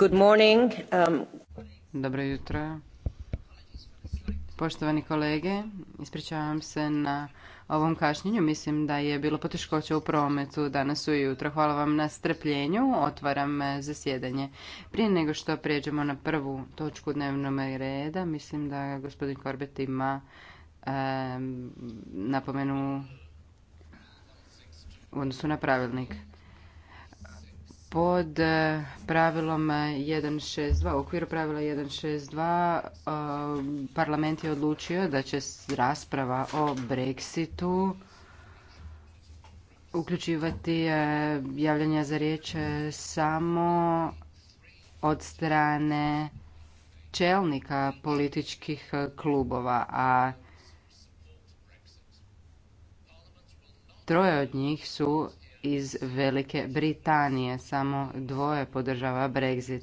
Good morning. Um, Dobro jutro. Poštovani kolege, ispričavam se na ovom kašnjenju. Mislim da je bilo poteškoća u prometu danas ujutro. Hvala vam na strpljenju. Otvaram eh, zasjedanje. Prije nego što prijeđemo na prvu točku dnevnog reda, mislim da gospodin Korbet ima napomenu u odnosu na pravilnik pod eh, pravilom 162, eh, u okviru pravila 162 eh, parlament je odlučio da će rasprava o Brexitu uključivati javljanja za riječ samo od strane čelnika političkih klubova, a troje od njih su iz Velike Britanije. Samo dvoje podržava Brexit.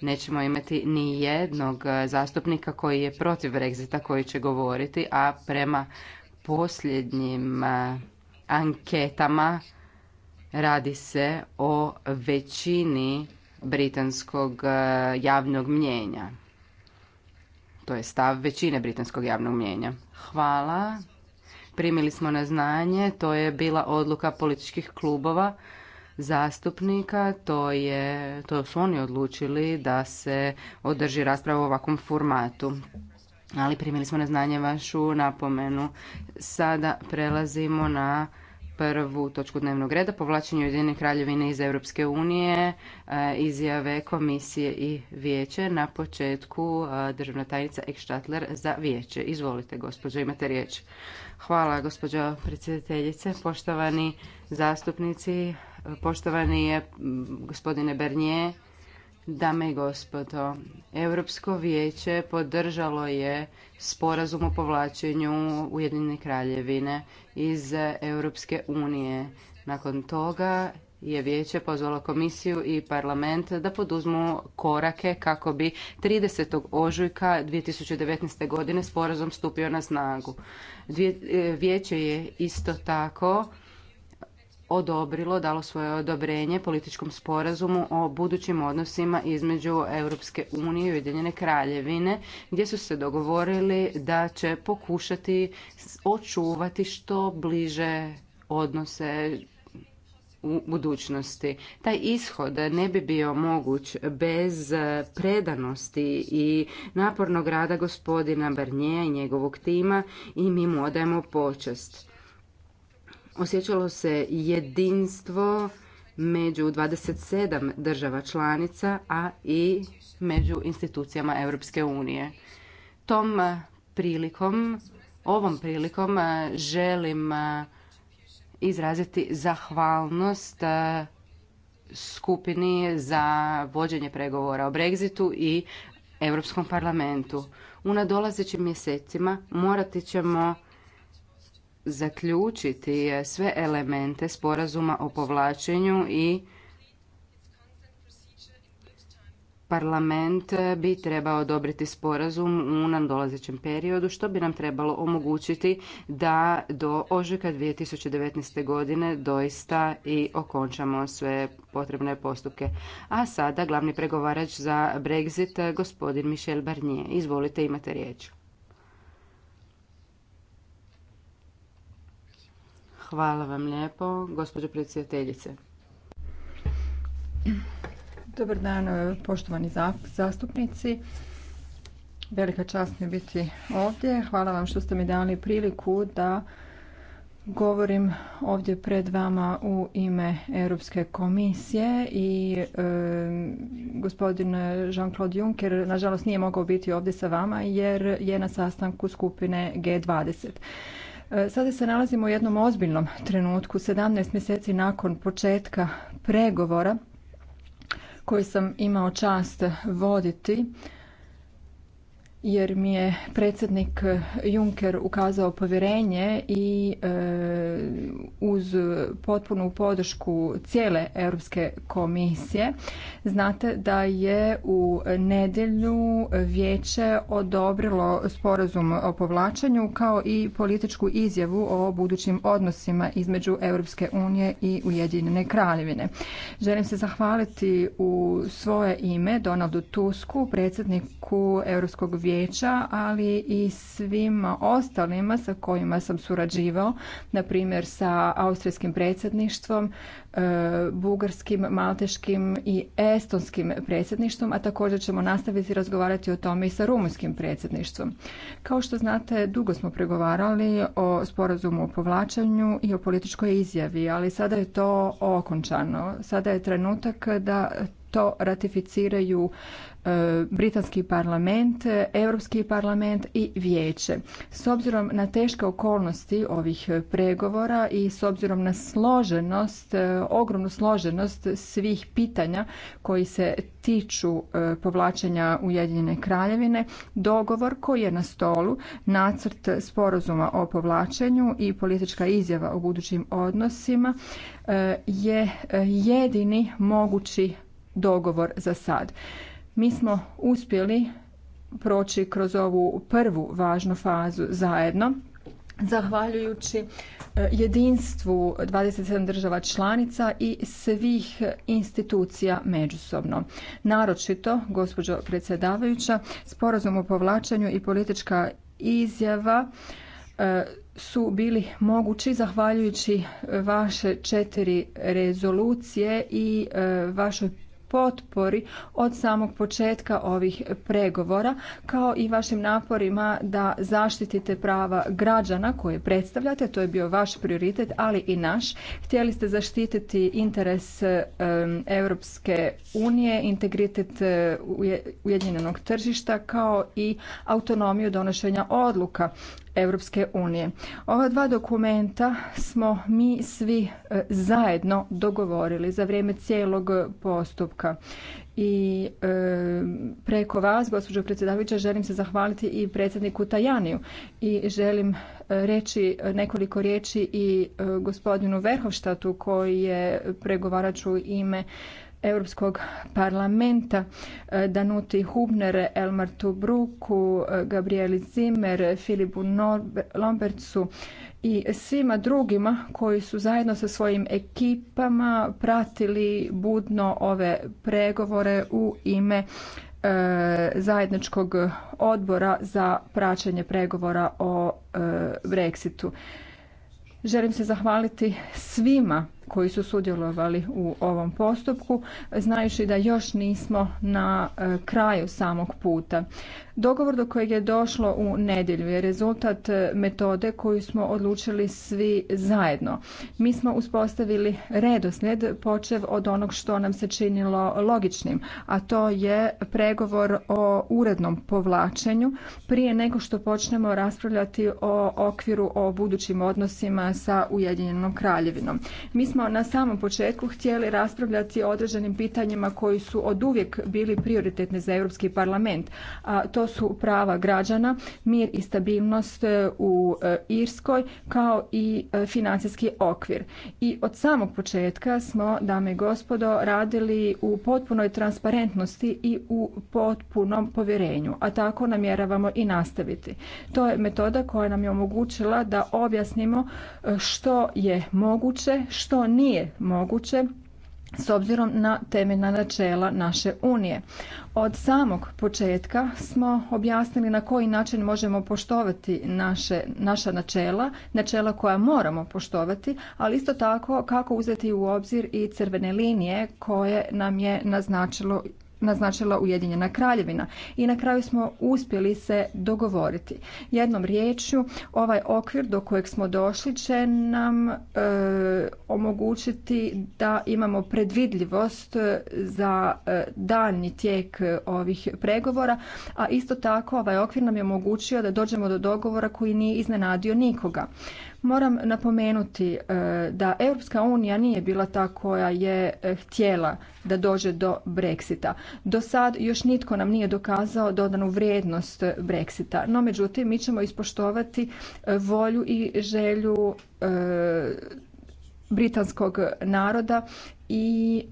Nećemo imati ni jednog eh, zastupnika koji je protiv Brexita koji će govoriti, a prema posljednjim eh, anketama radi se o većini britanskog eh, javnog mnjenja. To je stav većine britanskog javnog mnjenja. Hvala primili smo na znanje, to je bila odluka političkih klubova, zastupnika, to, je, to su oni odlučili da se održi rasprava u ovakvom formatu. Ali primili smo na znanje vašu napomenu. Sada prelazimo na prvu točku dnevnog reda, povlačenje Ujedinjene kraljevine iz Europske unije, e, izjave komisije i vijeće. Na početku e, državna tajnica Ekštatler za vijeće. Izvolite, gospođo, imate riječ. Hvala, gospođo predsjedateljice, poštovani zastupnici, e, poštovani gospodine Bernije, Dame i gospodo, Europsko vijeće podržalo je sporazum o povlačenju Ujedinjene kraljevine iz Europske unije. Nakon toga je vijeće pozvalo komisiju i parlament da poduzmu korake kako bi 30. ožujka 2019. godine sporazum stupio na snagu. E, vijeće je isto tako odobrilo, dalo svoje odobrenje političkom sporazumu o budućim odnosima između Europske unije i Ujedinjene kraljevine, gdje su se dogovorili da će pokušati očuvati što bliže odnose u budućnosti. Taj ishod ne bi bio moguć bez predanosti i napornog rada gospodina Barnjeja i njegovog tima i mi mu odajemo počest osjećalo se jedinstvo među 27 država članica, a i među institucijama Europske unije. Tom prilikom, ovom prilikom želim izraziti zahvalnost skupini za vođenje pregovora o Brexitu i Europskom parlamentu. U nadolazećim mjesecima morati ćemo zaključiti sve elemente sporazuma o povlačenju i parlament bi trebao odobriti sporazum u nadolazećem periodu što bi nam trebalo omogućiti da do ožujka 2019. godine doista i okončamo sve potrebne postupke. A sada glavni pregovarač za Brexit, gospodin Michel Barnier. Izvolite, imate riječ. Hvala vam lijepo, gospođo predsjedateljice. Dobar dan, e, poštovani zastupnici. Velika čast mi biti ovdje. Hvala vam što ste mi dali priliku da govorim ovdje pred vama u ime Europske komisije i e, gospodin Jean-Claude Juncker nažalost nije mogao biti ovdje sa vama jer je na sastanku skupine G20. Sada se nalazimo u jednom ozbiljnom trenutku, 17 mjeseci nakon početka pregovora koji sam imao čast voditi jer mi je predsjednik Juncker ukazao povjerenje i e, uz potpunu podršku cijele Europske komisije znate da je u nedjelju vijeće odobrilo sporazum o povlačenju kao i političku izjavu o budućim odnosima između Europske unije i Ujedinjene kraljevine. Želim se zahvaliti u svoje ime Donaldu Tusku, predsjedniku Europskog vijeća vijeća, ali i svima ostalima sa kojima sam surađivao, na primjer sa austrijskim predsjedništvom, e, bugarskim, malteškim i estonskim predsjedništvom, a također ćemo nastaviti razgovarati o tome i sa rumunskim predsjedništvom. Kao što znate, dugo smo pregovarali o sporazumu o povlačenju i o političkoj izjavi, ali sada je to okončano. Sada je trenutak da to ratificiraju E, Britanski parlament, Europski parlament i vijeće. S obzirom na teške okolnosti ovih pregovora i s obzirom na složenost, e, ogromnu složenost svih pitanja koji se tiču e, povlačenja Ujedinjene kraljevine, dogovor koji je na stolu, nacrt sporazuma o povlačenju i politička izjava o budućim odnosima je jedini mogući dogovor za sad. Mi smo uspjeli proći kroz ovu prvu važnu fazu zajedno zahvaljujući e, jedinstvu 27 država članica i svih institucija međusobno. Naročito, gospođo predsjedavajuća, sporazum o povlačenju i politička izjava e, su bili mogući zahvaljujući vaše četiri rezolucije i e, vašoj potpori od samog početka ovih pregovora, kao i vašim naporima da zaštitite prava građana koje predstavljate, to je bio vaš prioritet, ali i naš. Htjeli ste zaštititi interes Europske unije, integritet e, ujedinjenog tržišta, kao i autonomiju donošenja odluka Europske unije. Ova dva dokumenta smo mi svi e, zajedno dogovorili za vrijeme cijelog postupka. I e, preko vas, gospođo predsjedavajuća, želim se zahvaliti i predsjedniku Tajaniju i želim e, reći nekoliko riječi i gospodinu Verhofštatu koji je pregovarač u ime Europskog parlamenta e, Danuti Hubner, Elmar Tobruku, e, Gabrieli Zimmer, Filipu Lombercu i svima drugima koji su zajedno sa svojim ekipama pratili budno ove pregovore u ime e, zajedničkog odbora za praćenje pregovora o Brexitu. Želim se zahvaliti svima koji su sudjelovali u ovom postupku znajući da još nismo na e, kraju samog puta. Dogovor do kojeg je došlo u nedjelju je rezultat e, metode koju smo odlučili svi zajedno. Mi smo uspostavili redoslijed počev od onog što nam se činilo logičnim, a to je pregovor o urednom povlačenju prije nego što počnemo raspravljati o okviru o budućim odnosima sa Ujedinjenom kraljevinom. Mi smo na samom početku htjeli raspravljati o određenim pitanjima koji su oduvijek bili prioritetni za Europski parlament, a to su prava građana, mir i stabilnost e, u e, Irskoj kao i e, financijski okvir. I od samog početka smo, dame i gospodo, radili u potpunoj transparentnosti i u potpunom povjerenju, a tako namjeravamo i nastaviti. To je metoda koja nam je omogućila da objasnimo što je moguće, što nije moguće s obzirom na temeljna načela naše unije. Od samog početka smo objasnili na koji način možemo poštovati naše, naša načela, načela koja moramo poštovati, ali isto tako kako uzeti u obzir i crvene linije koje nam je naznačilo naznačila Ujedinjena kraljevina. I na kraju smo uspjeli se dogovoriti. Jednom riječju, ovaj okvir do kojeg smo došli će nam e, omogućiti da imamo predvidljivost e, za e, daljnji tijek ovih pregovora, a isto tako ovaj okvir nam je omogućio da dođemo do dogovora koji nije iznenadio nikoga. Moram napomenuti e, da Europska unija nije bila ta koja je e, htjela da dođe do Brexita. Do sad još nitko nam nije dokazao dodanu vrijednost Brexita, no međutim mi ćemo ispoštovati e, volju i želju britanskog naroda i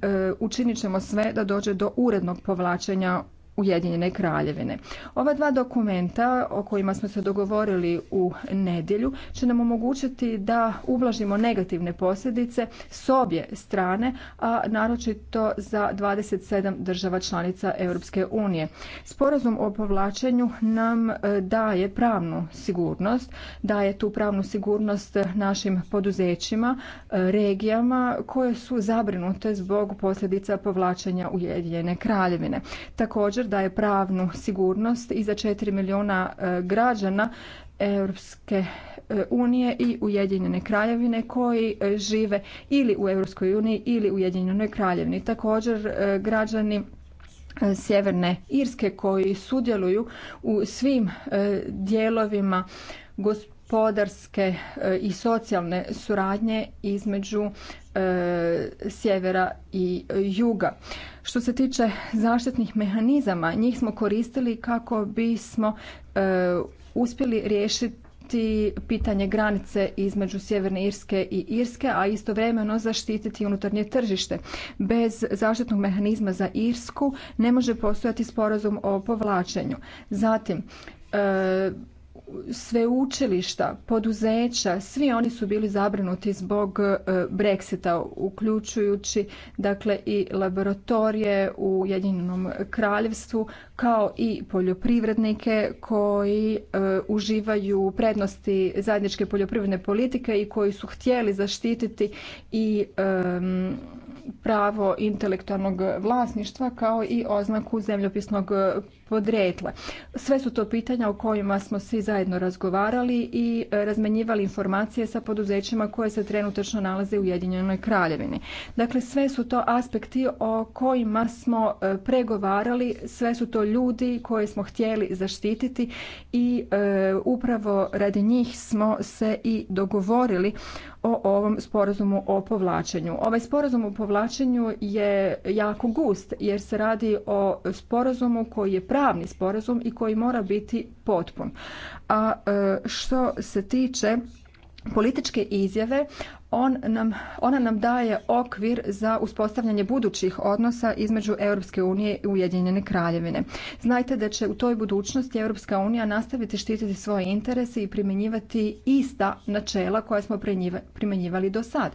učinit ćemo sve da dođe do urednog povlačenja Ujedinjene kraljevine. Ova dva dokumenta o kojima smo se dogovorili u nedjelju će nam omogućiti da ublažimo negativne posljedice s obje strane, a naročito za 27 država članica Europske unije. Sporazum o povlačenju nam e, daje pravnu sigurnost, daje tu pravnu sigurnost našim poduzećima, e, regijama koje su zabrinute zbog posljedica povlačenja Ujedinjene kraljevine. Također daje pravnu sigurnost i za 4 milijuna e, građana Europske e, unije i Ujedinjene kraljevine koji e, žive ili u Europskoj uniji ili Ujedinjenoj kraljevini. Također građani Sjeverne Irske koji sudjeluju u svim dijelovima gospodarske i socijalne suradnje između E, sjevera i juga. Što se tiče zaštitnih mehanizama, njih smo koristili kako bismo e, uspjeli riješiti pitanje granice između Sjeverne Irske i Irske, a istovremeno zaštititi unutarnje tržište. Bez zaštitnog mehanizma za Irsku ne može postojati sporazum o povlačenju. Zatim, e, sveučilišta, poduzeća, svi oni su bili zabrinuti zbog e, Brexita, uključujući dakle i laboratorije u Jedinom kraljevstvu, kao i poljoprivrednike koji e, uživaju prednosti zajedničke poljoprivredne politike i koji su htjeli zaštititi i pravo intelektualnog vlasništva kao i oznaku zemljopisnog podrijetla. Sve su to pitanja o kojima smo svi zajedno razgovarali i e, razmenjivali informacije sa poduzećima koje se trenutačno nalaze u Ujedinjenoj kraljevini. Dakle, sve su to aspekti o kojima smo e, pregovarali, sve su to ljudi koje smo htjeli zaštititi i e, upravo radi njih smo se i dogovorili o ovom sporazumu o povlačenju. Ovaj sporazum o povlačenju je jako gust jer se radi o sporazumu koji je pravni sporazum i koji mora biti potpun. A e, što se tiče političke izjave nam, ona nam daje okvir za uspostavljanje budućih odnosa između Europske unije i Ujedinjene kraljevine. Znajte da će u toj budućnosti Europska unija nastaviti štititi svoje interese i primjenjivati ista načela koja smo primjenjivali do sad.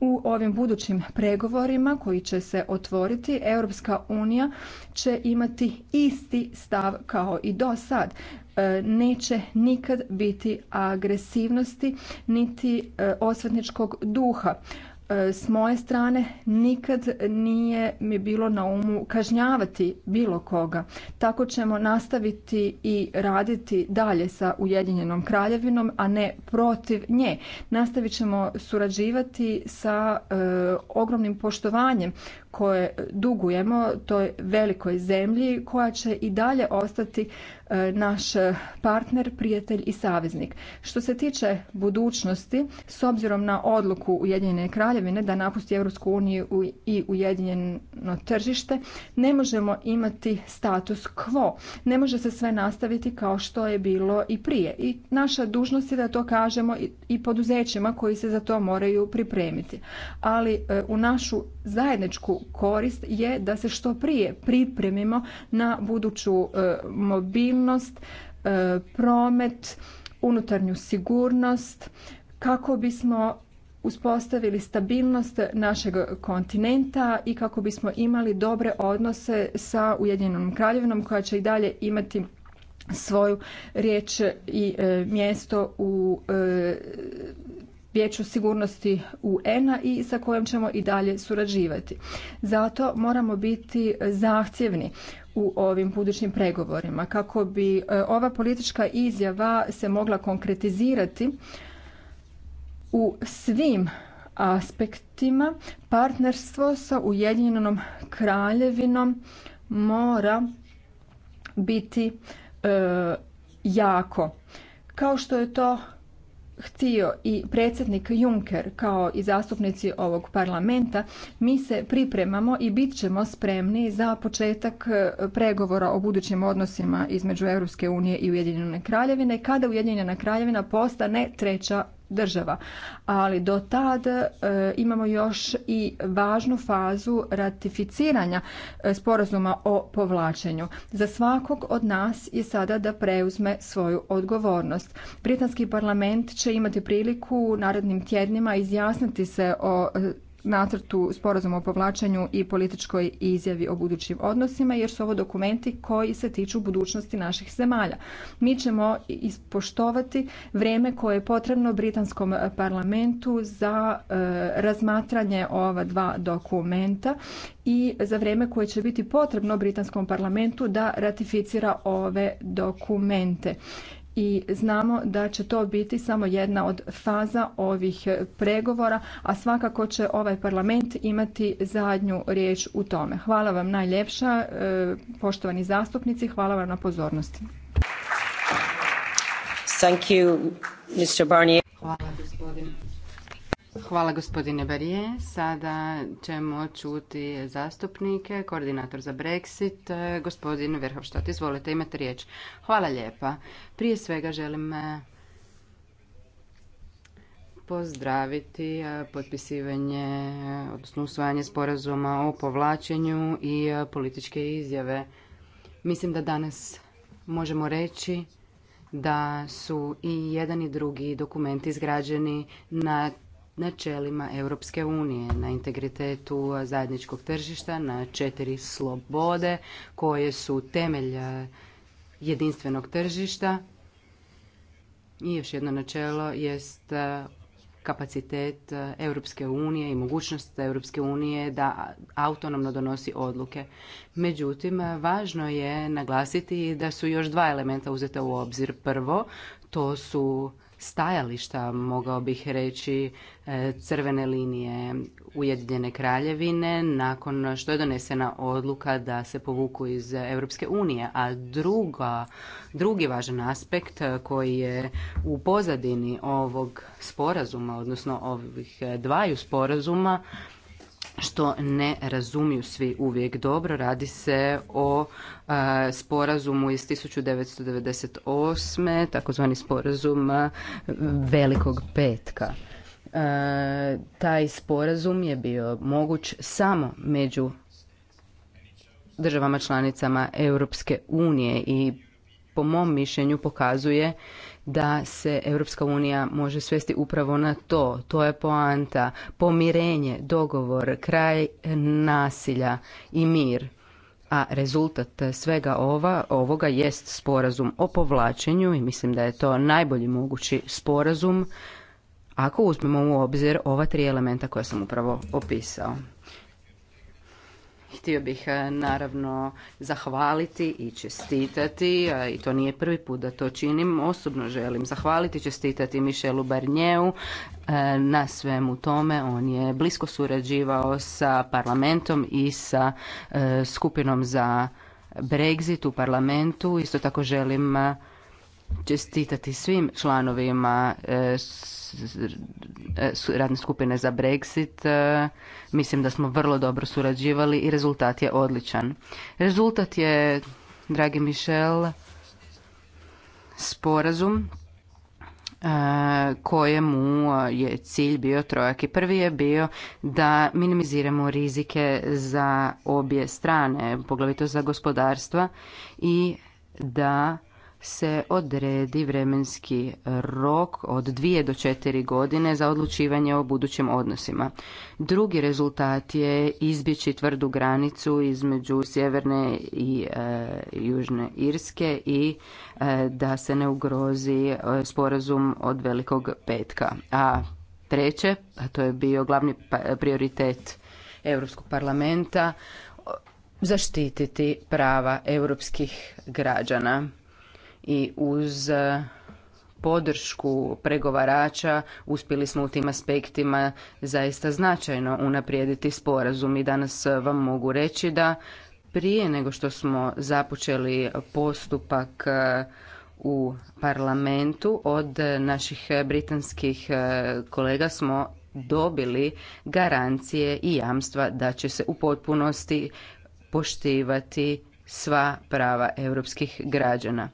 U ovim budućim pregovorima koji će se otvoriti, Europska unija će imati isti stav kao i do sad. E, neće nikad biti agresivnosti niti e, osvetničkog duha. E, s moje strane nikad nije mi bilo na umu kažnjavati bilo koga. Tako ćemo nastaviti i raditi dalje sa Ujedinjenom kraljevinom, a ne protiv nje. Nastavit ćemo surađivati sa ogromnim poštovanjem koje dugujemo toj velikoj zemlji koja će i dalje ostati E, naš partner, prijatelj i saveznik. Što se tiče budućnosti, s obzirom na odluku Ujedinjene kraljevine da napusti Europsku uniju i Ujedinjeno tržište, ne možemo imati status quo. Ne može se sve nastaviti kao što je bilo i prije. I naša dužnost je da to kažemo i poduzećima koji se za to moraju pripremiti. Ali e, u našu zajedničku korist je da se što prije pripremimo na buduću e, mobilnost E, promet, unutarnju sigurnost kako bismo uspostavili stabilnost našeg kontinenta i kako bismo imali dobre odnose sa Ujedinjenom Kraljevinom koja će i dalje imati svoju riječ i e, mjesto u e, vijeću sigurnosti UN-a i sa kojom ćemo i dalje surađivati. Zato moramo biti zahtjevni u ovim budućim pregovorima kako bi e, ova politička izjava se mogla konkretizirati u svim aspektima partnerstvo sa Ujedinjenom kraljevinom mora biti e, jako. Kao što je to htio i predsjednik Juncker kao i zastupnici ovog parlamenta, mi se pripremamo i bit ćemo spremni za početak e, pregovora o budućim odnosima između Europske unije i Ujedinjene kraljevine kada Ujedinjena kraljevina postane treća država. Ali do tad e, imamo još i važnu fazu ratificiranja e, sporazuma o povlačenju. Za svakog od nas je sada da preuzme svoju odgovornost. Britanski parlament će imati priliku u narednim tjednima izjasniti se o e, nacrtu sporazuma o povlačenju i političkoj izjavi o budućim odnosima jer su ovo dokumenti koji se tiču budućnosti naših zemalja. Mi ćemo ispoštovati vrijeme koje je potrebno britanskom parlamentu za e, razmatranje ova dva dokumenta i za vrijeme koje će biti potrebno britanskom parlamentu da ratificira ove dokumente i znamo da će to biti samo jedna od faza ovih pregovora, a svakako će ovaj parlament imati zadnju riječ u tome. Hvala vam najljepša, e, poštovani zastupnici, hvala vam na pozornosti. Hvala gospodine Barije. Sada ćemo čuti zastupnike, koordinator za Brexit, e, gospodin Verhofstadt. Izvolite, imate riječ. Hvala lijepa. Prije svega želim e, pozdraviti e, potpisivanje, odnosno usvajanje sporazuma o povlačenju i političke izjave. Mislim da danas možemo reći da su i jedan i drugi dokumenti izgrađeni na načelima Europske unije, na integritetu zajedničkog tržišta, na četiri slobode koje su temelj e, jedinstvenog tržišta. I još jedno načelo jest e, kapacitet e, Europske unije i mogućnost Europske unije da autonomno donosi odluke. Međutim, važno je naglasiti da su još dva elementa uzeta u obzir. Prvo, to su stajališta, mogao bih reći, e, crvene linije Ujedinjene kraljevine nakon što je donesena odluka da se povuku iz Europske unije. A druga, drugi važan aspekt koji je u pozadini ovog sporazuma, odnosno ovih dvaju sporazuma, što ne razumiju svi uvijek dobro. Radi se o e, sporazumu iz 1998. takozvani sporazum e, Velikog petka. E, taj sporazum je bio moguć samo među državama članicama Europske unije i po mom mišljenju pokazuje da se Europska unija može svesti upravo na to. To je poanta, pomirenje, dogovor, kraj nasilja i mir. A rezultat svega ova, ovoga jest sporazum o povlačenju i mislim da je to najbolji mogući sporazum ako uzmemo u obzir ova tri elementa koja sam upravo opisao. Htio bih e, naravno zahvaliti i čestitati, e, i to nije prvi put da to činim, osobno želim zahvaliti, i čestitati Mišelu Barnjeu e, na svemu tome. On je blisko surađivao sa parlamentom i sa skupinom za Brexit u parlamentu. Isto tako želim čestitati svim članovima e, e, radne skupine za Brexit. E, mislim da smo vrlo dobro surađivali i rezultat je odličan. Rezultat je, dragi Mišel, sporazum kojemu je cilj bio trojaki. Prvi je bio da minimiziramo rizike za obje strane, poglavito za gospodarstva i da se odredi vremenski rok od dvije do četiri godine za odlučivanje o budućim odnosima. Drugi rezultat je izbjeći tvrdu granicu između sjeverne i e, južne Irske i e, da se ne ugrozi e, sporazum od velikog petka. A treće, a to je bio glavni pa, prioritet Europskog parlamenta, zaštititi prava europskih građana i uz e, podršku pregovarača uspjeli smo u tim aspektima zaista značajno unaprijediti sporazum i danas e, vam mogu reći da prije nego što smo započeli postupak e, u parlamentu od naših britanskih kolega smo dobili garancije i jamstva da će se u potpunosti poštivati sva prava europskih građana.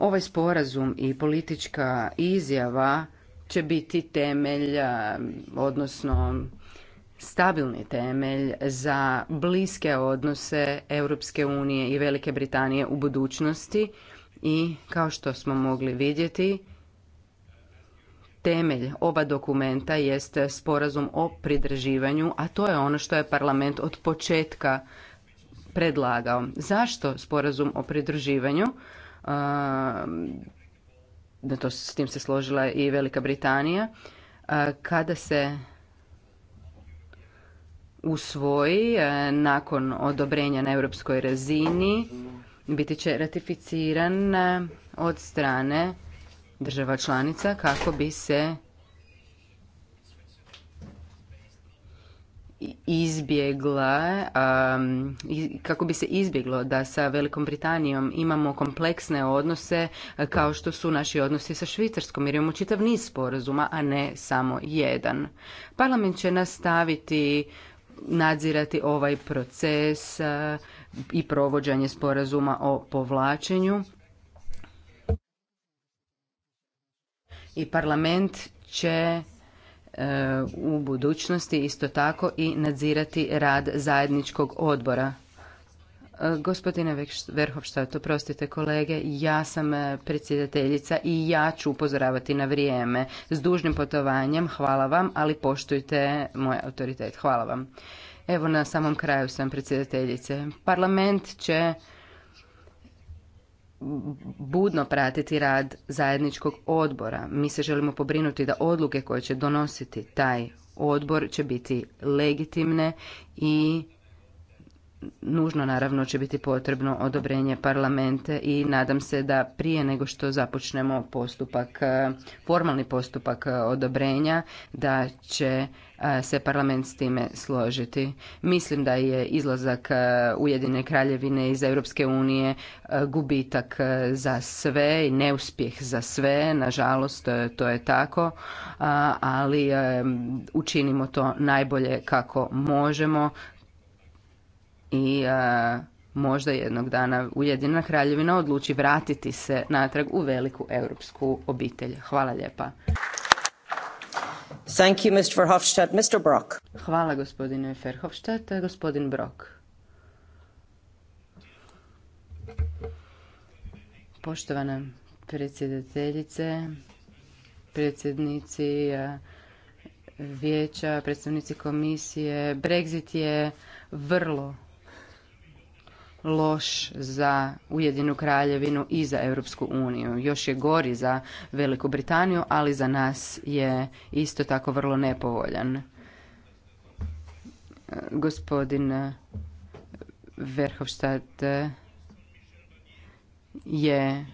Ovaj sporazum i politička izjava će biti temelj, odnosno stabilni temelj za bliske odnose Europske unije i Velike Britanije u budućnosti i kao što smo mogli vidjeti temelj oba dokumenta jest sporazum o pridrživanju, a to je ono što je parlament od početka predlagao. Zašto sporazum o pridruživanju? Ehm, da to s tim se složila i Velika Britanija, ehm, kada se usvoji ehm, nakon odobrenja na europskoj razini biti će ratificiran od strane država članica kako bi se izbjegla, kako bi se izbjeglo da sa Velikom Britanijom imamo kompleksne odnose e, kao što su naši odnosi sa Švicarskom jer imamo čitav niz sporazuma, a ne samo jedan. Parlament će nastaviti nadzirati ovaj proces e, i provođenje sporazuma o povlačenju. I parlament će E, u budućnosti isto tako i nadzirati rad zajedničkog odbora. E, gospodine Verhofstadt, oprostite kolege, ja sam e, predsjedateljica i ja ću upozoravati na vrijeme. S dužnim potovanjem, hvala vam, ali poštujte moj autoritet. Hvala vam. Evo na samom kraju sam predsjedateljice. Parlament će budno pratiti rad zajedničkog odbora. Mi se želimo pobrinuti da odluke koje će donositi taj odbor će biti legitimne i nužno naravno će biti potrebno odobrenje parlamente i nadam se da prije nego što započnemo postupak, e, formalni postupak e, odobrenja, da će e, se parlament s time složiti. Mislim da je izlazak Ujedine kraljevine iz Europske unije gubitak za sve i neuspjeh za sve. Nažalost, to je tako, ali učinimo to najbolje kako možemo i e, možda jednog dana Ujedinjena kraljevina odluči vratiti se natrag u veliku europsku obitelj. Hvala lijepa. Thank you, Mr. Mr. Brock. Hvala gospodine Verhofstadt. Gospodin Brock. Poštovana predsjedateljice, predsjednici e, vijeća, predstavnici komisije, Brexit je vrlo loš za Ujedinu kraljevinu i za Europsku uniju. Još je gori za Veliku Britaniju, ali za nas je isto tako vrlo nepovoljan. E, gospodin Verhofstadt je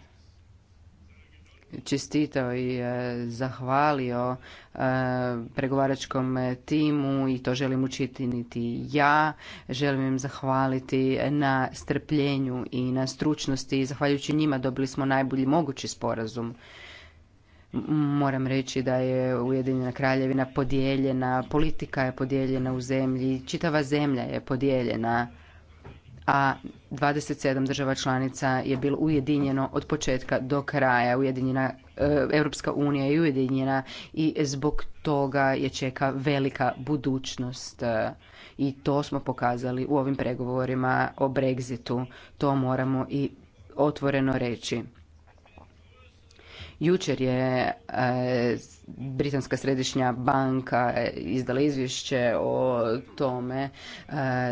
čestitao i e, zahvalio e, pregovaračkom timu i to želim učiniti ja. Želim im zahvaliti na strpljenju i na stručnosti i zahvaljujući njima dobili smo najbolji mogući sporazum. Moram reći da je Ujedinjena kraljevina podijeljena, politika je podijeljena u zemlji, čitava zemlja je podijeljena a 27 država članica je bilo ujedinjeno od početka do kraja. Ujedinjena e, Europska unija je ujedinjena i zbog toga je čeka velika budućnost e, i to smo pokazali u ovim pregovorima o Brexitu. To moramo i otvoreno reći. Jučer je e, Britanska središnja banka e, izdala izvješće o tome e,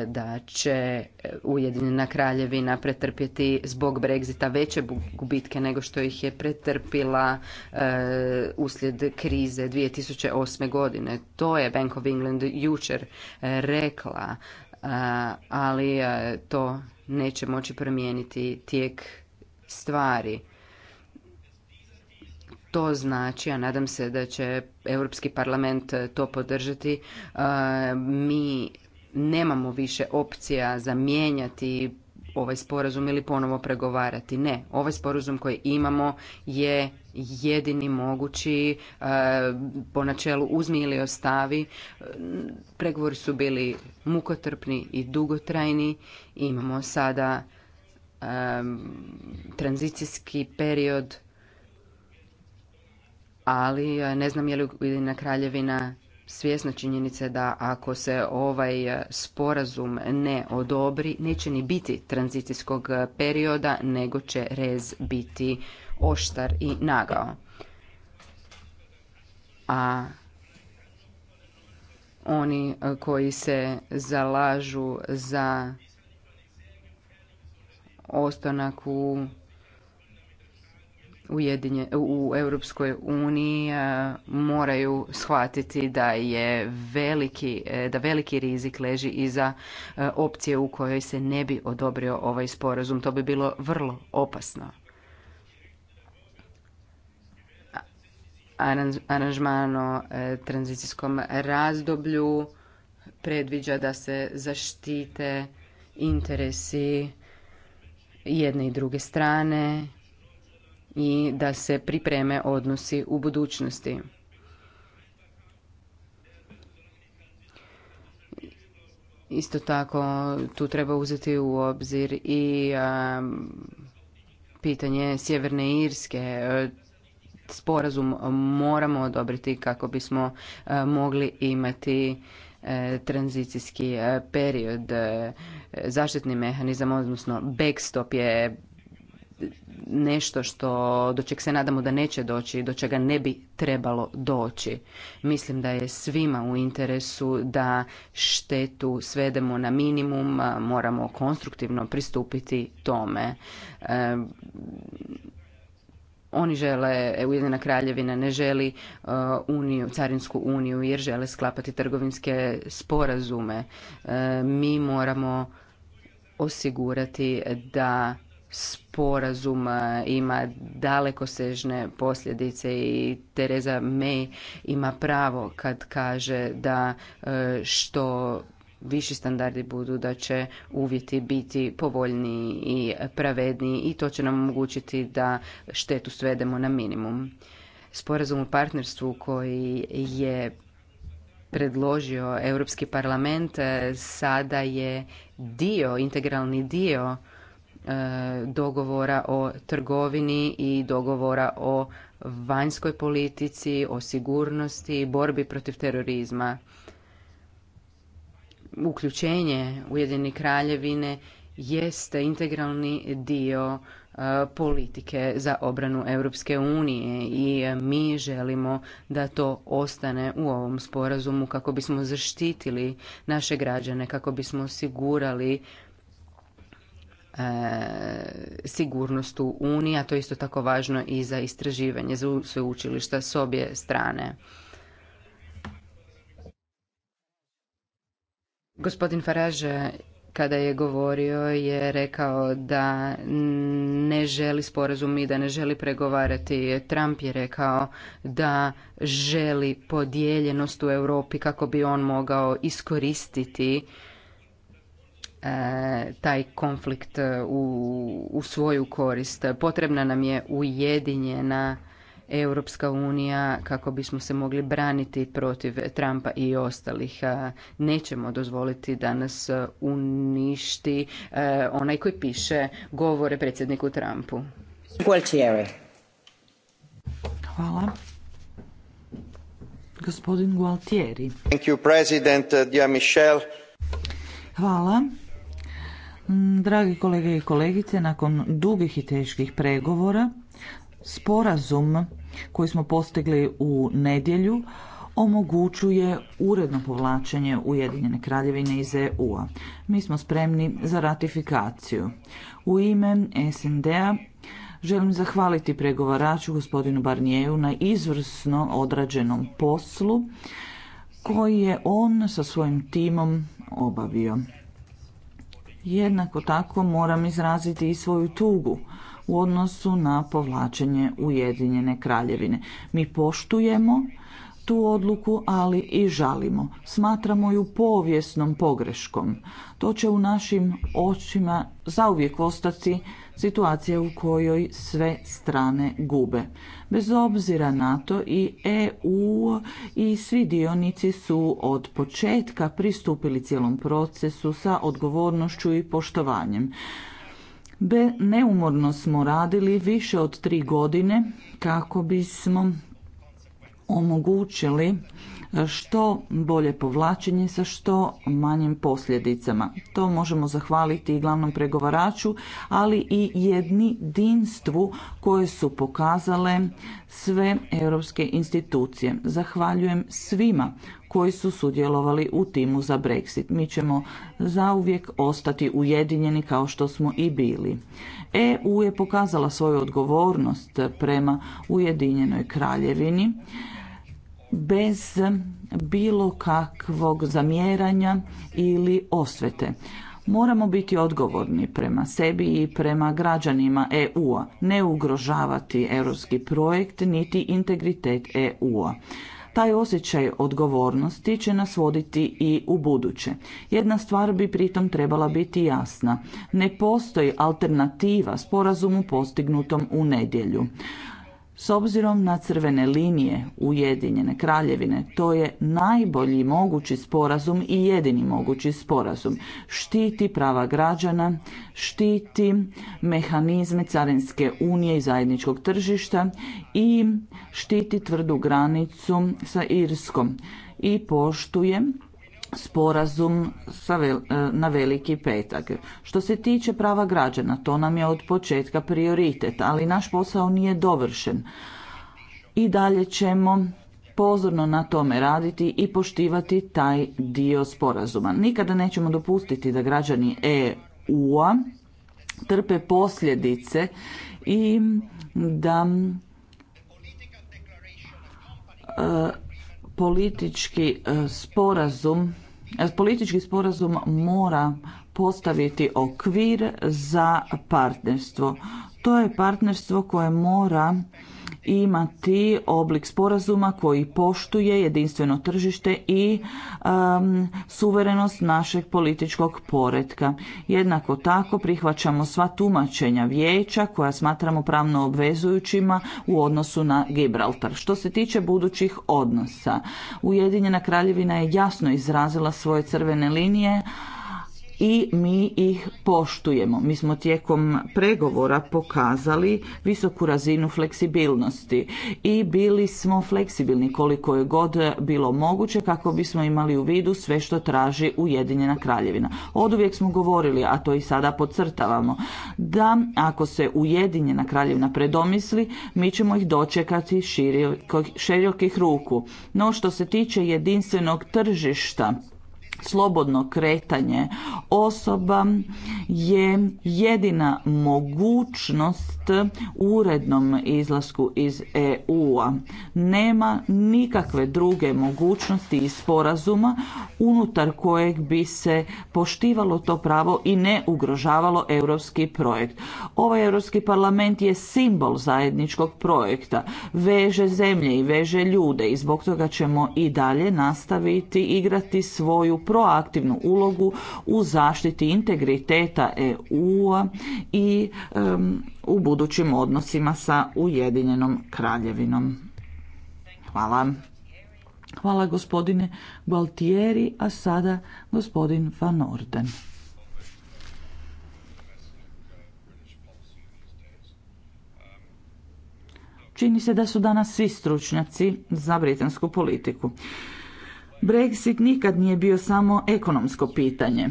da će Ujedinjena kraljevina pretrpjeti zbog Brexita veće gubitke nego što ih je pretrpila uslijed krize 2008. godine. To je Bank of England jučer rekla, ali to neće moći promijeniti tijek stvari to znači, a nadam se da će Europski parlament to podržati, e, mi nemamo više opcija za mijenjati ovaj sporazum ili ponovo pregovarati. Ne, ovaj sporazum koji imamo je jedini mogući e, po načelu uzmi ili ostavi. E, pregovori su bili mukotrpni i dugotrajni. Imamo sada tranzicijski period ali e, ne znam je li Ujedinjena kraljevina svjesna činjenice da ako se ovaj e, sporazum ne odobri, neće ni biti tranzicijskog e, perioda, nego će rez biti oštar i nagao. A oni koji se zalažu za ostanak u u Europskoj uniji moraju shvatiti da je veliki, e, da veliki rizik leži iza e, opcije u kojoj se ne bi odobrio ovaj sporazum. To bi bilo vrlo opasno. o e, tranzicijskom razdoblju predviđa da se zaštite interesi jedne i druge strane i da se pripreme odnosi u budućnosti. Isto tako tu treba uzeti u obzir i pitanje Sjeverne Irske. Sporazum moramo odobriti kako bismo mogli imati e, tranzicijski period. Zaštitni mehanizam, odnosno backstop je nešto što, do čeg se nadamo da neće doći, do čega ne bi trebalo doći. Mislim da je svima u interesu da štetu svedemo na minimum, moramo konstruktivno pristupiti tome. E, oni žele, e, Ujedinjena kraljevina ne želi e, uniju, carinsku uniju jer žele sklapati trgovinske sporazume. mi moramo osigurati da sporazum ima dalekosežne posljedice i Tereza May ima pravo kad kaže da e, što viši standardi budu da će uvjeti biti povoljniji i pravedniji i to će nam omogućiti da štetu svedemo na minimum. Sporazum u partnerstvu koji je predložio Europski parlament e, sada je dio, integralni dio E, dogovora o trgovini i dogovora o vanjskoj politici, o sigurnosti i borbi protiv terorizma. Uključenje Ujedine kraljevine jeste integralni dio e, politike za obranu Europske unije i e, mi želimo da to ostane u ovom sporazumu kako bismo zaštitili naše građane, kako bismo osigurali E, sigurnost u Uniji, a to je isto tako važno i za istraživanje za sveučilišta s obje strane. Gospodin Farage kada je govorio je rekao da ne želi sporazum i da ne želi pregovarati. Trump je rekao da želi podijeljenost u Europi kako bi on mogao iskoristiti E, taj konflikt e, u, svoju korist. Potrebna nam je ujedinjena Europska unija kako bismo se mogli braniti protiv Trumpa i ostalih. E, nećemo dozvoliti da nas uništi onaj koji piše govore predsjedniku Trumpu. Hvala. Gospodin Gualtieri. Thank you, President, uh, Hvala. Mm, dragi kolege i kolegice, nakon dugih i teških pregovora, sporazum koji smo postigli u nedjelju omogućuje uredno povlačenje Ujedinjene kraljevine iz EU-a. Mi smo spremni za ratifikaciju. U ime SND-a želim zahvaliti pregovaraču gospodinu Barnijeju, na izvrsno odrađenom poslu koji je on sa svojim timom obavio. Jednako tako moram izraziti i svoju tugu u odnosu na povlačenje Ujedinjene kraljevine. Mi poštujemo tu odluku, ali i žalimo. Smatramo ju povijesnom pogreškom. To će u našim očima zauvijek ostati situacija u kojoj sve strane gube. Bez obzira na to i EU i svi dionici su od početka pristupili cijelom procesu sa odgovornošću i poštovanjem. Be, neumorno smo radili više od tri godine kako bismo omogućili što bolje povlačenje sa što manjim posljedicama. To možemo zahvaliti i glavnom pregovaraču, ali i jedni dinstvu koje su pokazale sve europske institucije. Zahvaljujem svima koji su sudjelovali u timu za Brexit. Mi ćemo zauvijek ostati ujedinjeni kao što smo i bili. EU je pokazala svoju odgovornost prema Ujedinjenoj kraljevini bez bilo kakvog zamjeranja ili osvete. Moramo biti odgovorni prema sebi i prema građanima EU-a, ne ugrožavati europski projekt niti integritet EU-a. Taj osjećaj odgovornosti će nas voditi i u buduće. Jedna stvar bi pritom trebala biti jasna. Ne postoji alternativa sporazumu postignutom u nedjelju. S obzirom na crvene linije Ujedinjene kraljevine, to je najbolji mogući sporazum i jedini mogući sporazum. Štiti prava građana, štiti mehanizme Carinske unije i zajedničkog tržišta i štiti tvrdu granicu sa Irskom i poštuje sporazum e, na veliki petak. Što se tiče prava građana, to nam je od početka prioritet, ali naš posao nije dovršen. I dalje ćemo pozorno na tome raditi i poštivati taj dio sporazuma. Nikada nećemo dopustiti da građani EU-a trpe posljedice i da e, politički e, sporazum politički sporazum mora postaviti okvir za partnerstvo. To je partnerstvo koje mora imati oblik sporazuma koji poštuje jedinstveno tržište i um, suverenost našeg političkog poretka. Jednako tako prihvaćamo sva tumačenja vijeća koja smatramo pravno obvezujućima u odnosu na Gibraltar. Što se tiče budućih odnosa, Ujedinjena kraljevina je jasno izrazila svoje crvene linije, i mi ih poštujemo. Mi smo tijekom pregovora pokazali visoku razinu fleksibilnosti i bili smo fleksibilni koliko je god bilo moguće kako bismo imali u vidu sve što traži Ujedinjena kraljevina. Oduvijek smo govorili, a to i sada podcrtavamo, da ako se Ujedinjena kraljevina predomisli, mi ćemo ih dočekati širokih ruku. No što se tiče jedinstvenog tržišta, slobodno kretanje osoba je jedina mogućnost urednom izlasku iz EU-a. Nema nikakve druge mogućnosti i sporazuma unutar kojeg bi se poštivalo to pravo i ne ugrožavalo europski projekt. Ovaj europski parlament je simbol zajedničkog projekta. Veže zemlje i veže ljude i zbog toga ćemo i dalje nastaviti igrati svoju proaktivnu ulogu u zaštiti integriteta EU-a i u budućim odnosima sa Ujedinjenom kraljevinom. Hvala. Hvala gospodine Baltieri, a sada gospodin Van Orden. Čini se da su danas svi stručnjaci za britansku politiku. Brexit nikad nije bio samo ekonomsko pitanje.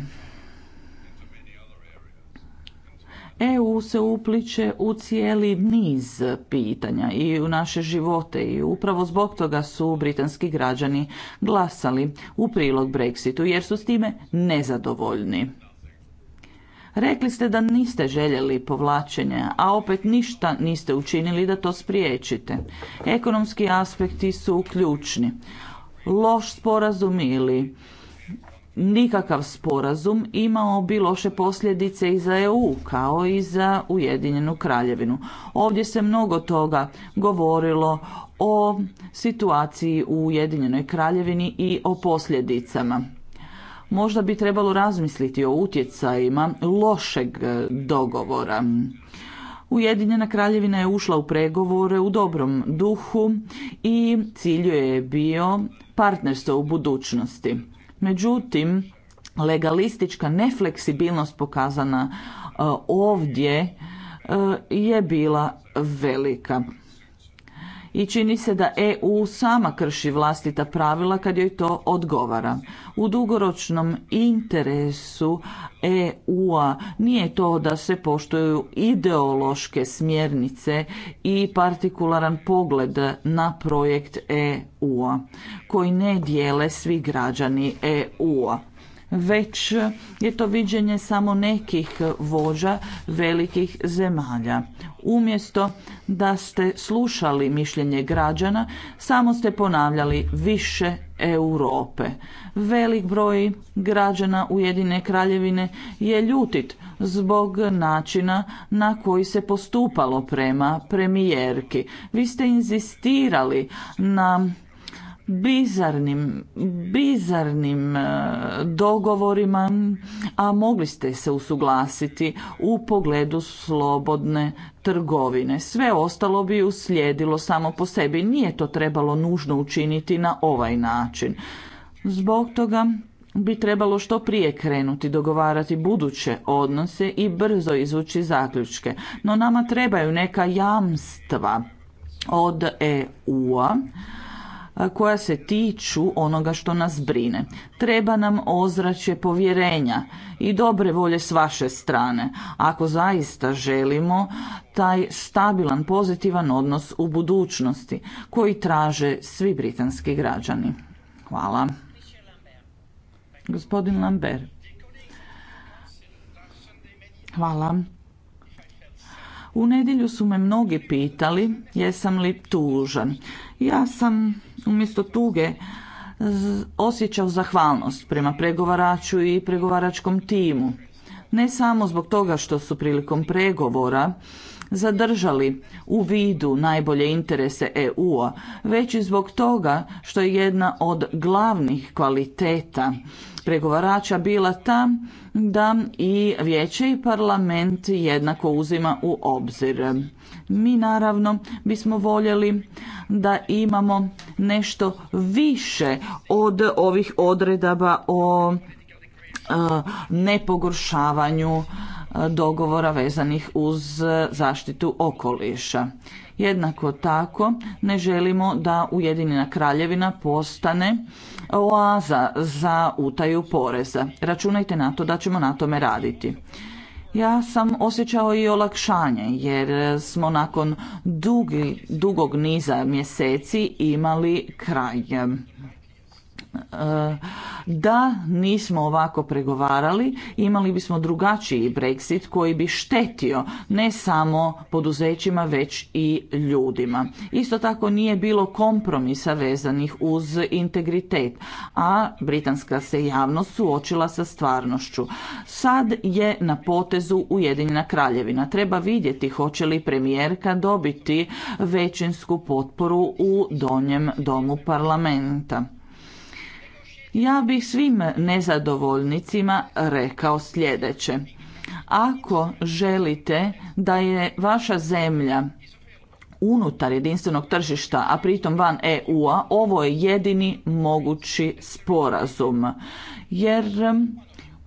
EU se upliče u cijeli niz pitanja i u naše živote i upravo zbog toga su britanski građani glasali u prilog Brexitu jer su s time nezadovoljni. Rekli ste da niste željeli povlačenje, a opet ništa niste učinili da to spriječite. Ekonomski aspekti su ključni loš sporazum ili nikakav sporazum imao bi loše posljedice i za EU kao i za Ujedinjenu kraljevinu. Ovdje se mnogo toga govorilo o situaciji u Ujedinjenoj kraljevini i o posljedicama. Možda bi trebalo razmisliti o utjecajima lošeg dogovora Ujedinjena kraljevina je ušla u pregovore u dobrom duhu i cilj je bio partnerstvo u budućnosti. Međutim, legalistička nefleksibilnost pokazana e, ovdje e, je bila velika i čini se da EU sama krši vlastita pravila kad joj to odgovara. U dugoročnom interesu EU-a nije to da se poštuju ideološke smjernice i partikularan pogled na projekt EU-a koji ne dijele svi građani EU-a već je to viđenje samo nekih vođa velikih zemalja. Umjesto da ste slušali mišljenje građana, samo ste ponavljali više Europe. Velik broj građana Ujedine kraljevine je ljutit zbog načina na koji se postupalo prema premijerki. Vi ste inzistirali na bizarnim, bizarnim e, dogovorima, a mogli ste se usuglasiti u pogledu slobodne trgovine. Sve ostalo bi uslijedilo samo po sebi. Nije to trebalo nužno učiniti na ovaj način. Zbog toga bi trebalo što prije krenuti dogovarati buduće odnose i brzo izvući zaključke. No nama trebaju neka jamstva od EU-a koja se tiču onoga što nas brine. Treba nam ozračje povjerenja i dobre volje s vaše strane, ako zaista želimo taj stabilan, pozitivan odnos u budućnosti koji traže svi britanski građani. Hvala. Gospodin Lambert. Hvala. U nedjelju su me mnogi pitali jesam li tužan. Ja sam umjesto tuge osjećao zahvalnost prema pregovaraču i pregovaračkom timu. Ne samo zbog toga što su prilikom pregovora zadržali u vidu najbolje interese EU-a, već i zbog toga što je jedna od glavnih kvaliteta pregovarača bila ta da i vijeće i parlament jednako uzima u obzir. Mi naravno bismo voljeli da imamo nešto više od ovih odredaba o e, nepogoršavanju dogovora vezanih uz zaštitu okoliša. Jednako tako ne želimo da Ujedinjena kraljevina postane oaza za utaju poreza. Računajte na to da ćemo na tome raditi. Ja sam osjećao i olakšanje jer smo nakon dugi, dugog niza mjeseci imali kraj E, da nismo ovako pregovarali imali bismo drugačiji Brexit koji bi štetio ne samo poduzećima već i ljudima. Isto tako nije bilo kompromisa vezanih uz integritet, a britanska se javnost suočila sa stvarnošću. Sad je na potezu Ujedinjena kraljevina. Treba vidjeti hoće li premijerka dobiti većinsku potporu u donjem domu parlamenta. Ja bih svim nezadovoljnicima rekao sljedeće. Ako želite da je vaša zemlja unutar jedinstvenog tržišta, a pritom van EU-a, ovo je jedini mogući sporazum. Jer um,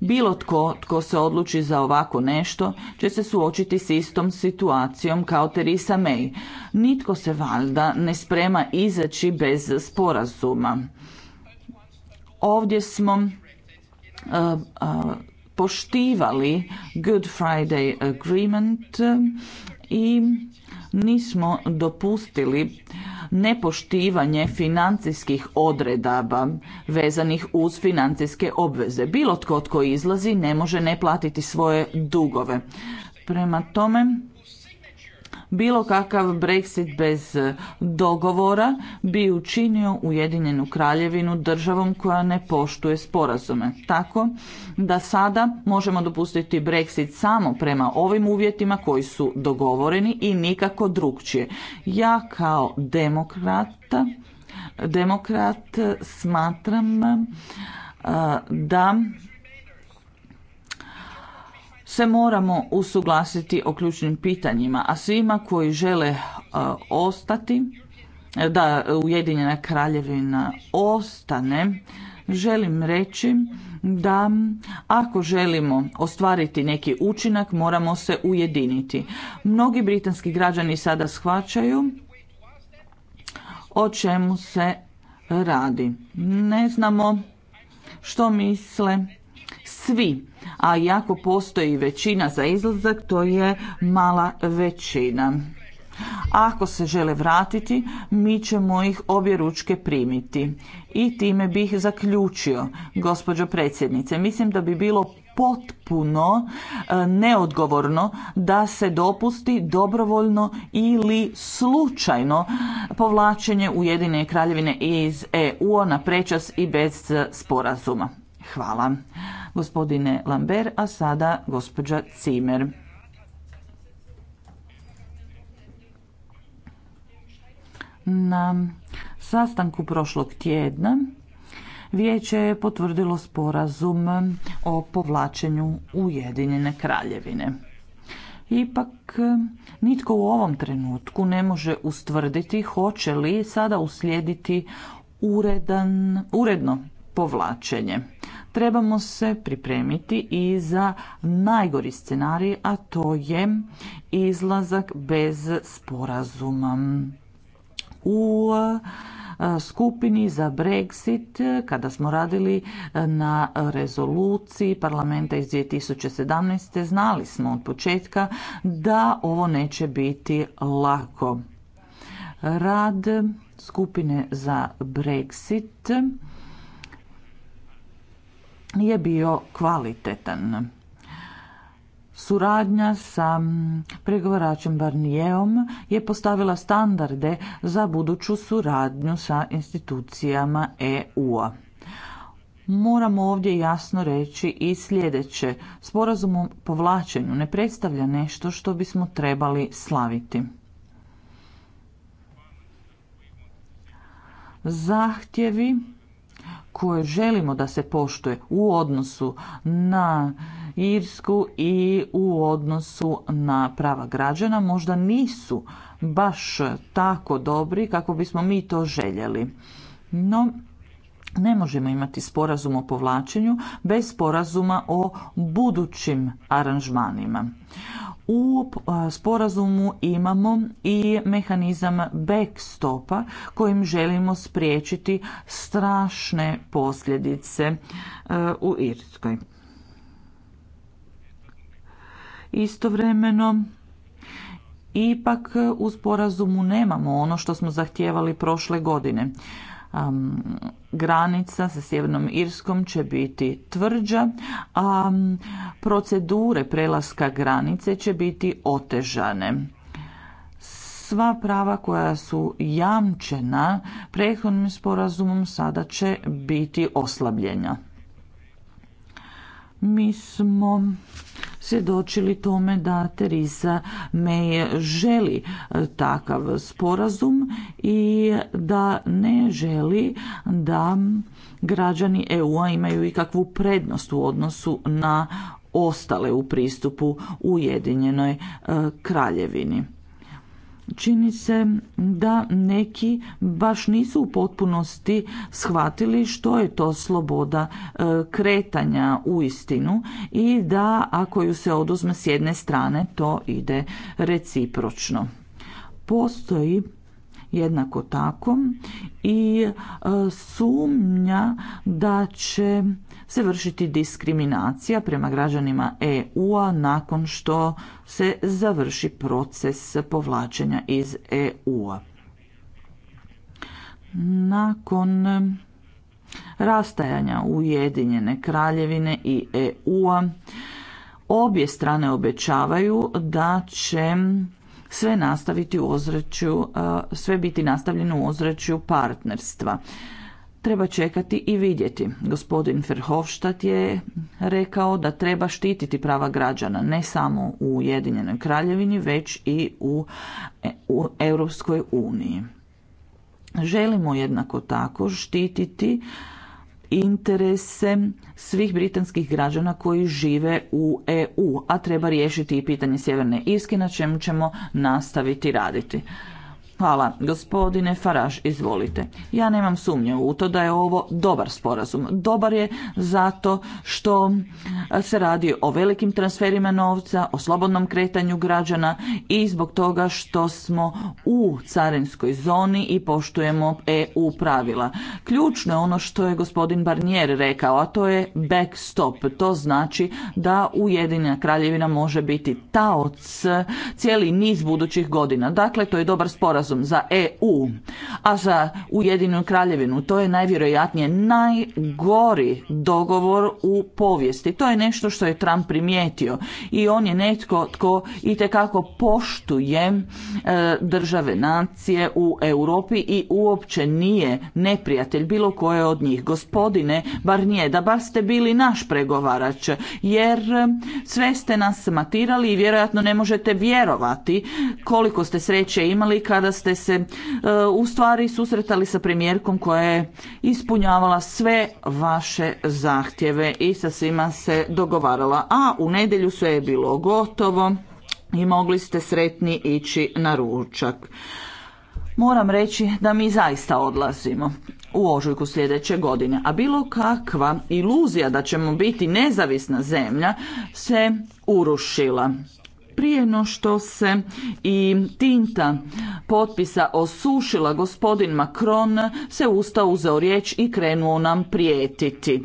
bilo tko tko se odluči za ovako nešto će se suočiti s istom situacijom kao Theresa May. Nitko se valjda ne sprema izaći bez sporazuma. Ovdje smo e, e, poštivali Good Friday Agreement i nismo dopustili nepoštivanje financijskih odredaba vezanih uz financijske obveze. Bilo tko tko izlazi ne može ne platiti svoje dugove. Prema tome, bilo kakav Brexit bez e, dogovora bi učinio Ujedinjenu kraljevinu državom koja ne poštuje sporazume. Tako da sada možemo dopustiti Brexit samo prema ovim uvjetima koji su dogovoreni i nikako drugčije. Ja kao demokrata, demokrat smatram e, da se moramo usuglasiti o ključnim pitanjima, a svima koji žele e, ostati, e, da Ujedinjena kraljevina ostane, želim reći da ako želimo ostvariti neki učinak moramo se ujediniti. Mnogi britanski građani sada shvaćaju o čemu se radi. Ne znamo što misle svi a iako postoji većina za izlazak, to je mala većina. Ako se žele vratiti, mi ćemo ih obje ručke primiti. I time bih zaključio, gospođo predsjednice. Mislim da bi bilo potpuno e, neodgovorno da se dopusti dobrovoljno ili slučajno povlačenje Ujedine kraljevine iz eu na prečas i bez sporazuma. Hvala gospodine Lambert, a sada gospođa Cimer. Na sastanku prošlog tjedna Vijeće je potvrdilo sporazum o povlačenju Ujedinjene kraljevine. Ipak nitko u ovom trenutku ne može ustvrditi hoće li sada uslijediti uredan, uredno povlačenje trebamo se pripremiti i za najgori scenarij, a to je izlazak bez sporazuma. U e, skupini za Brexit kada smo radili e, na rezoluciji parlamenta iz 2017. znali smo od početka da ovo neće biti lako. Rad skupine za Brexit je bio kvalitetan. Suradnja sa pregovaračem Barnijeom je postavila standarde za buduću suradnju sa institucijama EU-a. Moramo ovdje jasno reći i sljedeće. Sporazum o povlačenju ne predstavlja nešto što bismo trebali slaviti. Zahtjevi koje želimo da se poštuje u odnosu na Irsku i u odnosu na prava građana možda nisu baš tako dobri kako bismo mi to željeli. No, ne možemo imati sporazum o povlačenju bez sporazuma o budućim aranžmanima. U e, sporazumu imamo i mehanizam backstopa kojim želimo spriječiti strašne posljedice e, u Irskoj. Istovremeno ipak u sporazumu nemamo ono što smo zahtijevali prošle godine um, granica sa Sjevernom Irskom će biti tvrđa, a procedure prelaska granice će biti otežane. Sva prava koja su jamčena prethodnim sporazumom sada će biti oslabljenja. Mi smo svjedočili tome da Theresa May želi e, takav sporazum i da ne želi da građani EU-a imaju ikakvu prednost u odnosu na ostale u pristupu Ujedinjenoj e, kraljevini čini se da neki baš nisu u potpunosti shvatili što je to sloboda e, kretanja u istinu i da ako ju se oduzme s jedne strane to ide recipročno. Postoji jednako tako i e, sumnja da će se vršiti diskriminacija prema građanima EU-a nakon što se završi proces povlačenja iz EU-a. Nakon rastajanja Ujedinjene kraljevine i EU-a obje strane obećavaju da će sve nastaviti u ozračju, sve biti nastavljeno u ozračju partnerstva. Treba čekati i vidjeti. Gospodin Verhofstadt je rekao da treba štititi prava građana ne samo u Ujedinjenoj kraljevini, već i u, u Europskoj uniji. Želimo jednako tako štititi interese svih britanskih građana koji žive u EU, a treba riješiti i pitanje Sjeverne Irske na čemu ćemo nastaviti raditi. Hvala. Gospodine Faraž, izvolite. Ja nemam sumnje u to da je ovo dobar sporazum. Dobar je zato što se radi o velikim transferima novca, o slobodnom kretanju građana i zbog toga što smo u carinskoj zoni i poštujemo EU pravila. Ključno je ono što je gospodin Barnier rekao, a to je backstop. To znači da Ujedinjena kraljevina može biti taoc cijeli niz budućih godina. Dakle, to je dobar sporazum za EU, a za Ujedinu kraljevinu to je najvjerojatnije najgori dogovor u povijesti. To je nešto što je Trump primijetio i on je netko tko itekako poštuje e, države nacije u Europi i uopće nije neprijatelj bilo koje od njih. Gospodine, bar nije, da bar ste bili naš pregovarač, jer e, sve ste nas matirali i vjerojatno ne možete vjerovati koliko ste sreće imali kada ste se e, u stvari susretali sa premijerkom koja je ispunjavala sve vaše zahtjeve i sa svima se dogovarala. A u nedjelju sve je bilo gotovo i mogli ste sretni ići na ručak. Moram reći da mi zaista odlazimo u ožujku sljedeće godine, a bilo kakva iluzija da ćemo biti nezavisna zemlja se urušila. Prije no što se i tinta potpisa osušila, gospodin Macron se ustao uzeo riječ i krenuo nam prijetiti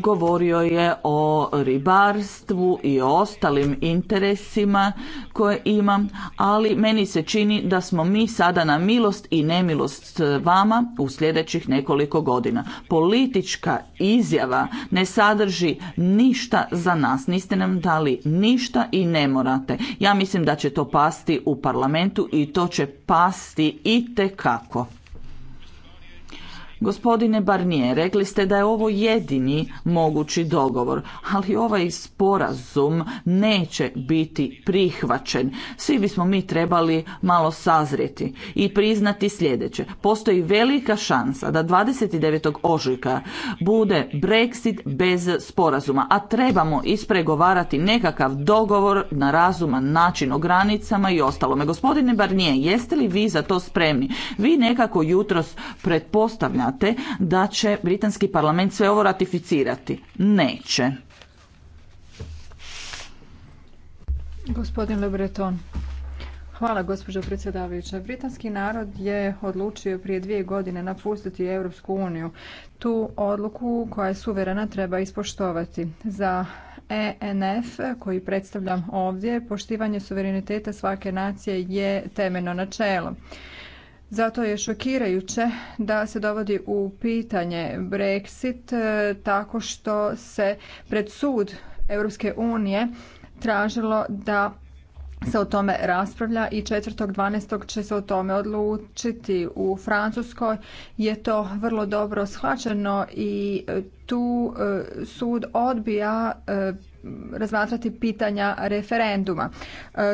govorio je o ribarstvu i o ostalim interesima koje imam, ali meni se čini da smo mi sada na milost i nemilost vama u sljedećih nekoliko godina. Politička izjava ne sadrži ništa za nas. Niste nam dali ništa i ne morate. Ja mislim da će to pasti u parlamentu i to će pasti i tekako. Gospodine Barnier, rekli ste da je ovo jedini mogući dogovor, ali ovaj sporazum neće biti prihvaćen. Svi bismo mi trebali malo sazrijeti i priznati sljedeće. Postoji velika šansa da 29. ožujka bude Brexit bez sporazuma, a trebamo ispregovarati nekakav dogovor na razuman način o granicama i ostalome. Gospodine Barnije, jeste li vi za to spremni? Vi nekako jutros pretpostavljate da će britanski parlament sve ovo ratificirati? Neće. Gospodin Le Breton. Hvala gospođo predsjedavajuća. Britanski narod je odlučio prije dvije godine napustiti Europsku uniju. Tu odluku koja je suverena treba ispoštovati. Za ENF koji predstavljam ovdje, poštivanje suvereniteta svake nacije je temeljno načelo. Zato je šokirajuće da se dovodi u pitanje Brexit e, tako što se pred sud Europske unije tražilo da se o tome raspravlja i 4.12. će se o tome odlučiti u Francuskoj je to vrlo dobro shvaćeno i e, tu e, sud odbija e, razmatrati pitanja referenduma.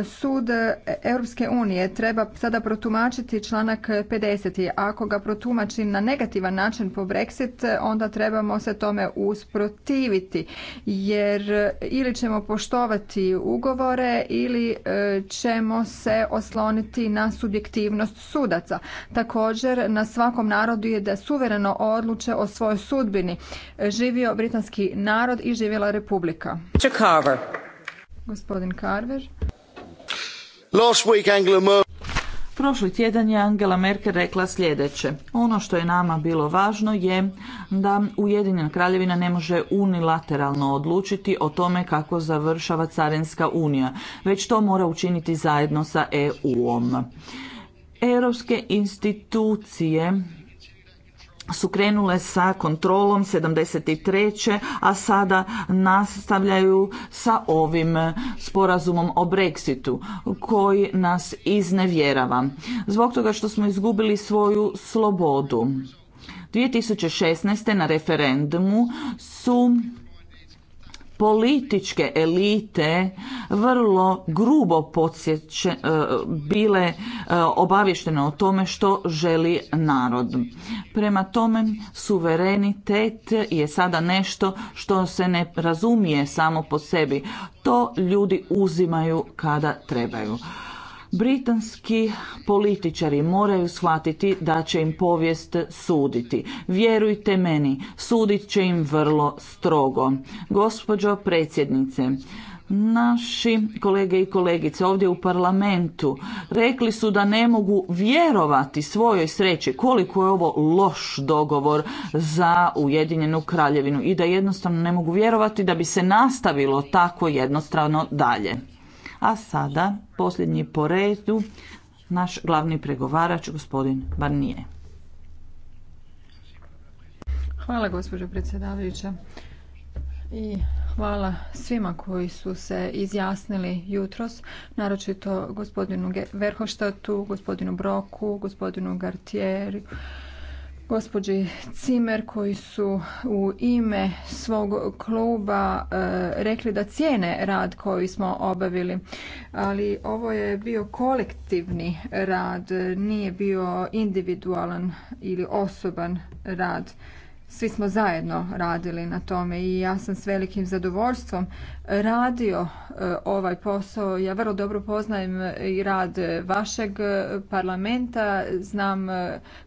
E, sud Europske unije treba sada protumačiti članak 50. Ako ga protumači na negativan način po Brexit, onda trebamo se tome usprotiviti, jer ili ćemo poštovati ugovore ili ćemo se osloniti na subjektivnost sudaca. Također, na svakom narodu je da suvereno odluče o svojoj sudbini živio britanski narod i živjela republika. Carver. Gospodin Carver. Last week Angela Prošli tjedan je Angela Merkel rekla sljedeće. Ono što je nama bilo važno je da Ujedinjena kraljevina ne može unilateralno odlučiti o tome kako završava Carinska unija, već to mora učiniti zajedno sa EU-om. Europske institucije su krenule sa kontrolom 73. a sada nastavljaju sa ovim sporazumom o Brexitu koji nas iznevjerava. Zbog toga što smo izgubili svoju slobodu. 2016. na referendumu su političke elite vrlo grubo podsjeće, e, bile e, obavještene o tome što želi narod. Prema tome, suverenitet je sada nešto što se ne razumije samo po sebi. To ljudi uzimaju kada trebaju. Britanski političari moraju shvatiti da će im povijest suditi. Vjerujte meni, sudit će im vrlo strogo. Gospođo predsjednice, naši kolege i kolegice ovdje u parlamentu rekli su da ne mogu vjerovati svojoj sreći koliko je ovo loš dogovor za Ujedinjenu kraljevinu i da jednostavno ne mogu vjerovati da bi se nastavilo tako jednostrano dalje. A sada, posljednji po redu, naš glavni pregovarač, gospodin Barnije. Hvala, gospođo predsjedavajuća. I hvala svima koji su se izjasnili jutros, naročito gospodinu Verhoštatu, gospodinu Broku, gospodinu Gartieru, gospođi Cimer koji su u ime svog kluba e, rekli da cijene rad koji smo obavili. Ali ovo je bio kolektivni rad, nije bio individualan ili osoban rad svi smo zajedno radili na tome i ja sam s velikim zadovoljstvom radio e, ovaj posao. Ja vrlo dobro poznajem e, i rad vašeg e, parlamenta, znam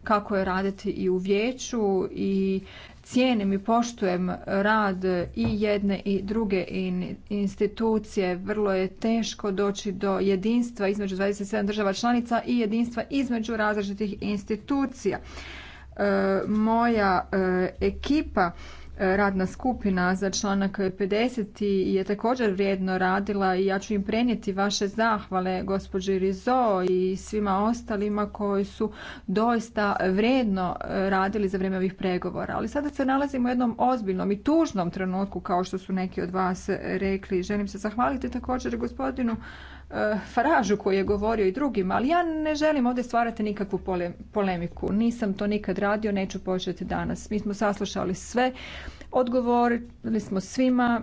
kako je raditi i u vijeću i cijenim i poštujem rad i jedne i druge institucije. Vrlo je teško doći do jedinstva između 27 država članica i jedinstva između različitih institucija. E, moja e, ekipa e, radna skupina za članak 50 je također vrijedno radila i ja ću im prenijeti vaše zahvale gospođi Rizo i svima ostalima koji su doista vrijedno radili za vrijeme ovih pregovora. Ali sada se nalazimo u jednom ozbiljnom i tužnom trenutku kao što su neki od vas rekli. Želim se zahvaliti također gospodinu E, faražu koji je govorio i drugima, ali ja ne želim ovdje stvarati nikakvu polemiku. Nisam to nikad radio, neću početi danas. Mi smo saslušali sve, odgovorili smo svima,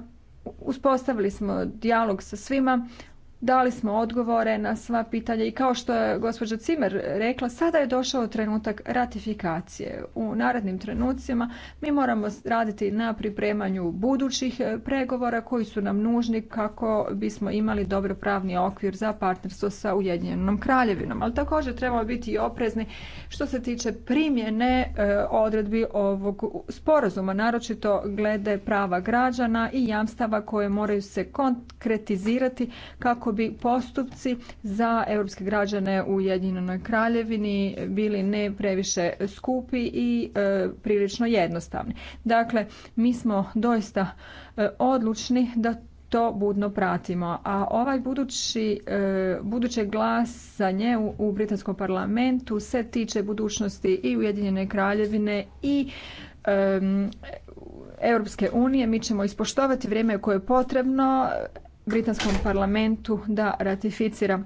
uspostavili smo dijalog sa svima, Dali smo odgovore na sva pitanja i kao što je gospođa Cimer rekla, sada je došao trenutak ratifikacije. U narednim trenucima mi moramo raditi na pripremanju budućih e, pregovora koji su nam nužni kako bismo imali dobro pravni okvir za partnerstvo sa Ujedinjenom kraljevinom. Ali također trebamo biti i oprezni što se tiče primjene e, odredbi ovog sporazuma, naročito glede prava građana i jamstava koje moraju se konkretizirati kako bi postupci za europske građane u Ujedinjenoj Kraljevini bili ne previše skupi i e, prilično jednostavni. Dakle, mi smo doista e, odlučni da to budno pratimo. A ovaj budući, e, buduće glasanje u, Britanskom parlamentu se tiče budućnosti i Ujedinjene kraljevine i Europske unije. Mi ćemo ispoštovati vrijeme koje je potrebno britanskom parlamentu da ratificira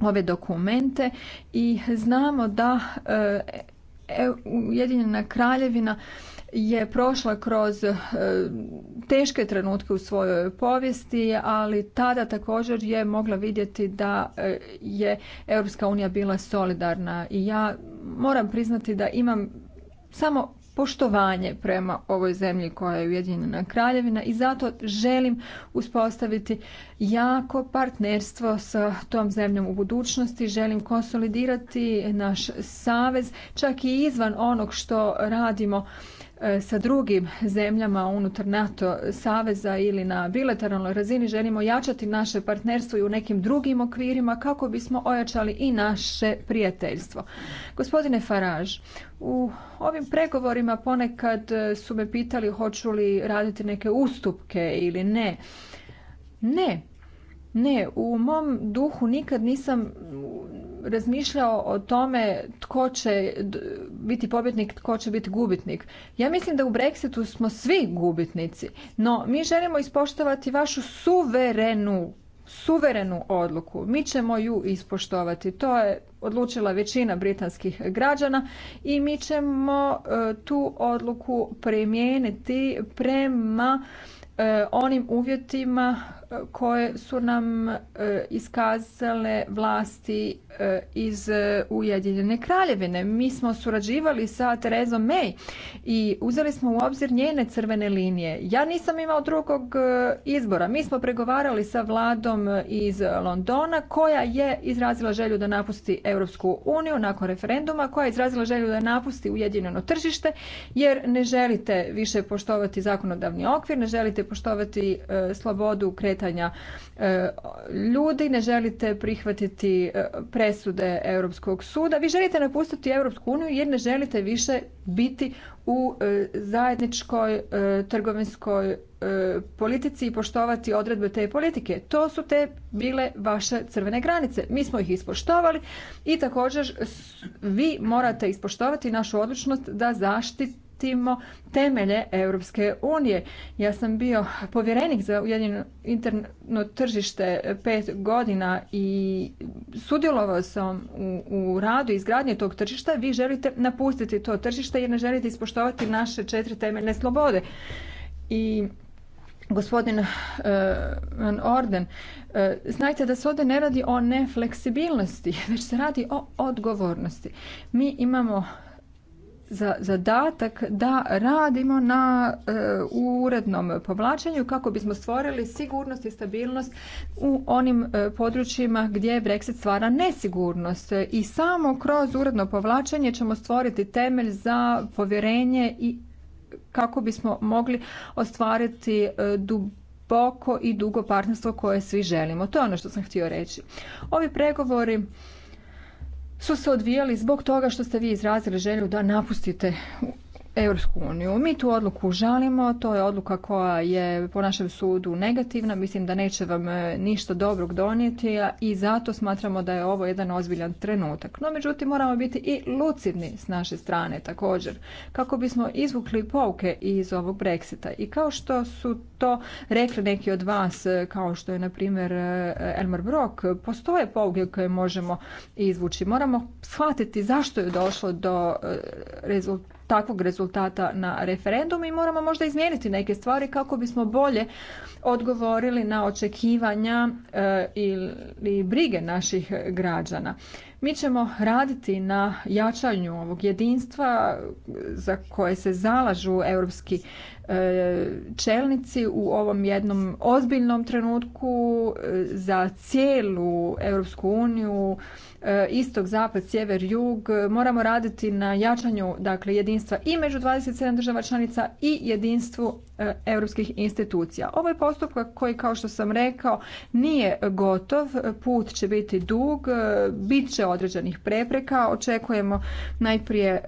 ove dokumente i znamo da e, e, Ujedinjena kraljevina je prošla kroz e, teške trenutke u svojoj povijesti, ali tada također je mogla vidjeti da je Europska unija bila solidarna i ja moram priznati da imam samo poštovanje prema ovoj zemlji koja je Ujedinjena kraljevina i zato želim uspostaviti jako partnerstvo s tom zemljom u budućnosti. Želim konsolidirati naš savez čak i izvan onog što radimo E, sa drugim zemljama unutar NATO saveza ili na bilateralnoj razini želimo jačati naše partnerstvo i u nekim drugim okvirima kako bismo ojačali i naše prijateljstvo. Gospodine Faraž, u ovim pregovorima ponekad e, su me pitali hoću li raditi neke ustupke ili ne. Ne, ne, u mom duhu nikad nisam razmišljao o tome tko će biti pobjednik, tko će biti gubitnik. Ja mislim da u Brexitu smo svi gubitnici, no mi želimo ispoštovati vašu suverenu suverenu odluku. Mi ćemo ju ispoštovati. To je odlučila većina britanskih građana i mi ćemo e, tu odluku primijeniti prema e, onim uvjetima koje su nam e, iskazale vlasti e, iz Ujedinjene kraljevine. Mi smo surađivali sa Terezom May i uzeli smo u obzir njene crvene linije. Ja nisam imao drugog e, izbora. Mi smo pregovarali sa vladom iz Londona koja je izrazila želju da napusti Europsku uniju nakon referenduma, koja je izrazila želju da napusti Ujedinjeno tržište jer ne želite više poštovati zakonodavni okvir, ne želite poštovati slobodu kretanja pitanja. E, ljudi ne želite prihvatiti e, presude Europskog suda, vi želite napustiti Europsku uniju jer ne želite više biti u e, zajedničkoj trgovinskoj politici i poštovati odredbe te politike. To su te bile vaše crvene granice. Mi smo ih ispoštovali i također vi morate ispoštovati našu odlučnost da zaštite imamo temelje Europske unije. Ja sam bio povjerenik za ujedino interno tržište pet godina i sudjelovao sam u, u radu izgradnje tog tržišta. Vi želite napustiti to tržište jer ne želite ispoštovati naše četiri temeljne slobode. I gospodin eh, Van Orden, eh, znajte da se ovdje ne radi o nefleksibilnosti, već se radi o odgovornosti. Mi imamo za zadatak da radimo na e, urednom povlačenju kako bismo stvorili sigurnost i stabilnost u onim e, područjima gdje Brexit stvara nesigurnost i samo kroz uredno povlačenje ćemo stvoriti temelj za povjerenje i kako bismo mogli ostvariti e, duboko i dugo partnerstvo koje svi želimo. To je ono što sam htio reći. Ovi pregovori su se odvijali zbog toga što ste vi izrazili želju da napustite Europsku uniju. Mi tu odluku žalimo, to je odluka koja je po našem sudu negativna, mislim da neće vam e, ništa dobrog donijeti i zato smatramo da je ovo jedan ozbiljan trenutak. No međutim moramo biti i lucidni s naše strane također kako bismo izvukli pouke iz ovog Brexita i kao što su to rekli neki od vas e, kao što je na primjer e, Elmar Brock, postoje pouke koje možemo izvući. Moramo shvatiti zašto je došlo do rezultata takvog rezultata na referendum i moramo možda izmijeniti neke stvari kako bismo bolje odgovorili na očekivanja e, ili brige naših građana. Mi ćemo raditi na jačanju ovog jedinstva za koje se zalažu europski e, čelnici u ovom jednom ozbiljnom trenutku e, za cijelu Europsku uniju, e, istog, zapad, sjever, jug. Moramo raditi na jačanju dakle jedinstva i među 27 država članica i jedinstvu E, europskih institucija. Ovo je postupak koji, kao što sam rekao, nije gotov, put će biti dug, e, bit će određenih prepreka, očekujemo najprije e,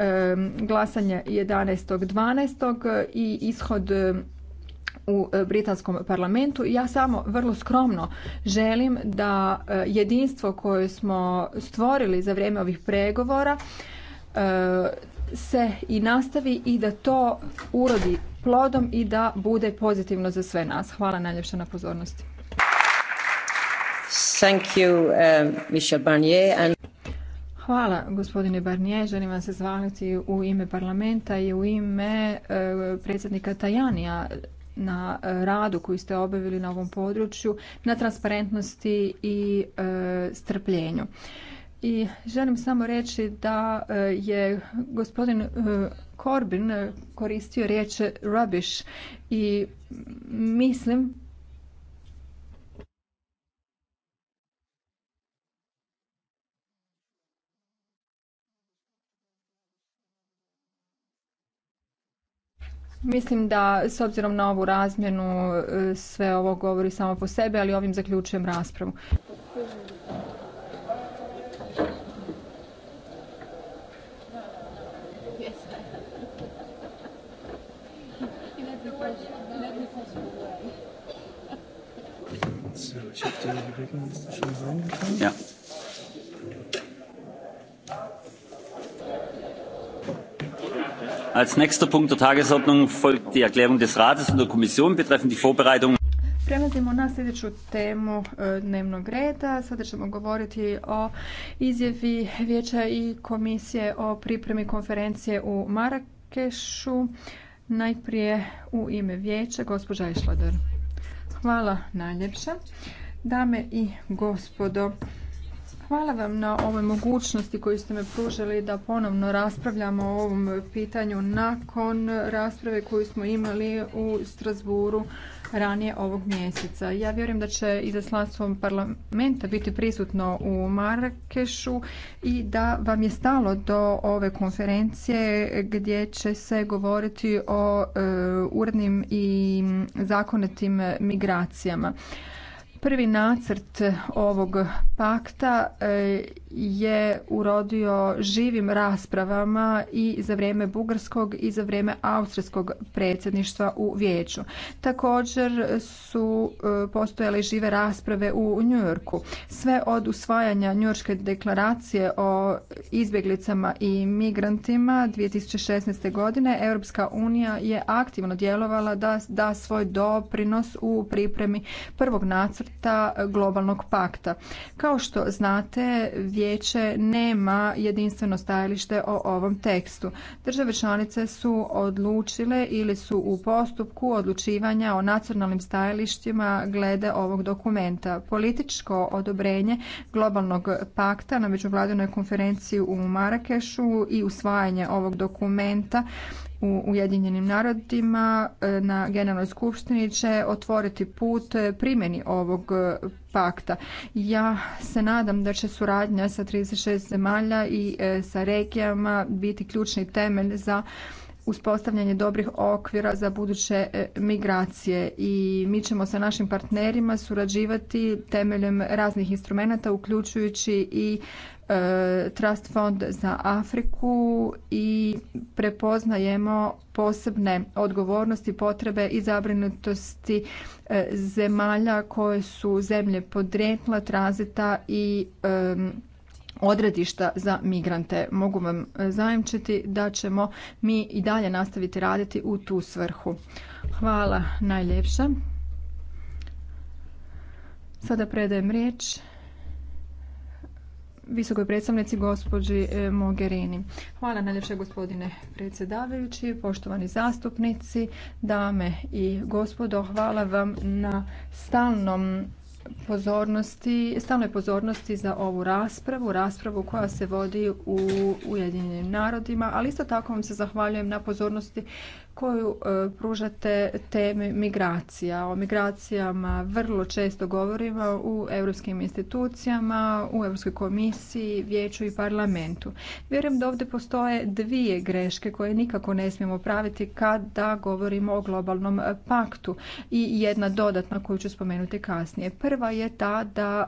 glasanje 11.12. i ishod u britanskom parlamentu. Ja samo vrlo skromno želim da jedinstvo koje smo stvorili za vrijeme ovih pregovora E, se i nastavi i da to urodi plodom i da bude pozitivno za sve nas. Hvala najljepša na pozornosti. Um, Hvala gospodine Barnier, želim vam se zvaliti u ime parlamenta i u ime e, predsjednika Tajanija na radu koji ste obavili na ovom području, na transparentnosti i e, strpljenju. I želim samo reći da e, je gospodin e, Korbin e, koristio riječ rubbish i mislim Mislim da s obzirom na ovu razmjenu sve ovo govori samo po sebi, ali ovim zaključujem raspravu. Ich habe die Ja. Als nächster Punkt der Tagesordnung folgt die Erklärung des Rates und der Kommission betreffend die Vorbereitung. Prelazimo na sljedeću temu e, dnevnog reda. Sada ćemo govoriti o izjavi Vijeća i komisije o pripremi konferencije u Marakešu. Najprije u ime Vijeća, gospođa Išladar. Hvala najljepša. Dame i gospodo, hvala vam na ovoj mogućnosti koju ste me pružili da ponovno raspravljamo o ovom pitanju nakon rasprave koju smo imali u Strasburu ranije ovog mjeseca. Ja vjerujem da će izaslanstvo parlamenta biti prisutno u Marakešu i da vam je stalo do ove konferencije gdje će se govoriti o e, urednim i zakonitim migracijama. Prvi nacrt ovog pakta e, je urodio živim raspravama i za vrijeme bugarskog i za vrijeme austrijskog predsjedništva u vijeću. Također su e, postojale žive rasprave u Njujorku. Sve od usvajanja Njujorske deklaracije o izbjeglicama i migrantima 2016. godine Europska unija je aktivno djelovala da da svoj doprinos u pripremi prvog nacrta globalnog pakta. Kao što znate, vijeće nema jedinstveno stajalište o ovom tekstu. Države članice su odlučile ili su u postupku odlučivanja o nacionalnim stajalištima glede ovog dokumenta. Političko odobrenje globalnog pakta na međuvladinoj konferenciji u Marakešu i usvajanje ovog dokumenta u Ujedinjenim narodima e, na Generalnoj skupštini će otvoriti put primjeni ovog e, pakta. Ja se nadam da će suradnja sa 36 zemalja i e, sa regijama biti ključni temelj za uspostavljanje dobrih okvira za buduće migracije i mi ćemo sa našim partnerima surađivati temeljem raznih instrumenata uključujući i E, Trust Fond za Afriku i prepoznajemo posebne odgovornosti, potrebe i zabrinutosti e, zemalja koje su zemlje podrijetla, tranzita i e, odredišta za migrante. Mogu vam zajamčiti da ćemo mi i dalje nastaviti raditi u tu svrhu. Hvala najljepša. Sada predajem riječ visokoj predstavnici gospođi e, Mogherini. Hvala najljepše gospodine predsjedavajući, poštovani zastupnici, dame i gospodo, hvala vam na stalnom pozornosti, stalnoj pozornosti za ovu raspravu, raspravu koja se vodi u Ujedinjenim narodima, ali isto tako vam se zahvaljujem na pozornosti koju e, pružate temi migracija. O migracijama vrlo često govorimo u europskim institucijama, u Europskoj komisiji, vijeću i parlamentu. Vjerujem da ovdje postoje dvije greške koje nikako ne smijemo praviti kada govorimo o globalnom paktu i jedna dodatna koju ću spomenuti kasnije. Prva je ta da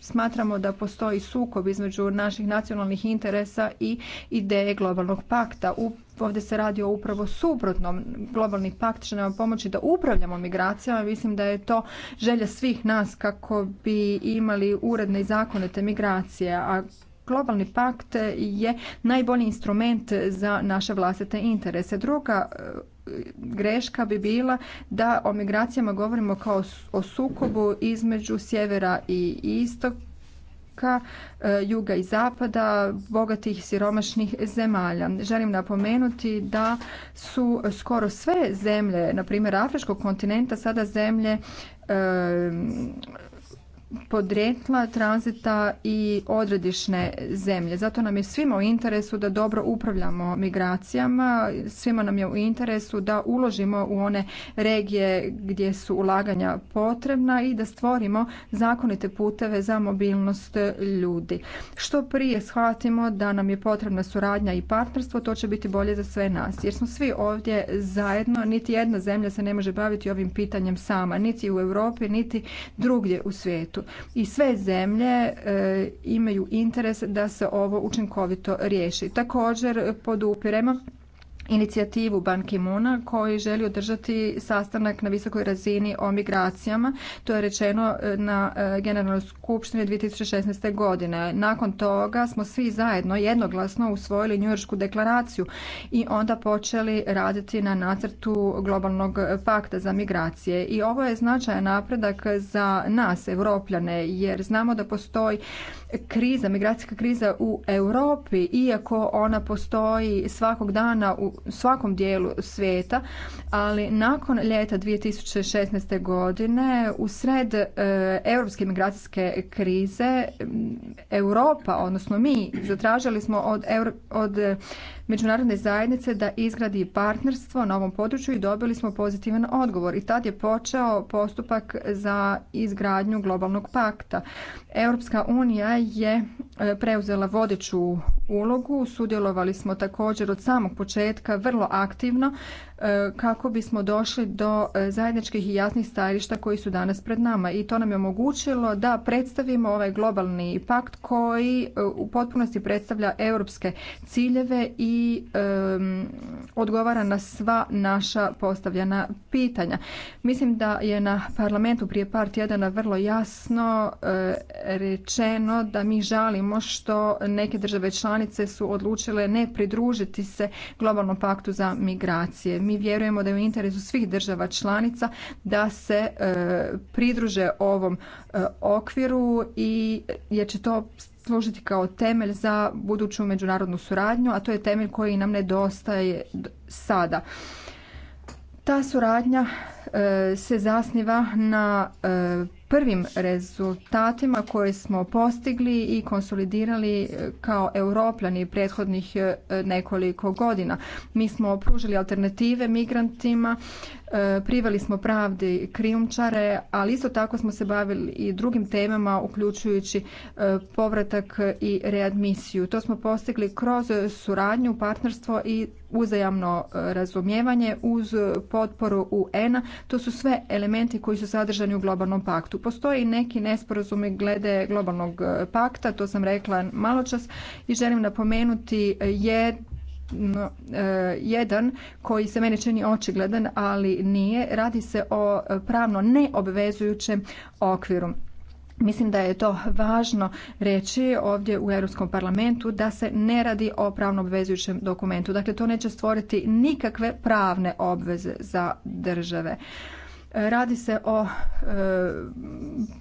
smatramo da postoji sukob između naših nacionalnih interesa i ideje globalnog pakta. Ovdje se radi o upravo suprotnom. Globalni pakt će nam pomoći da upravljamo migracijama. Mislim da je to želja svih nas kako bi imali uredne i zakonite migracije. A globalni pakt je najbolji instrument za naše vlastite interese. Druga greška bi bila da o migracijama govorimo kao o sukobu između sjevera i istoka, e, juga i zapada, bogatih i siromašnih zemalja. Želim napomenuti da su skoro sve zemlje, na primjer Afričkog kontinenta, sada zemlje e, podrijetla, tranzita i odredišne zemlje. Zato nam je svima u interesu da dobro upravljamo migracijama, svima nam je u interesu da uložimo u one regije gdje su ulaganja potrebna i da stvorimo zakonite puteve za mobilnost ljudi. Što prije shvatimo da nam je potrebna suradnja i partnerstvo, to će biti bolje za sve nas. Jer smo svi ovdje zajedno, niti jedna zemlja se ne može baviti ovim pitanjem sama, niti u Europi, niti drugdje u svijetu. I sve zemlje e, imaju interes da se ovo učinkovito riješi. Također podupiremo inicijativu Ban ki koji želi održati sastanak na visokoj razini o migracijama. To je rečeno e, na e, Generalnoj skupštini 2016. godine. Nakon toga smo svi zajedno jednoglasno usvojili Njujoršku deklaraciju i onda počeli raditi na nacrtu globalnog pakta za migracije. I ovo je značajan napredak za nas, Evropljane, jer znamo da postoji kriza, migracijska kriza u Europi, iako ona postoji svakog dana u svakom dijelu svijeta, ali nakon ljeta 2016. godine u sred e, europske migracijske krize Europa, odnosno mi, zatražili smo od, od međunarodne zajednice da izgradi partnerstvo na ovom području i dobili smo pozitivan odgovor. I tad je počeo postupak za izgradnju globalnog pakta. Europska unija je e, preuzela vodeću ulogu. Sudjelovali smo također od samog početka vrlo aktivno e, kako bismo došli do e, zajedničkih i jasnih stajališta koji su danas pred nama i to nam je omogućilo da predstavimo ovaj globalni pakt koji e, u potpunosti predstavlja europske ciljeve i odgovara na sva naša postavljena pitanja. Mislim da je na parlamentu prije par tjedana vrlo jasno rečeno da mi žalimo što neke države članice članice su odlučile ne pridružiti se globalnom paktu za migracije. Mi vjerujemo da je u interesu svih država članica da se e, pridruže ovom e, okviru i jer će to služiti kao temelj za buduću međunarodnu suradnju, a to je temelj koji nam nedostaje sada. Ta suradnja e, se zasniva na e, prvim rezultatima koje smo postigli i konsolidirali e, kao europljani prethodnih nekoliko godina. Mi smo pružili alternative migrantima, E, priveli smo pravdi krijumčare, ali isto tako smo se bavili i drugim temama uključujući e, povratak i readmisiju. To smo postigli kroz suradnju, partnerstvo i uzajamno e, razumijevanje uz potporu UN-a. To su sve elementi koji su sadržani u globalnom paktu. Postoji neki nesporazumi glede globalnog pakta, to sam rekla malo čas i želim napomenuti je E, jedan koji se meni čini očigledan, ali nije. Radi se o pravno neobvezujućem okviru. Mislim da je to važno reći ovdje u Europskom parlamentu da se ne radi o pravno obvezujućem dokumentu. Dakle, to neće stvoriti nikakve pravne obveze za države. Radi se o e,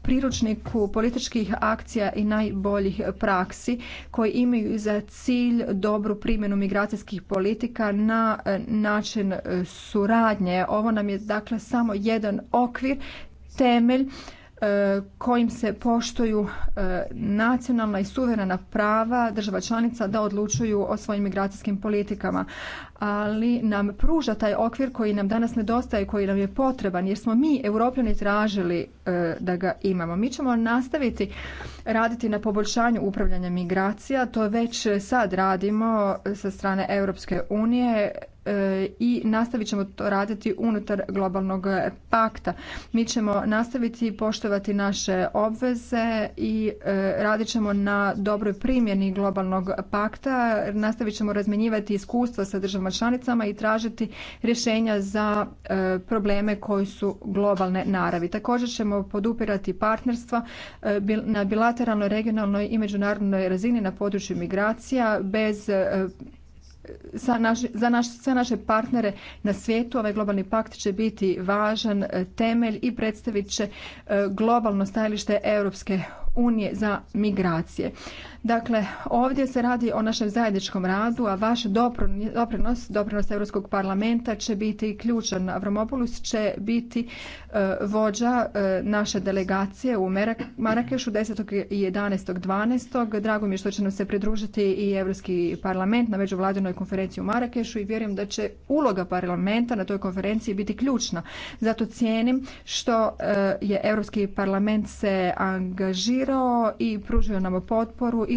priručniku političkih akcija i najboljih praksi koji imaju za cilj dobru primjenu migracijskih politika na e, način e, suradnje. Ovo nam je dakle samo jedan okvir, temelj E, kojim se poštuju e, nacionalna i suverena prava država članica da odlučuju o svojim migracijskim politikama. Ali nam pruža taj okvir koji nam danas nedostaje, koji nam je potreban jer smo mi europljani tražili e, da ga imamo. Mi ćemo nastaviti raditi na poboljšanju upravljanja migracija, to već sad radimo sa strane Europske unije E, i nastavit ćemo to raditi unutar globalnog pakta. Mi ćemo nastaviti poštovati naše obveze i e, radit ćemo na dobroj primjeni globalnog pakta. Nastavit ćemo razmjenjivati iskustva sa državama članicama i tražiti rješenja za e, probleme koji su globalne naravi. Također ćemo podupirati partnerstva na bilateralnoj, regionalnoj i međunarodnoj razini na području migracija bez za, naš, za sve naše partnere na svijetu. Ovaj globalni pakt će biti važan e, temelj i predstavit će e, globalno stajalište Europske unije za migracije. Dakle, ovdje se radi o našem zajedničkom radu, a vaš doprinos, doprinos Europskog parlamenta će biti ključan. Avromopoulos će biti e, vođa e, naše delegacije u Marakešu 10. i 11. 12. Drago mi je što će nam se pridružiti i Europski parlament na međuvladinoj konferenciji u Marakešu i vjerujem da će uloga parlamenta na toj konferenciji biti ključna. Zato cijenim što e, je Europski parlament se angažirao i pružio nam potporu i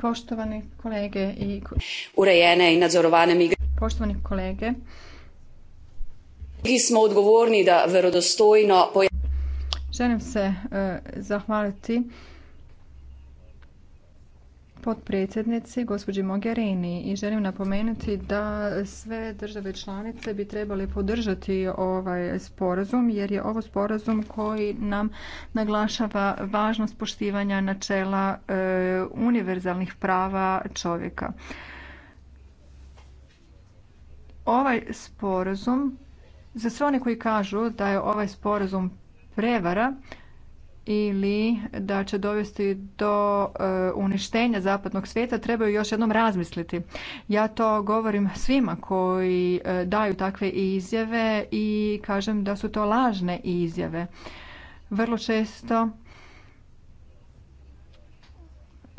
Poštovani kolege i urejene i nadzorovane migracije. Poštovani kolege, mi smo odgovorni da verodostojno Želim se eh, zahvaliti potpredsjednici gospođi Mogherini i želim napomenuti da sve države članice bi trebali podržati ovaj sporazum jer je ovo sporazum koji nam naglašava važnost poštivanja načela e, univerzalnih prava čovjeka. Ovaj sporazum za sve one koji kažu da je ovaj sporazum prevara ili da će dovesti do e, uništenja zapadnog svijeta trebaju još jednom razmisliti. Ja to govorim svima koji e, daju takve izjave i kažem da su to lažne izjave. Vrlo često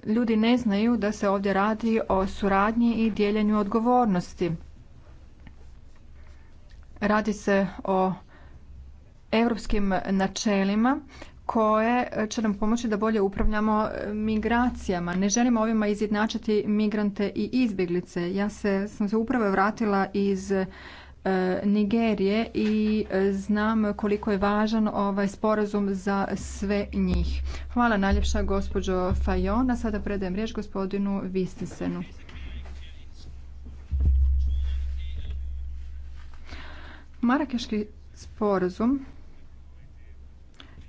ljudi ne znaju da se ovdje radi o suradnji i dijeljenju odgovornosti. Radi se o europskim načelima koje e, će nam pomoći da bolje upravljamo e, migracijama. Ne želimo ovima izjednačiti migrante i izbjeglice. Ja se, sam se upravo vratila iz e, Nigerije i znam koliko je važan ovaj sporazum za sve njih. Hvala najljepša gospođo Fajona. Sada predajem riječ gospodinu Vistisenu. Marakeški sporazum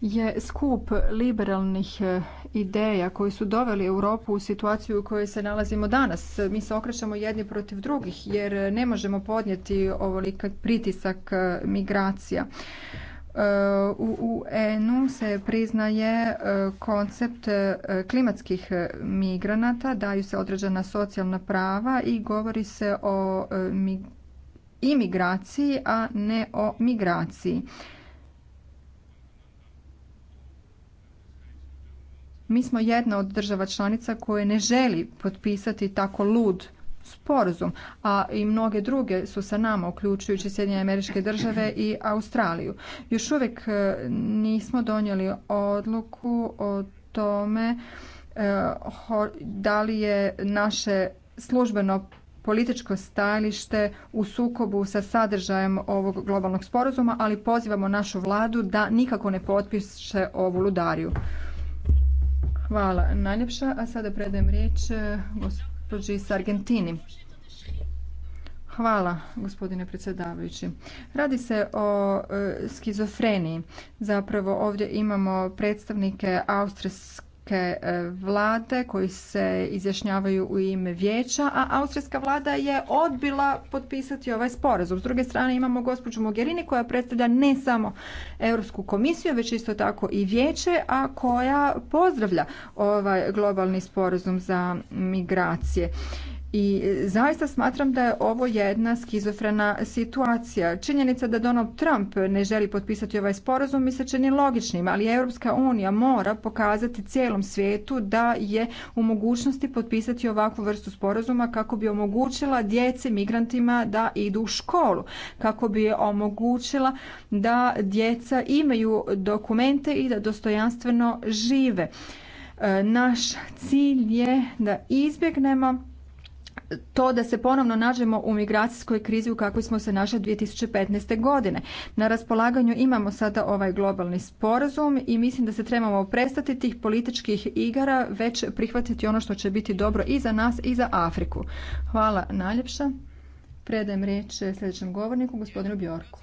je skup liberalnih e, ideja koji su doveli Europu u situaciju u kojoj se nalazimo danas. Mi se okrećemo jedni protiv drugih jer ne možemo podnijeti ovoliki pritisak e, migracija. E, u UN-u se priznaje koncept klimatskih migranata, daju se određena socijalna prava i govori se o imigraciji, a ne o migraciji. Mi smo jedna od država članica koje ne želi potpisati tako lud sporazum, a i mnoge druge su sa nama, uključujući Sjedinje američke države i Australiju. Još uvijek e, nismo donijeli odluku o tome e, da li je naše službeno političko stajalište u sukobu sa sadržajem ovog globalnog sporazuma, ali pozivamo našu vladu da nikako ne potpiše ovu ludariju. Hvala najljepša. A sada predajem riječ e, gospođi Sargentini. Hvala, gospodine predsjedavajući. Radi se o e, skizofreniji. Zapravo ovdje imamo predstavnike austrijske austrijske e, vlade koji se izjašnjavaju u ime vijeća, a austrijska vlada je odbila potpisati ovaj sporazum. S druge strane imamo gospođu Mogherini koja predstavlja ne samo Europsku komisiju, već isto tako i vijeće, a koja pozdravlja ovaj globalni sporazum za migracije. I e, zaista smatram da je ovo jedna skizofrena situacija. Činjenica da Donald Trump ne želi potpisati ovaj sporazum mi se čini logičnim, ali Europska unija mora pokazati cijelom svijetu da je u mogućnosti potpisati ovakvu vrstu sporazuma kako bi omogućila djeci migrantima da idu u školu, kako bi omogućila da djeca imaju dokumente i da dostojanstveno žive. E, naš cilj je da izbjegnemo to da se ponovno nađemo u migracijskoj krizi u kakvoj smo se našli 2015. godine. Na raspolaganju imamo sada ovaj globalni sporazum i mislim da se trebamo prestati tih političkih igara, već prihvatiti ono što će biti dobro i za nas i za Afriku. Hvala najljepša. Predajem riječ sljedećem govorniku, gospodinu Bjorku.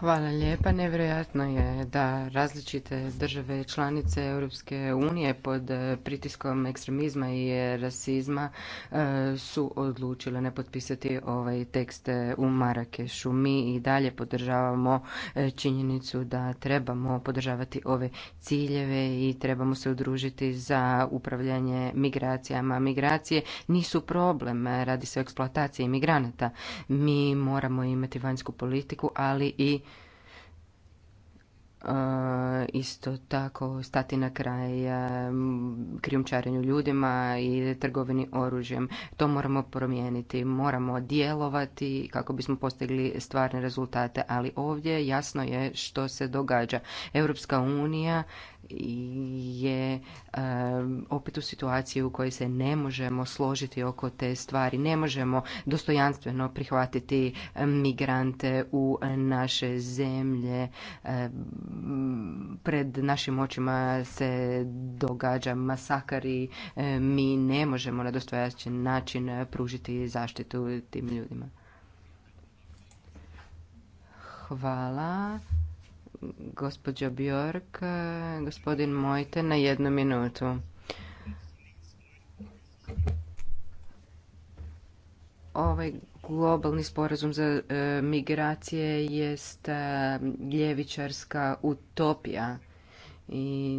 Hvala lijepa. Nevjerojatno je da različite države članice Europske unije pod eh, pritiskom ekstremizma i rasizma eh, su odlučile ne potpisati ovaj tekst eh, u Marakešu. Mi i dalje podržavamo činjenicu da trebamo podržavati ove ciljeve i trebamo se udružiti za upravljanje migracijama. Migracije nisu problem, radi se o eksploataciji migranata. Mi moramo imati vanjsku politiku, ali i isto tako stati na kraj krijumčarenju ljudima i trgovini oružjem. To moramo promijeniti, moramo djelovati kako bismo postigli stvarne rezultate, ali ovdje jasno je što se događa. Europska unija je opet u situaciji u kojoj se ne možemo složiti oko te stvari, ne možemo dostojanstveno prihvatiti migrante u naše zemlje pred našim očima se događa masakar i e, mi ne možemo na dostojačen način pružiti zaštitu tim ljudima. Hvala. Gospođo Bjork, gospodin Mojte na jednu minutu. Ovaj globalni sporazum za e, migracije jest e, ljevičarska utopija i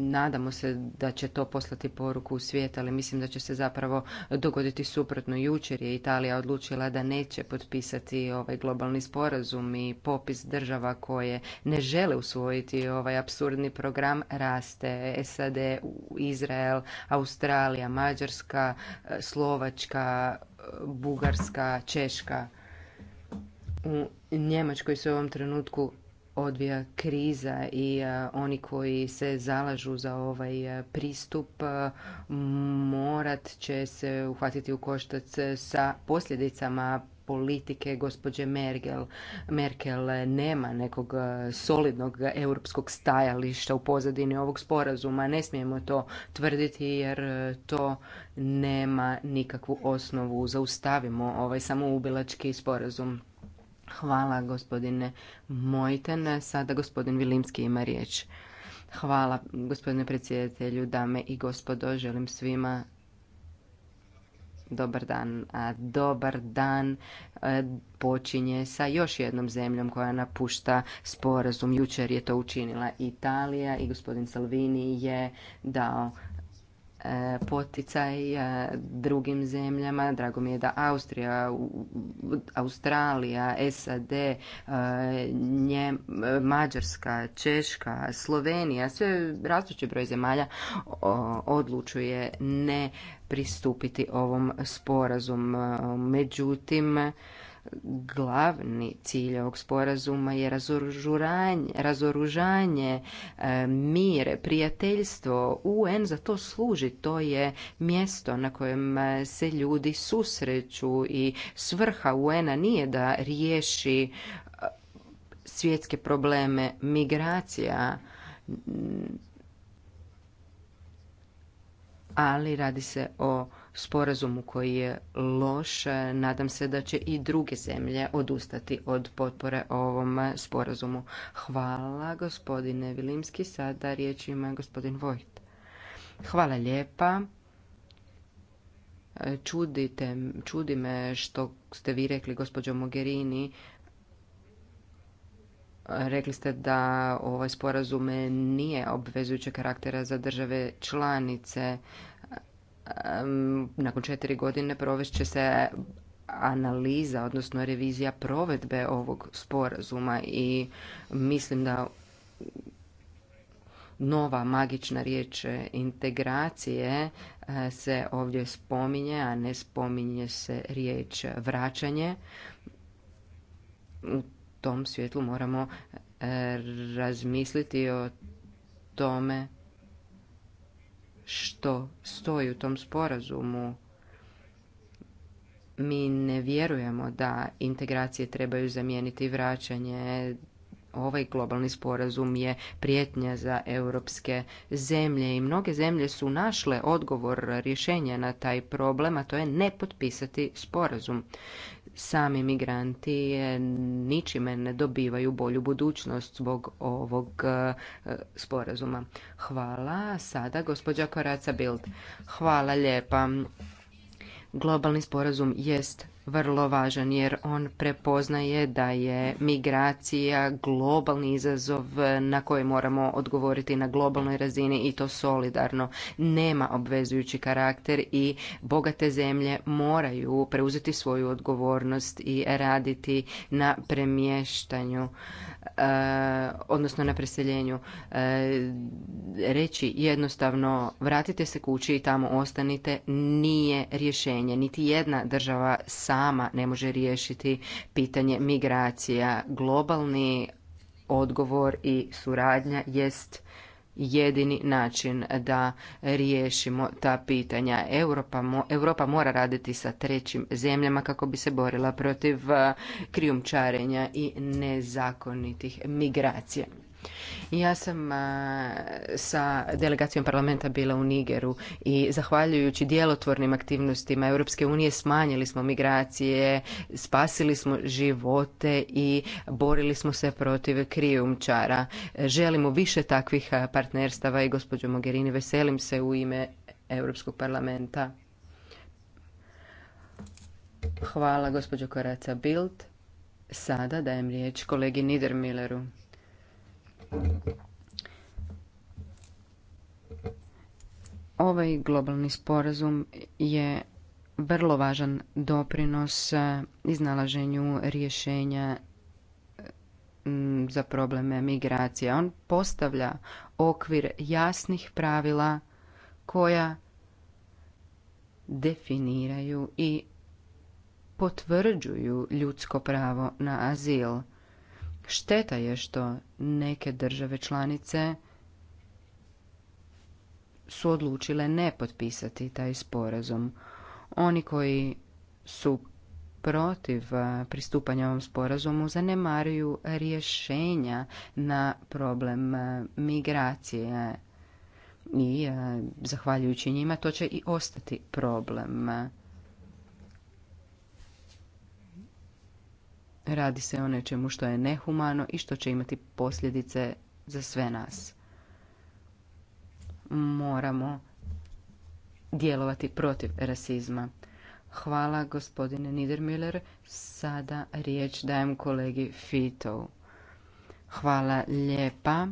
nadamo se da će to poslati poruku u svijet, ali mislim da će se zapravo dogoditi suprotno. Jučer je Italija odlučila da neće potpisati ovaj globalni sporazum i popis država koje ne žele usvojiti ovaj absurdni program raste. SAD, Izrael, Australija, Mađarska, e, Slovačka, Bugarska, Češka. U Njemačkoj se u ovom trenutku odvija kriza i e, oni koji se zalažu za ovaj e, pristup e, morat će se uhvatiti u koštac sa posljedicama politike gospođe Merkel, Merkel nema nekog e, solidnog europskog stajališta u pozadini ovog sporazuma. Ne smijemo to tvrditi jer e, to nema nikakvu osnovu. Zaustavimo ovaj samoubilački sporazum. Hvala gospodine Mojten. Sada gospodin Vilimski ima riječ. Hvala gospodine predsjedatelju, dame i gospodo. Želim svima Dobar dan. A dobar dan e, počinje sa još jednom zemljom koja napušta sporazum. Jučer je to učinila Italija i gospodin Salvini je dao E, poticaj e, drugim zemljama. Drago mi je da Austrija, Australija, SAD, e, Nje, Mađarska, Češka, Slovenija, sve rastući broj zemalja odlučuje ne pristupiti ovom sporazumu. Međutim, glavni cilj ovog sporazuma je razoružanje, e, mir, prijateljstvo. UN za to služi, to je mjesto na kojem e, se ljudi susreću i svrha UN-a nije da riješi e, svjetske probleme migracija ali radi se o sporazumu koji je loš. Nadam se da će i druge zemlje odustati od potpore ovom sporazumu. Hvala gospodine Vilimski. Sada riječ ima gospodin Vojt. Hvala lijepa. Čudite, čudi me što ste vi rekli gospođo Mogherini Rekli ste da ovaj sporazum nije obvezujućeg karaktera za države članice nakon četiri godine provest će se analiza, odnosno revizija provedbe ovog sporazuma i mislim da nova magična riječ integracije eh, se ovdje spominje, a ne spominje se riječ vraćanje. U tom svjetlu moramo eh, razmisliti o tome što stoji u tom sporazumu. Mi ne vjerujemo da integracije trebaju zamijeniti vraćanje. Ovaj globalni sporazum je prijetnja za europske zemlje i mnoge zemlje su našle odgovor rješenja na taj problem, a to je ne potpisati sporazum sami migranti e, ničime ne dobivaju bolju budućnost zbog ovog e, sporazuma. Hvala. Sada gospođa Koraca Bild. Hvala lijepa. Globalni sporazum jest vrlo važan jer on prepoznaje da je migracija globalni izazov na koji moramo odgovoriti na globalnoj razini i to solidarno. Nema obvezujući karakter i bogate zemlje moraju preuzeti svoju odgovornost i raditi na premještanju eh, odnosno na preseljenju eh, reći jednostavno vratite se kući i tamo ostanite nije rješenje. Niti jedna država sa sama ne može riješiti pitanje migracija. Globalni odgovor i suradnja jest jedini način da riješimo ta pitanja. Europa, Europa mora raditi sa trećim zemljama kako bi se borila protiv eh, krijumčarenja i nezakonitih migracija. Ja sam e, sa delegacijom parlamenta bila u Nigeru i zahvaljujući djelotvornim aktivnostima Europske unije smanjili smo migracije, spasili smo živote i borili smo se protiv krijumčara. Želimo više takvih e, partnerstava i gospođo Mogherini veselim se u ime Europskog parlamenta. Hvala gospođo Koraca Bild. Sada dajem riječ kolegi Niedermilleru. Ovaj globalni sporazum je vrlo važan doprinos e, iznalaženju rješenja e, za probleme migracije. On postavlja okvir jasnih pravila koja definiraju i potvrđuju ljudsko pravo na azil. Šteta je što neke države članice su odlučile ne potpisati taj sporazum. Oni koji su protiv pristupanja ovom sporazumu zanemaruju rješenja na problem migracije i zahvaljujući njima to će i ostati problem. Radi se o nečemu što je nehumano i što će imati posljedice za sve nas. Moramo djelovati protiv rasizma. Hvala gospodine Niedermiller. Sada riječ dajem kolegi fitou Hvala lijepa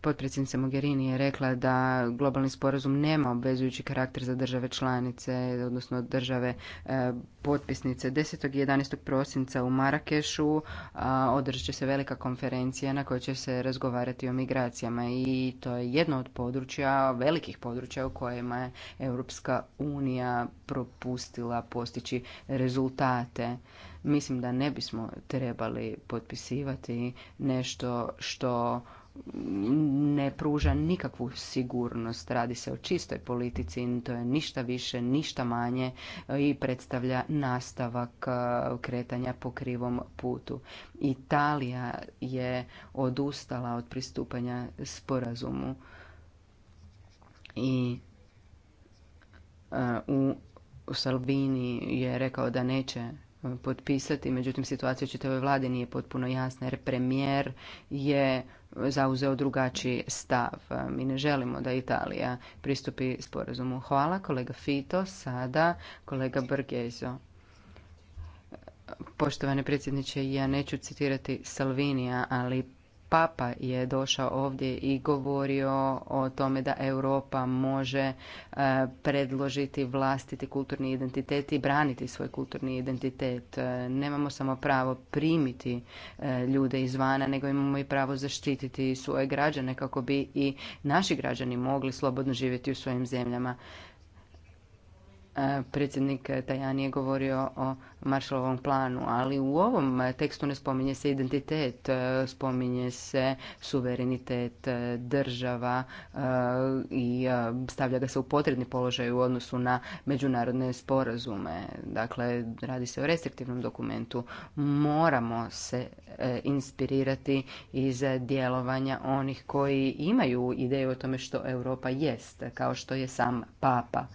potpredsjednica Mogherini je rekla da globalni sporazum nema obvezujući karakter za države članice, odnosno države e, potpisnice. 10. i 11. prosinca u Marakešu održat će se velika konferencija na kojoj će se razgovarati o migracijama i to je jedno od područja, velikih područja u kojima je Europska unija propustila postići rezultate. Mislim da ne bismo trebali potpisivati nešto što ne pruža nikakvu sigurnost. Radi se o čistoj politici i to je ništa više, ništa manje e, i predstavlja nastavak e, kretanja po krivom putu. Italija je odustala od pristupanja sporazumu i e, u Salvini je rekao da neće potpisati, međutim situacija u čitavoj vladi nije potpuno jasna jer premijer je zauzeo drugačiji stav. Mi ne želimo da Italija pristupi sporazumu. Hvala kolega Fito, sada kolega Brgezo. Poštovani predsjedniče, ja neću citirati Salvinija, ali Papa je došao ovdje i govorio o tome da Europa može e, predložiti vlastiti kulturni identitet i braniti svoj kulturni identitet. E, nemamo samo pravo primiti e, ljude izvana, nego imamo i pravo zaštititi svoje građane kako bi i naši građani mogli slobodno živjeti u svojim zemljama. E, predsjednik Tajani je govorio o Marshallovom planu, ali u ovom tekstu ne spominje se identitet, e, spominje se suverenitet e, država i stavlja ga se u potredni položaj u odnosu na međunarodne sporazume. Dakle, radi se o restriktivnom dokumentu. Moramo se inspirirati iz djelovanja onih koji imaju ideju o tome što Europa jest, kao što je sam Papa.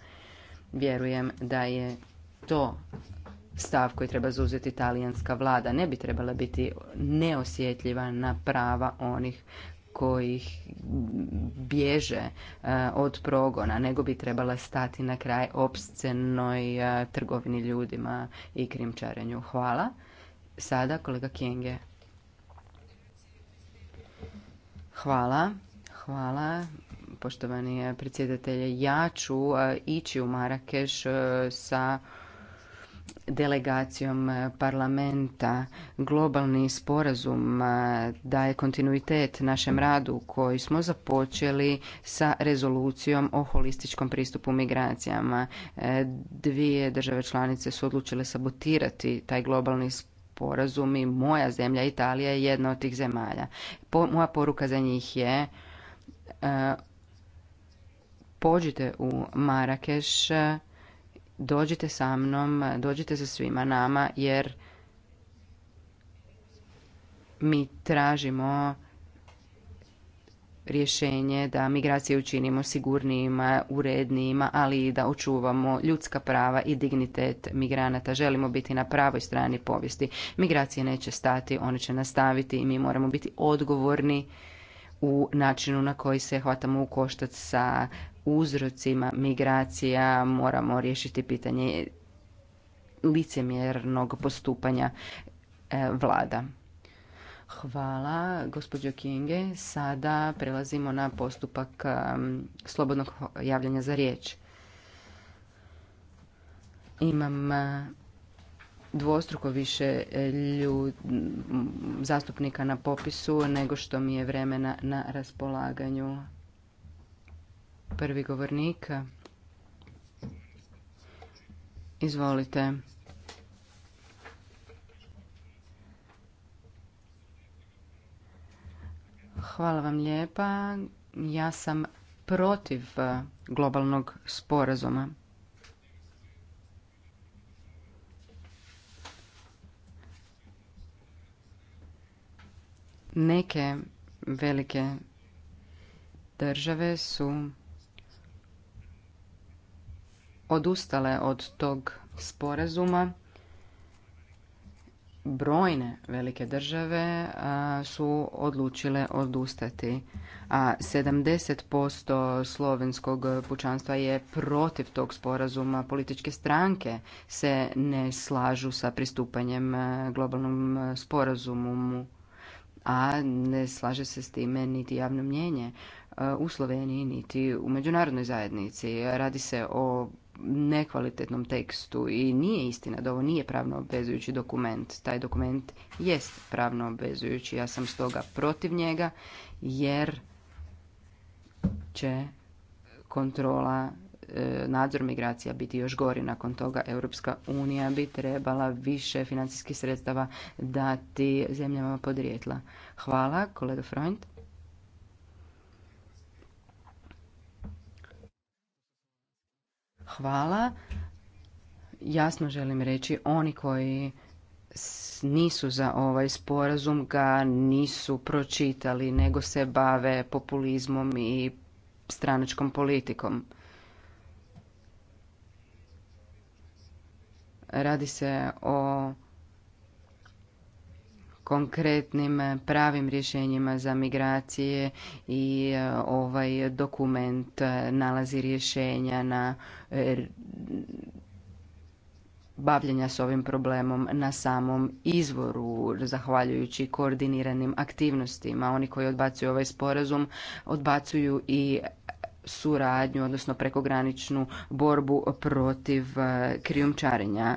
Vjerujem da je to stav koji treba zauzeti talijanska vlada. Ne bi trebala biti neosjetljiva na prava onih kojih bježe e, od progona, nego bi trebala stati na kraj opscenoj e, trgovini ljudima i krimčarenju. Hvala. Sada kolega Kenge. Hvala. Hvala poštovani eh, predsjedatelje. Ja ću eh, ići u Marakeš eh, sa delegacijom parlamenta globalni sporazum daje kontinuitet našem radu koji smo započeli sa rezolucijom o holističkom pristupu migracijama. Dvije države članice su odlučile sabotirati taj globalni sporazum i moja zemlja Italija je jedna od tih zemalja. moja poruka za njih je pođite u Marakeš, dođite sa mnom, dođite sa svima nama, jer mi tražimo rješenje da migracije učinimo sigurnijima, urednijima, ali i da očuvamo ljudska prava i dignitet migranata. Želimo biti na pravoj strani povijesti. Migracije neće stati, one će nastaviti i mi moramo biti odgovorni u načinu na koji se hvatamo u koštac sa uzrocima migracija, moramo riješiti pitanje licemjernog postupanja e, vlada. Hvala, gospođo Kinge. Sada prelazimo na postupak e, slobodnog javljanja za riječ. Imam e, dvostruko više zastupnika na popisu nego što mi je vremena na raspolaganju prvi govornik. Izvolite. Hvala vam lijepa. Ja sam protiv eh, globalnog sporazuma. Neke velike države su odustale od tog sporazuma. Brojne velike države su odlučile odustati, a 70% slovenskog pučanstva je protiv tog sporazuma. Političke stranke se ne slažu sa pristupanjem globalnom sporazumu, a ne slaže se s time niti javno mnjenje u Sloveniji niti u međunarodnoj zajednici. Radi se o nekvalitetnom tekstu i nije istina da ovo nije pravno obvezujući dokument. Taj dokument jest pravno obvezujući. Ja sam stoga protiv njega jer će kontrola e, nadzor migracija biti još gori nakon toga Europska unija bi trebala više financijskih sredstava dati zemljama podrijetla. Hvala kolega Freund. Hvala. Jasno želim reći, oni koji nisu za ovaj sporazum ga nisu pročitali, nego se bave populizmom i stranačkom politikom. Radi se o konkretnim eh, pravim rješenjima za migracije i eh, ovaj dokument eh, nalazi rješenja na bavljenja s ovim problemom na samom izvoru, zahvaljujući koordiniranim aktivnostima. Oni koji odbacuju ovaj sporazum odbacuju i suradnju, odnosno prekograničnu borbu protiv krijumčarenja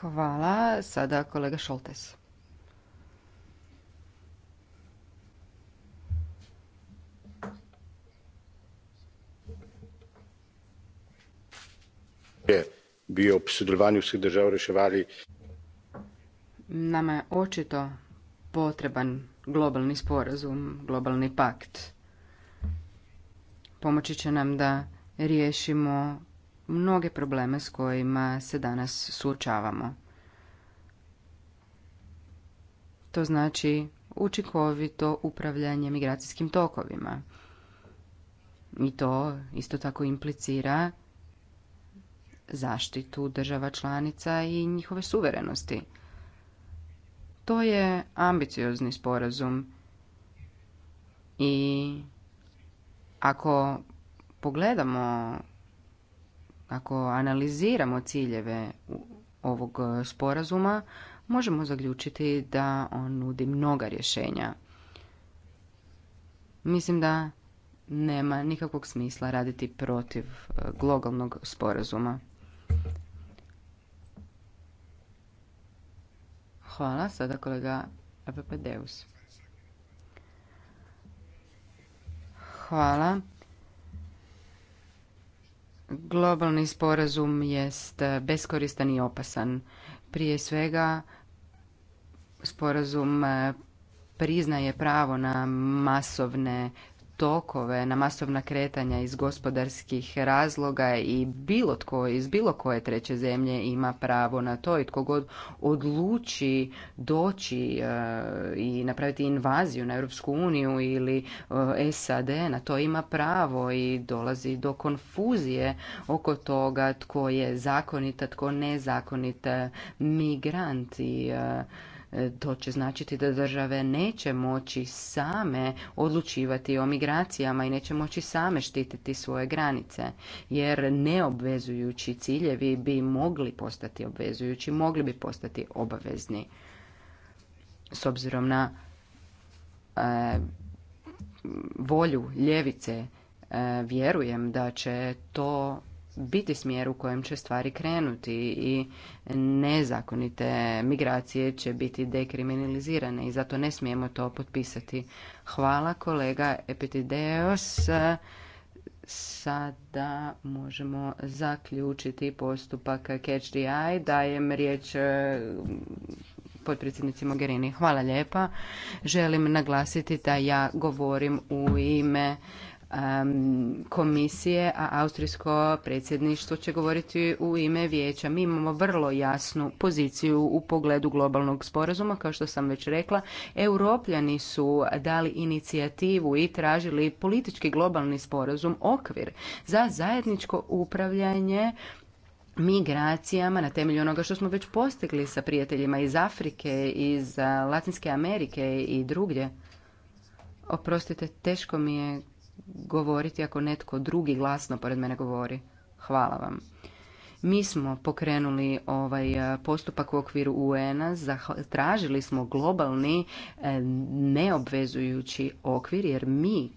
Hvala. Sada kolega Šoltes. bio u sudjelovanju svih država reševali. Nama je očito potreban globalni sporazum, globalni pakt. Pomoći će nam da riješimo mnoge probleme s kojima se danas suočavamo. To znači učinkovito upravljanje migracijskim tokovima. I to isto tako implicira zaštitu država članica i njihove suverenosti. To je ambiciozni sporazum i ako pogledamo ako analiziramo ciljeve ovog e, sporazuma, možemo zaključiti da on nudi mnoga rješenja. Mislim da nema nikakvog smisla raditi protiv e, globalnog sporazuma. Hvala, sada kolega Deus. Hvala globalni sporazum jest beskoristan i opasan. Prije svega sporazum eh, priznaje pravo na masovne tokove, na masovna kretanja iz gospodarskih razloga i bilo tko iz bilo koje treće zemlje ima pravo na to i tko god odluči doći e, i napraviti invaziju na Europsku uniju ili e, SAD na to ima pravo i dolazi do konfuzije oko toga tko je zakonita, tko nezakonita Migranti. E, E, to će značiti da države neće moći same odlučivati o migracijama i neće moći same štititi svoje granice, jer neobvezujući ciljevi bi mogli postati obvezujući, mogli bi postati obavezni. S obzirom na e, volju ljevice, e, vjerujem da će to biti smjer u kojem će stvari krenuti i nezakonite migracije će biti dekriminalizirane i zato ne smijemo to potpisati. Hvala kolega Epitideos. Sada možemo zaključiti postupak Catch the Eye. Dajem riječ e, potpredsjednici Mogherini. Hvala lijepa. Želim naglasiti da ja govorim u ime komisije, a austrijsko predsjedništvo će govoriti u ime vijeća. Mi imamo vrlo jasnu poziciju u pogledu globalnog sporazuma, kao što sam već rekla. Europljani su dali inicijativu i tražili politički globalni sporazum, okvir za zajedničko upravljanje migracijama na temelju onoga što smo već postigli sa prijateljima iz Afrike, iz Latinske Amerike i drugdje. Oprostite, teško mi je govoriti ako netko drugi glasno pored mene govori. Hvala vam. Mi smo pokrenuli ovaj eh, postupak u okviru UN-a, tražili smo globalni eh, neobvezujući okvir jer mi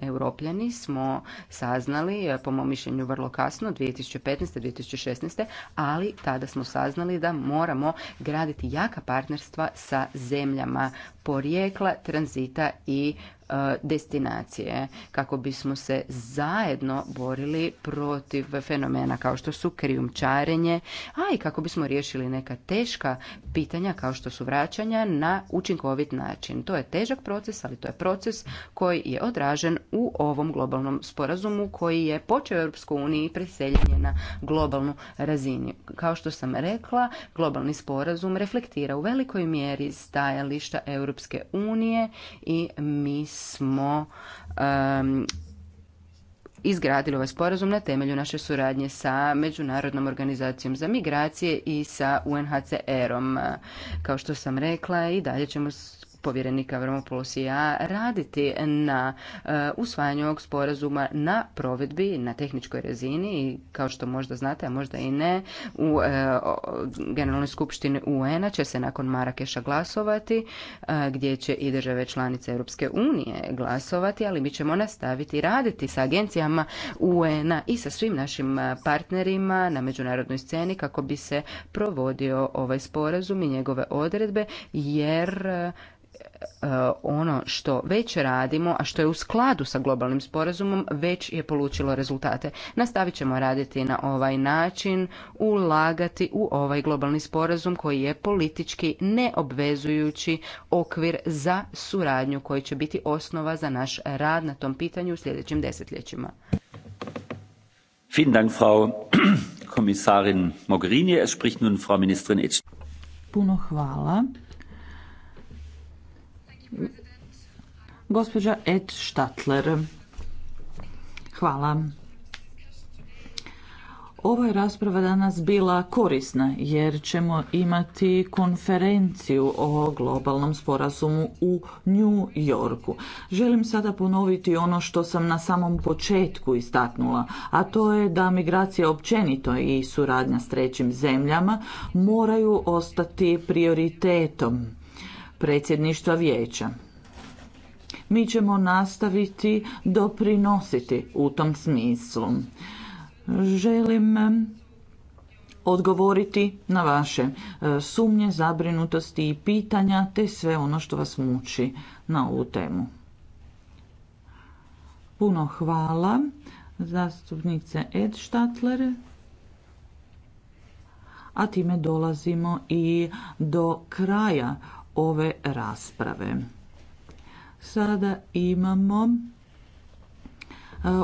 Europljani smo saznali, eh, po mom mišljenju vrlo kasno, 2015. 2016. ali tada smo saznali da moramo graditi jaka partnerstva sa zemljama porijekla, tranzita i E, destinacije kako bismo se zajedno borili protiv fenomena kao što su krijumčarenje, a i kako bismo riješili neka teška pitanja kao što su vraćanja na učinkovit način. To je težak proces, ali to je proces koji je odražen u ovom globalnom sporazumu koji je počeo Europskoj uniji preseljenje na globalnu razinu. Kao što sam rekla, globalni sporazum reflektira u velikoj mjeri stajališta Europske unije i mi smo izgradili ovaj sporazum na temelju naše suradnje sa Međunarodnom organizacijom za migracije i sa UNHCR-om. Kao što sam rekla i dalje ćemo povjerenika Avramopoulos i raditi na e, usvajanju ovog sporazuma na provedbi na tehničkoj razini i kao što možda znate, a možda i ne, u e, Generalnoj skupštini UN-a će se nakon Marakeša glasovati, e, gdje će i države članice Europske unije glasovati, ali mi ćemo nastaviti raditi sa agencijama UN-a i sa svim našim partnerima na međunarodnoj sceni kako bi se provodio ovaj sporazum i njegove odredbe, jer ono što već radimo, a što je u skladu sa globalnim sporazumom, već je polučilo rezultate. Nastavit ćemo raditi na ovaj način, ulagati u ovaj globalni sporazum koji je politički neobvezujući okvir za suradnju koji će biti osnova za naš rad na tom pitanju u sljedećim desetljećima. Vielen Dank, Frau Kommissarin nun Frau Ministerin Puno hvala. Gospođa Ed Štatler. Hvala. Ova je rasprava danas bila korisna jer ćemo imati konferenciju o globalnom sporazumu u New Yorku. Želim sada ponoviti ono što sam na samom početku istaknula, a to je da migracija općenito i suradnja s trećim zemljama moraju ostati prioritetom predsjedništva vijeća. Mi ćemo nastaviti doprinositi u tom smislu. Želim odgovoriti na vaše e, sumnje, zabrinutosti i pitanja te sve ono što vas muči na ovu temu. Puno hvala zastupnice Ed A time dolazimo i do kraja ove rasprave. Sada imamo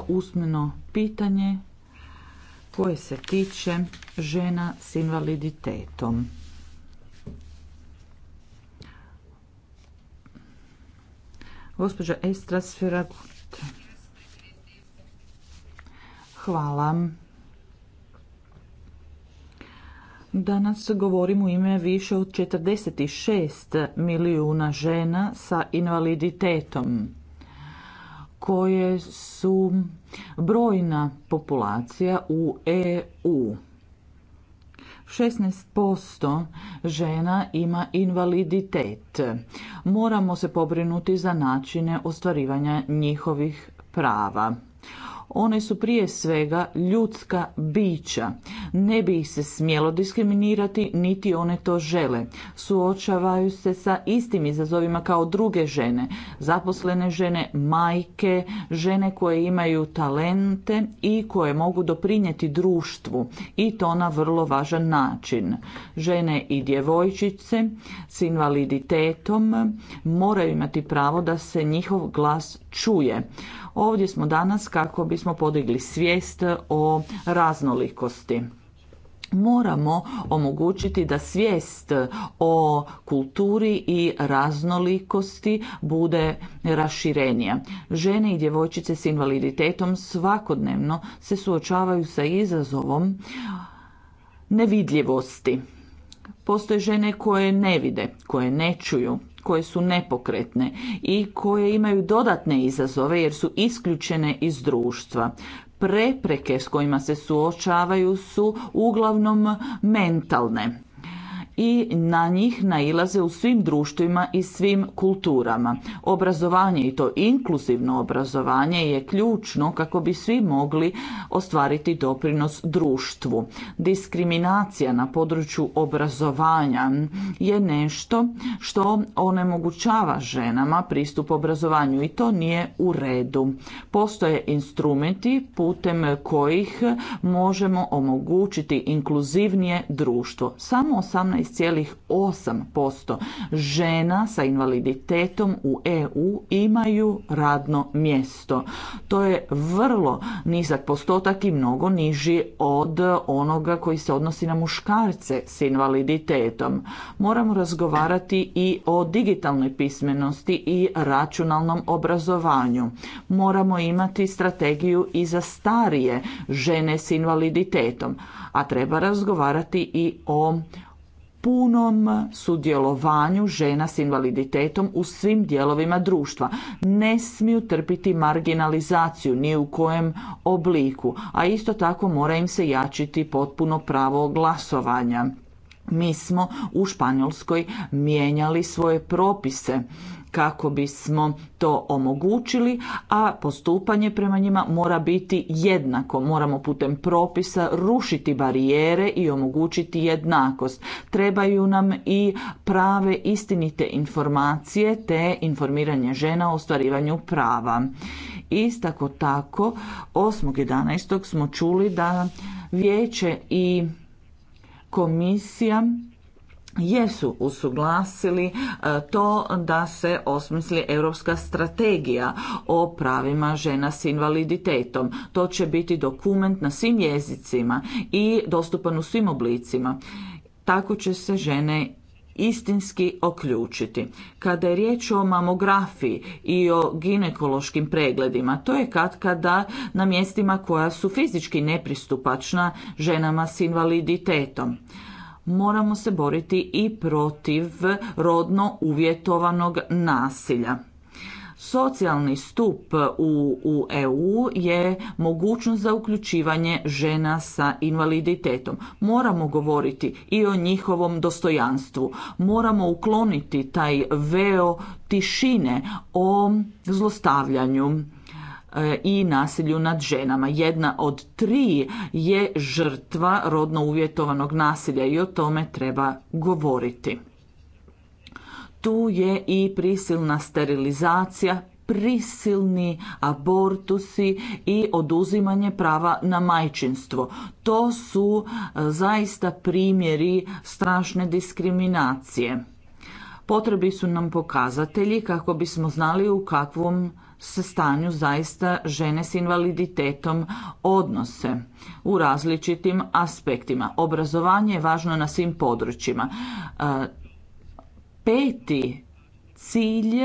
usmeno pitanje koje se tiče žena s invaliditetom. Gospođa Estras Hvala. Danas govorim u ime više od 46 milijuna žena sa invaliditetom koje su brojna populacija u EU. 16% žena ima invaliditet. Moramo se pobrinuti za načine ostvarivanja njihovih prava. One su prije svega ljudska bića. Ne bi ih se smjelo diskriminirati, niti one to žele. Suočavaju se sa istim izazovima kao druge žene, zaposlene žene, majke, žene koje imaju talente i koje mogu doprinijeti društvu i to na vrlo važan način. Žene i djevojčice s invaliditetom moraju imati pravo da se njihov glas čuje. Ovdje smo danas kako bismo podigli svijest o raznolikosti moramo omogućiti da svijest o kulturi i raznolikosti bude raširenija. Žene i djevojčice s invaliditetom svakodnevno se suočavaju sa izazovom nevidljivosti. Postoje žene koje ne vide, koje ne čuju, koje su nepokretne i koje imaju dodatne izazove jer su isključene iz društva. Prepreke s kojima se suočavaju su uglavnom mentalne i na njih nailaze u svim društvima i svim kulturama. Obrazovanje i to inkluzivno obrazovanje je ključno kako bi svi mogli ostvariti doprinos društvu. Diskriminacija na području obrazovanja je nešto što onemogućava ženama pristup obrazovanju i to nije u redu. Postoje instrumenti putem kojih možemo omogućiti inkluzivnije društvo. Samo 18 posto žena sa invaliditetom u EU imaju radno mjesto. To je vrlo nizak postotak i mnogo niži od onoga koji se odnosi na muškarce s invaliditetom. Moramo razgovarati i o digitalnoj pismenosti i računalnom obrazovanju. Moramo imati strategiju i za starije žene s invaliditetom, a treba razgovarati i o punom sudjelovanju žena s invaliditetom u svim dijelovima društva. Ne smiju trpiti marginalizaciju ni u kojem obliku, a isto tako mora im se jačiti potpuno pravo glasovanja. Mi smo u Španjolskoj mijenjali svoje propise kako bismo to omogućili, a postupanje prema njima mora biti jednako. Moramo putem propisa rušiti barijere i omogućiti jednakost. Trebaju nam i prave istinite informacije te informiranje žena o ostvarivanju prava. Istako tako, 8.11. smo čuli da vijeće i komisija jesu usuglasili e, to da se osmisli europska strategija o pravima žena s invaliditetom. To će biti dokument na svim jezicima i dostupan u svim oblicima. Tako će se žene istinski oključiti. Kada je riječ o mamografiji i o ginekološkim pregledima, to je kad kada na mjestima koja su fizički nepristupačna ženama s invaliditetom moramo se boriti i protiv rodno uvjetovanog nasilja. Socijalni stup u, EU e je mogućnost za uključivanje žena sa invaliditetom. Moramo govoriti i o njihovom dostojanstvu. Moramo ukloniti taj veo tišine o zlostavljanju E, i nasilju nad ženama. Jedna od tri je žrtva rodno uvjetovanog nasilja i o tome treba govoriti. Tu je i prisilna sterilizacija, prisilni abortusi i oduzimanje prava na majčinstvo. To su e, zaista primjeri strašne diskriminacije. Potrebi su nam pokazatelji kako bismo znali u kakvom stanju zaista žene s invaliditetom odnose u različitim aspektima. Obrazovanje je važno na svim područjima. E, peti cilj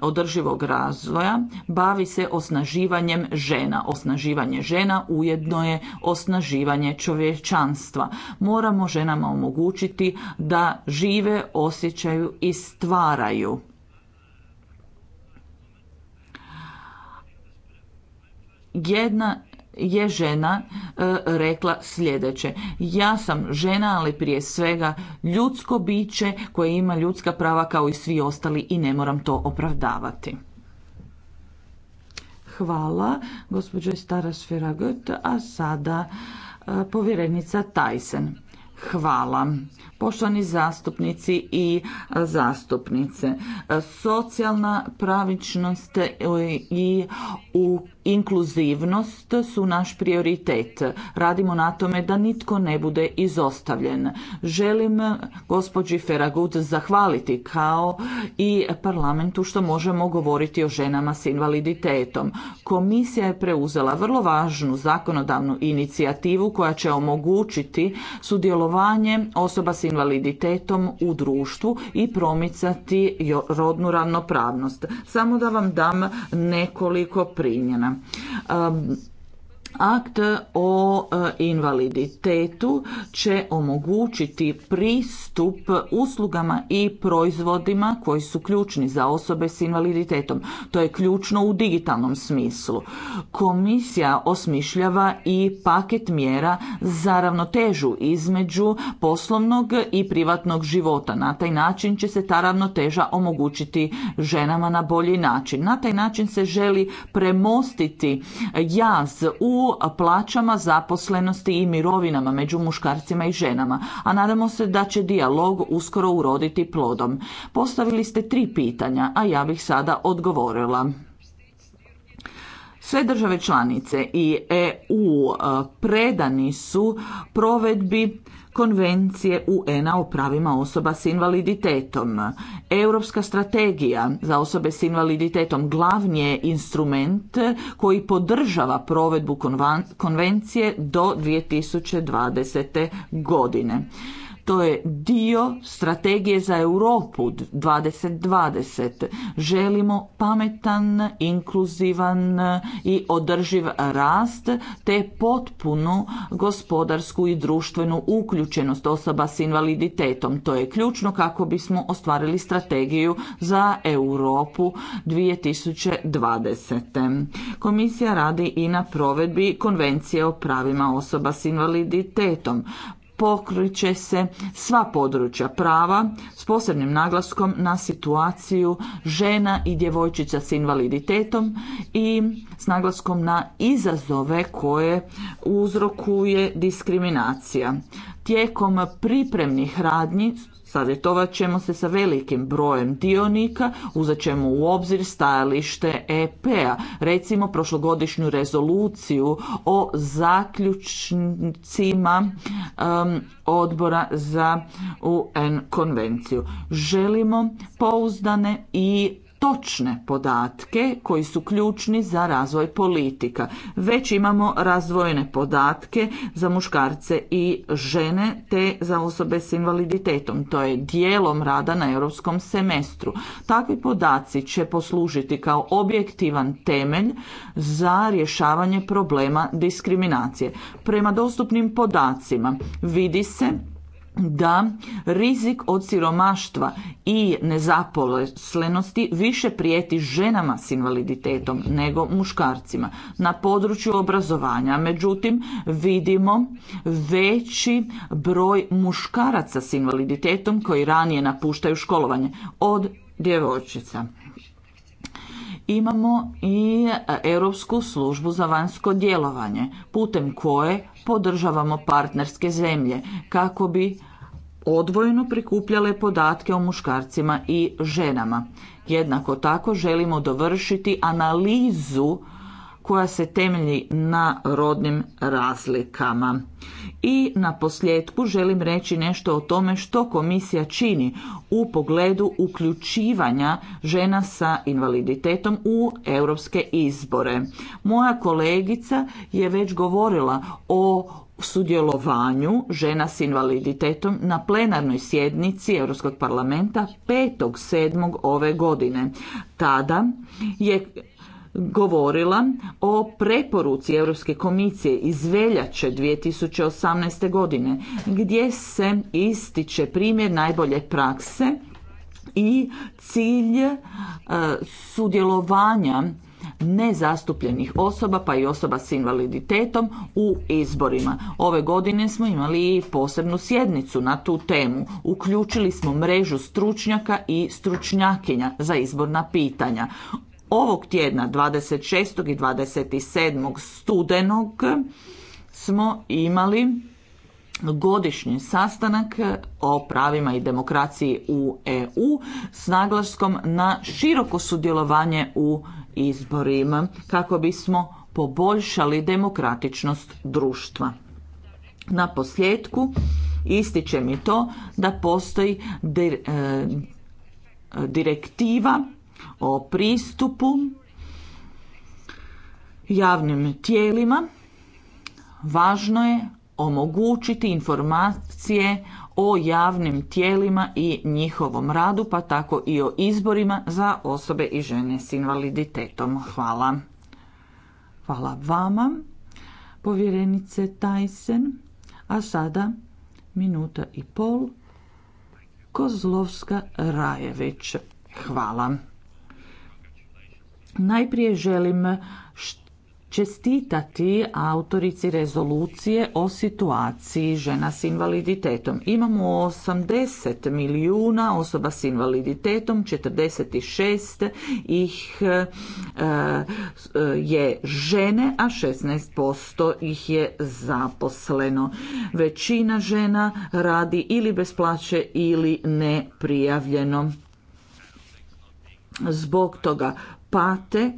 održivog razvoja bavi se osnaživanjem žena. Osnaživanje žena ujedno je osnaživanje čovječanstva. Moramo ženama omogućiti da žive, osjećaju i stvaraju. jedna je žena e, rekla sljedeće. Ja sam žena, ali prije svega ljudsko biće koje ima ljudska prava kao i svi ostali i ne moram to opravdavati. Hvala, gospođo Stara a sada e, povjerenica Tajsen. Hvala. Poštovani zastupnici i zastupnice, e, socijalna pravičnost i u Inkluzivnost su naš prioritet. Radimo na tome da nitko ne bude izostavljen. Želim gospođi Feragut zahvaliti kao i parlamentu što možemo govoriti o ženama s invaliditetom. Komisija je preuzela vrlo važnu zakonodavnu inicijativu koja će omogućiti sudjelovanje osoba s invaliditetom u društvu i promicati rodnu ravnopravnost. Samo da vam dam nekoliko primjena. Um, Akt o e, invaliditetu će omogućiti pristup uslugama i proizvodima koji su ključni za osobe s invaliditetom. To je ključno u digitalnom smislu. Komisija osmišljava i paket mjera za ravnotežu između poslovnog i privatnog života. Na taj način će se ta ravnoteža omogućiti ženama na bolji način. Na taj način se želi premostiti jaz u o plaćama, zaposlenosti i mirovinama među muškarcima i ženama, a nadamo se da će dijalog uskoro uroditi plodom. Postavili ste tri pitanja, a ja bih sada odgovorila. Sve države članice i EU eh, predani su provedbi konvencije UN-a o pravima osoba s invaliditetom. Europska strategija za osobe s invaliditetom glavni je instrument koji podržava provedbu konvencije do 2020. godine. To je dio strategije za Europu 2020. Želimo pametan, inkluzivan i održiv rast te potpunu gospodarsku i društvenu uključenost osoba s invaliditetom. To je ključno kako bismo ostvarili strategiju za Europu 2020. Komisija radi i na provedbi konvencije o pravima osoba s invaliditetom pokriče se sva područja prava s posebnim naglaskom na situaciju žena i djevojčica s invaliditetom i s naglaskom na izazove koje uzrokuje diskriminacija. Tijekom pripremnih radnji Savjetovat ćemo se sa velikim brojem dionika, uzet ćemo u obzir stajalište EPA, recimo prošlogodišnju rezoluciju o zaključnicima um, odbora za UN konvenciju. Želimo pouzdane i točne podatke koji su ključni za razvoj politika. Već imamo razvojene podatke za muškarce i žene te za osobe s invaliditetom. To je dijelom rada na europskom semestru. Takvi podaci će poslužiti kao objektivan temelj za rješavanje problema diskriminacije. Prema dostupnim podacima vidi se da rizik od siromaštva i nezaposlenosti više prijeti ženama s invaliditetom nego muškarcima. Na području obrazovanja, međutim, vidimo veći broj muškaraca s invaliditetom koji ranije napuštaju školovanje od djevojčica imamo i Europsku službu za vanjsko djelovanje, putem koje podržavamo partnerske zemlje kako bi odvojeno prikupljale podatke o muškarcima i ženama. Jednako tako želimo dovršiti analizu koja se temelji na rodnim razlikama. I na posljedku želim reći nešto o tome što komisija čini u pogledu uključivanja žena sa invaliditetom u europske izbore. Moja kolegica je već govorila o sudjelovanju žena s invaliditetom na plenarnoj sjednici Europskog parlamenta 5.7. ove godine. Tada je govorila o preporuci Europske komisije iz veljače 2018. godine gdje se ističe primjer najbolje prakse i cilj e, sudjelovanja nezastupljenih osoba pa i osoba s invaliditetom u izborima. Ove godine smo imali posebnu sjednicu na tu temu. Uključili smo mrežu stručnjaka i stručnjakinja za izborna pitanja ovog tjedna 26. i 27. studenog smo imali godišnji sastanak o pravima i demokraciji u EU s naglaskom na široko sudjelovanje u izborima kako bismo poboljšali demokratičnost društva. Na posljedku ističe mi to da postoji e, direktiva o pristupu javnim tijelima, važno je omogućiti informacije o javnim tijelima i njihovom radu, pa tako i o izborima za osobe i žene s invaliditetom. Hvala. Hvala vama, povjerenice Tajsen, A sada minuta i pol. Kozlovska Rajević. Hvala. Najprije želim čestitati autorici rezolucije o situaciji žena s invaliditetom. Imamo 80 milijuna osoba s invaliditetom, 46 ih e, je žene, a 16% ih je zaposleno. Većina žena radi ili bez plaće ili neprijavljeno. Zbog toga pate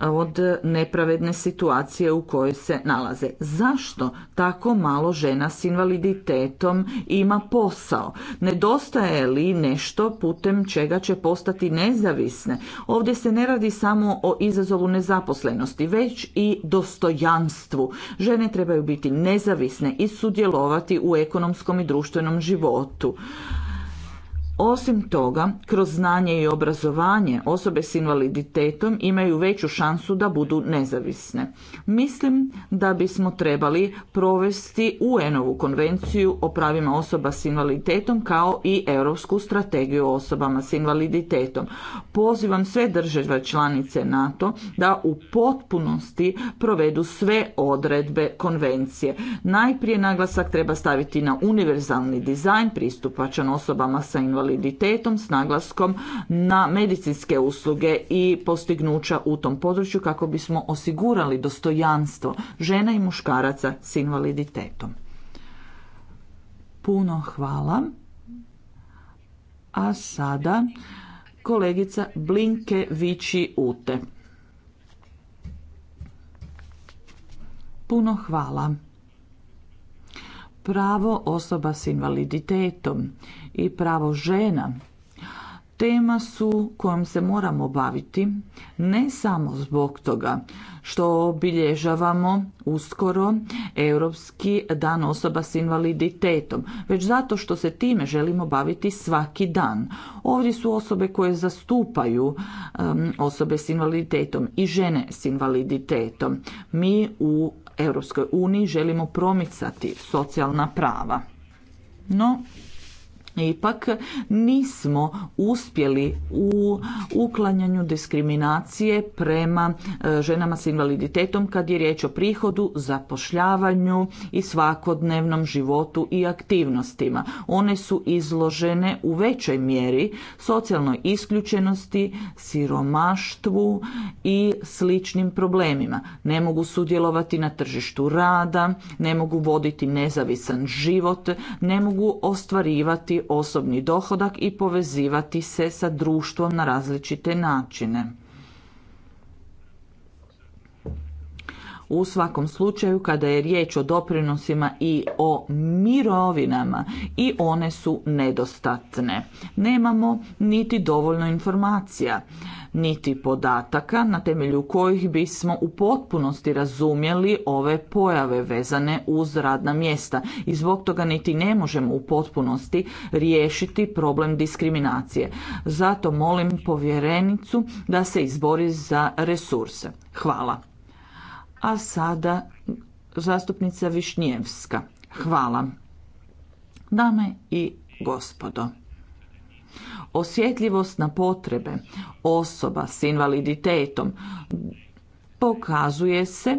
od nepravedne situacije u kojoj se nalaze. Zašto tako malo žena s invaliditetom ima posao? Nedostaje li nešto putem čega će postati nezavisne? Ovdje se ne radi samo o izazovu nezaposlenosti, već i dostojanstvu. Žene trebaju biti nezavisne i sudjelovati u ekonomskom i društvenom životu. Osim toga, kroz znanje i obrazovanje osobe s invaliditetom imaju veću šansu da budu nezavisne. Mislim da bismo trebali provesti UN-ovu konvenciju o pravima osoba s invaliditetom kao i Europsku strategiju o osobama s invaliditetom. Pozivam sve države članice NATO da u potpunosti provedu sve odredbe konvencije. Najprije naglasak treba staviti na univerzalni dizajn pristupačan osobama sa invaliditetom invaliditetom s naglaskom na medicinske usluge i postignuća u tom području kako bismo osigurali dostojanstvo žena i muškaraca s invaliditetom. Puno hvala. A sada kolegica Blinke Vići Ute. Puno hvala. Pravo osoba s invaliditetom i pravo žena tema su kojom se moramo baviti ne samo zbog toga što obilježavamo uskoro Europski dan osoba s invaliditetom, već zato što se time želimo baviti svaki dan. Ovdje su osobe koje zastupaju osobe s invaliditetom i žene s invaliditetom. Mi u Europskoj uniji želimo promicati socijalna prava. No, Ipak nismo uspjeli u uklanjanju diskriminacije prema e, ženama s invaliditetom kad je riječ o prihodu, zapošljavanju i svakodnevnom životu i aktivnostima. One su izložene u većoj mjeri socijalnoj isključenosti, siromaštvu i sličnim problemima. Ne mogu sudjelovati na tržištu rada, ne mogu voditi nezavisan život, ne mogu ostvarivati osobni dohodak i povezivati se sa društvom na različite načine. U svakom slučaju kada je riječ o doprinosima i o mirovinama i one su nedostatne. Nemamo niti dovoljno informacija niti podataka na temelju kojih bismo u potpunosti razumjeli ove pojave vezane uz radna mjesta i zbog toga niti ne možemo u potpunosti riješiti problem diskriminacije. Zato molim povjerenicu da se izbori za resurse. Hvala. A sada zastupnica Višnjevska. Hvala. Dame i gospodo osjetljivost na potrebe osoba s invaliditetom pokazuje se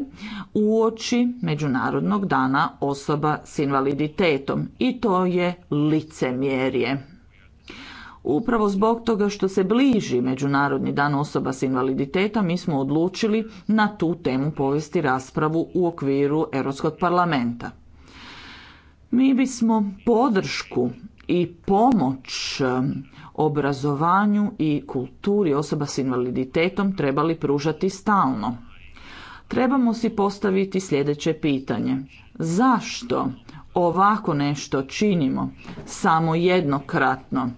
uoči Međunarodnog dana osoba s invaliditetom i to je licemjerje. Upravo zbog toga što se bliži Međunarodni dan osoba s invaliditetom mi smo odlučili na tu temu povesti raspravu u okviru Europskog parlamenta. Mi bismo podršku i pomoć obrazovanju i kulturi osoba s invaliditetom trebali pružati stalno. Trebamo si postaviti sljedeće pitanje. Zašto ovako nešto činimo samo jednokratno?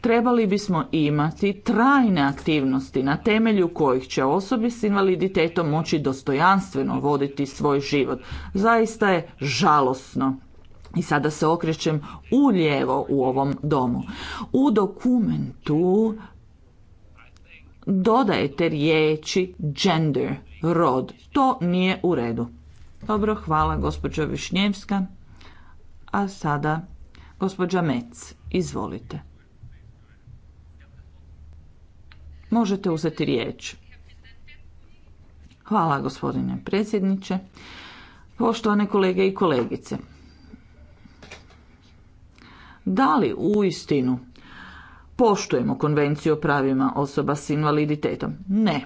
trebali bismo imati trajne aktivnosti na temelju kojih će osobi s invaliditetom moći dostojanstveno voditi svoj život. Zaista je žalosno i sada se okrećem u lijevo u ovom domu. U dokumentu dodajete riječi gender, rod. To nije u redu. Dobro, hvala gospođo Višnjevska. A sada gospođa Mec, izvolite. Možete uzeti riječ. Hvala gospodine predsjedniče. Poštovane kolege i kolegice, da li uistinu poštujemo konvenciju o pravima osoba s invaliditetom? Ne.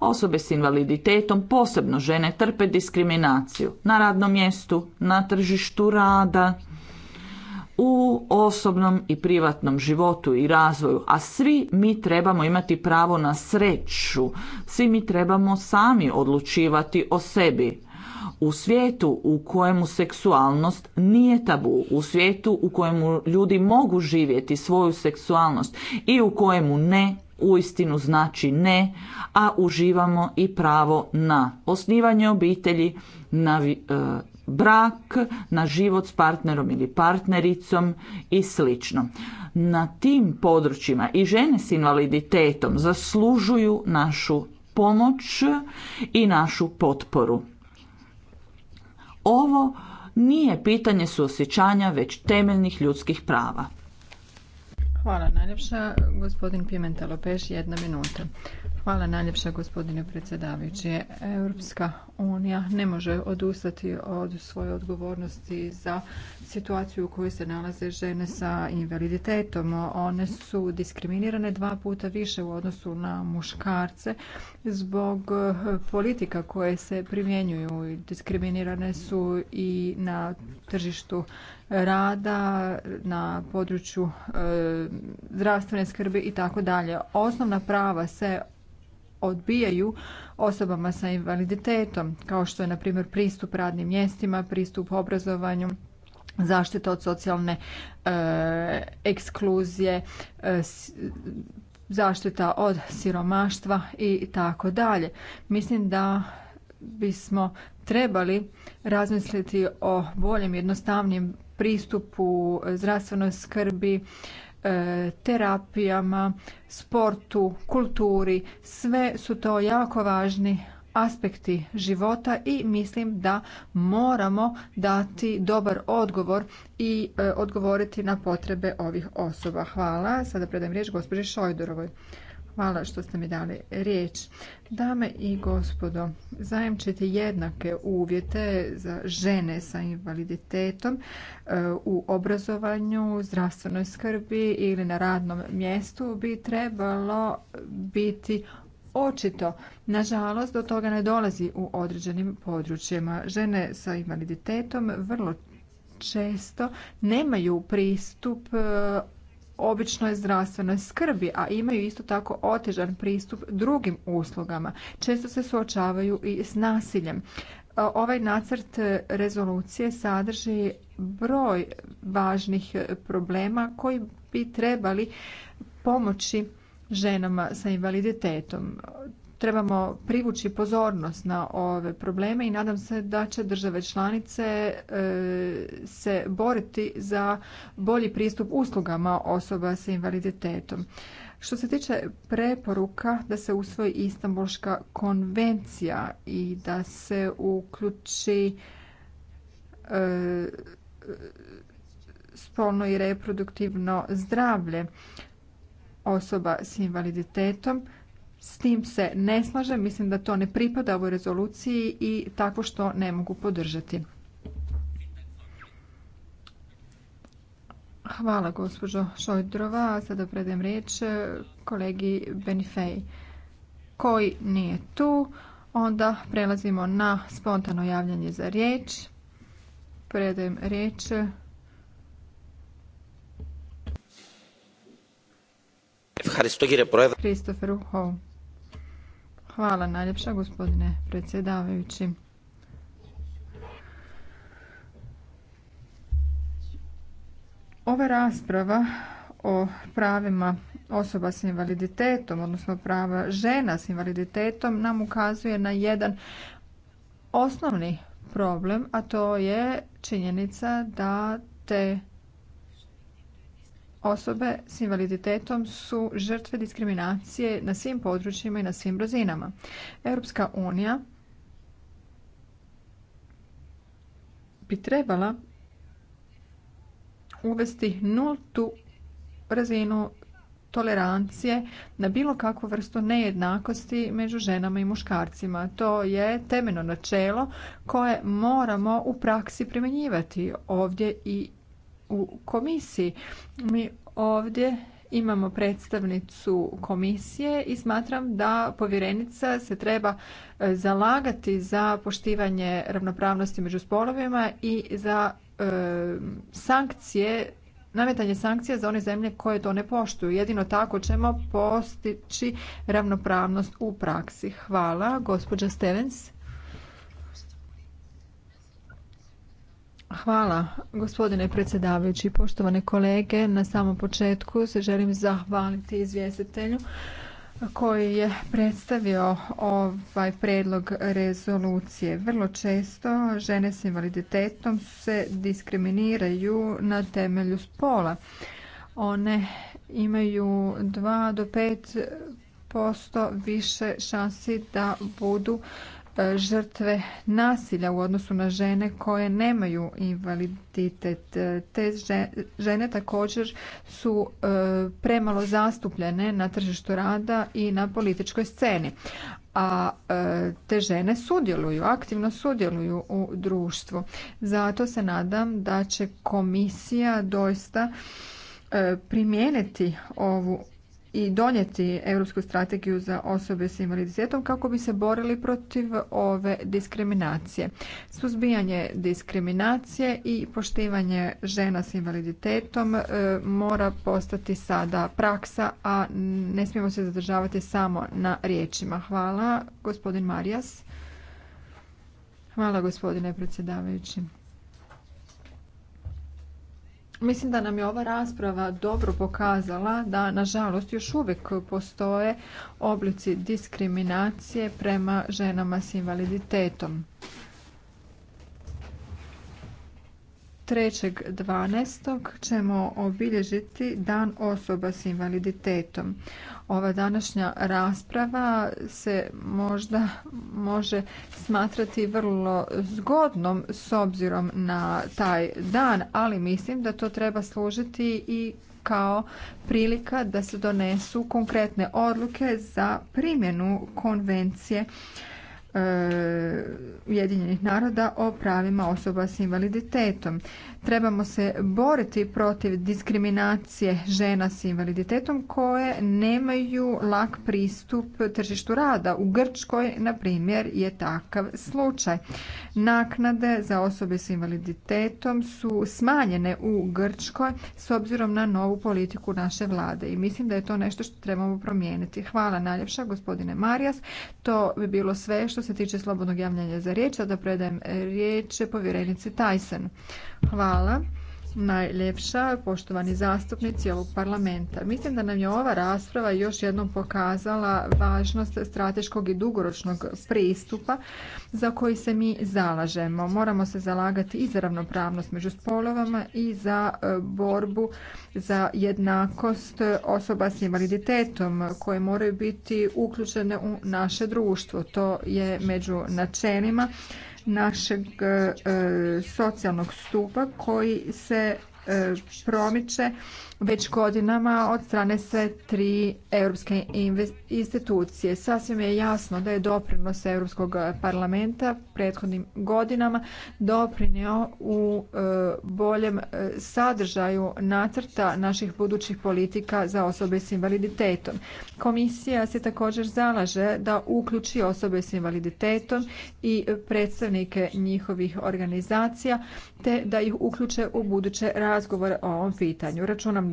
Osobe s invaliditetom, posebno žene, trpe diskriminaciju na radnom mjestu, na tržištu rada, u osobnom i privatnom životu i razvoju, a svi mi trebamo imati pravo na sreću, svi mi trebamo sami odlučivati o sebi u svijetu u kojemu seksualnost nije tabu, u svijetu u kojemu ljudi mogu živjeti svoju seksualnost i u kojemu ne uistinu znači ne, a uživamo i pravo na osnivanje obitelji, na e, brak, na život s partnerom ili partnericom i slično. Na tim područjima i žene s invaliditetom zaslužuju našu pomoć i našu potporu. Ovo nije pitanje suosjećanja, već temeljnih ljudskih prava. Hvala najljepša. Gospodin Pimentel Opeš, jedna minuta. Hvala najljepša gospodine predsjedavajući. Europska unija ne može odustati od svoje odgovornosti za situaciju u kojoj se nalaze žene sa invaliditetom. One su diskriminirane dva puta više u odnosu na muškarce zbog eh, politika koje se primjenjuju. Diskriminirane su i na tržištu rada, na području eh, zdravstvene skrbi i tako dalje. Osnovna prava se odbijaju osobama sa invaliditetom, kao što je na primjer pristup radnim mjestima, pristup obrazovanju, zaštita od socijalne e, ekskluzije, e, zaštita od siromaštva i tako dalje. Mislim da bismo trebali razmisliti o boljem, jednostavnijem pristupu zdravstvenoj skrbi, E, terapijama, sportu, kulturi. Sve su to jako važni aspekti života i mislim da moramo dati dobar odgovor i e, odgovoriti na potrebe ovih osoba. Hvala. Sada predajem riječ gospođi Šojdorovoj. Hvala što ste mi dali riječ. Dame i gospodo, zajamčiti jednake uvjete za žene sa invaliditetom e, u obrazovanju, zdravstvenoj skrbi ili na radnom mjestu bi trebalo biti očito. Nažalost, do toga ne dolazi u određenim područjima. Žene sa invaliditetom vrlo često nemaju pristup e, običnoj zdravstvenoj skrbi, a imaju isto tako otežan pristup drugim uslugama. Često se suočavaju i s nasiljem. E, ovaj nacrt rezolucije sadrži broj važnih problema koji bi trebali pomoći ženama sa invaliditetom trebamo privući pozornost na ove probleme i nadam se da će države članice e, se boriti za bolji pristup uslugama osoba s invaliditetom. Što se tiče preporuka da se usvoji Istanbulska konvencija i da se uključi e, spolno i reproduktivno zdravlje osoba s invaliditetom, s tim se ne slažem, mislim da to ne pripada ovoj rezoluciji i tako što ne mogu podržati. Hvala gospođo Šojdrova. Sada predajem riječ e, kolegi Benifej koji nije tu. Onda prelazimo na spontano javljanje za riječ. Predajem riječ Kristoferu Hou. Hvala najljepša gospodine predsjedavajući. Ova rasprava o pravima osoba s invaliditetom, odnosno prava žena s invaliditetom, nam ukazuje na jedan osnovni problem, a to je činjenica da te Osobe s invaliditetom su žrtve diskriminacije na svim područjima i na svim razinama. Europska unija bi trebala uvesti nultu razinu tolerancije na bilo kakvu vrstu nejednakosti među ženama i muškarcima. To je temeljno načelo koje moramo u praksi primjenjivati ovdje i u komisiji. Mi ovdje imamo predstavnicu komisije i smatram da povjerenica se treba e, zalagati za poštivanje ravnopravnosti među spolovima i za e, sankcije nametanje sankcija za one zemlje koje to ne poštuju. Jedino tako ćemo postići ravnopravnost u praksi. Hvala, gospođa Stevens. Hvala gospodine predsjedavajući. Poštovane kolege, na samom početku se želim zahvaliti izvjestitelju koji je predstavio ovaj predlog rezolucije. Vrlo često žene s invaliditetom se diskriminiraju na temelju spola. One imaju 2 do 5 posto više šansi da budu žrtve nasilja u odnosu na žene koje nemaju invaliditet. Te žene također su e, premalo zastupljene na tržištu rada i na političkoj sceni. A e, te žene sudjeluju, aktivno sudjeluju u društvu. Zato se nadam da će komisija doista e, primijeniti ovu i donijeti Europsku strategiju za osobe s invaliditetom kako bi se borili protiv ove diskriminacije. Suzbijanje diskriminacije i poštivanje žena s invaliditetom e, mora postati sada praksa, a ne smijemo se zadržavati samo na riječima. Hvala, gospodin Marijas. Hvala, gospodine predsjedavajući. Mislim da nam je ova rasprava dobro pokazala da nažalost još uvijek postoje oblici diskriminacije prema ženama s invaliditetom. 3.12. ćemo obilježiti Dan osoba s invaliditetom. Ova današnja rasprava se možda može smatrati vrlo zgodnom s obzirom na taj dan, ali mislim da to treba služiti i kao prilika da se donesu konkretne odluke za primjenu konvencije E, Ujedinjenih naroda o pravima osoba s invaliditetom. Trebamo se boriti protiv diskriminacije žena s invaliditetom koje nemaju lak pristup tržištu rada. U Grčkoj, na primjer, je takav slučaj. Naknade za osobe s invaliditetom su smanjene u Grčkoj s obzirom na novu politiku naše vlade i mislim da je to nešto što trebamo promijeniti. Hvala najljepša gospodine Marijas. To bi bilo sve što se tiče slobodnog javljanja za riječ. Sada predajem riječ povjerenici Tyson. Hvala najljepša poštovani zastupnici ovog parlamenta. Mislim da nam je ova rasprava još jednom pokazala važnost strateškog i dugoročnog pristupa za koji se mi zalažemo. Moramo se zalagati i za ravnopravnost među spolovama i za e, borbu za jednakost osoba s invaliditetom koje moraju biti uključene u naše društvo. To je među načelima našeg e, e, socijalnog stupa koji se e, promiče već godinama od strane sve tri europske institucije. Sasvim je jasno da je doprinos Europskog parlamenta prethodnim godinama doprinio u e, boljem e, sadržaju nacrta naših budućih politika za osobe s invaliditetom. Komisija se također zalaže da uključi osobe s invaliditetom i predstavnike njihovih organizacija te da ih uključe u buduće razgovore o ovom pitanju. Računam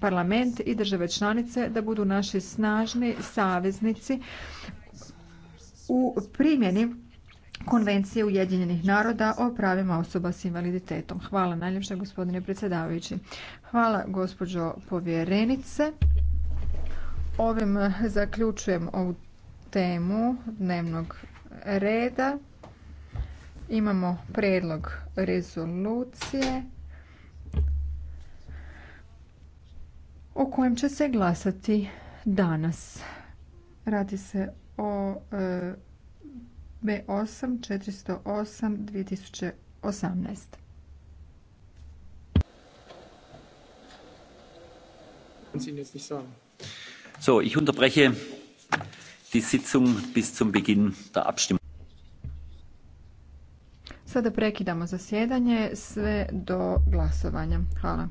parlament i države članice da budu naši snažni saveznici u primjeni Konvencije Ujedinjenih naroda o pravima osoba s invaliditetom. Hvala najljepše gospodine predsjedavajući. Hvala gospođo povjerenice. Ovim zaključujem ovu temu dnevnog reda. Imamo predlog rezolucije. o kojem će se glasati danas. Radi se o B8 408 2018. So, ich unterbreche die Sitzung bis zum Beginn der Abstimmung. Sada prekidamo zasjedanje sve do glasovanja. Hvala.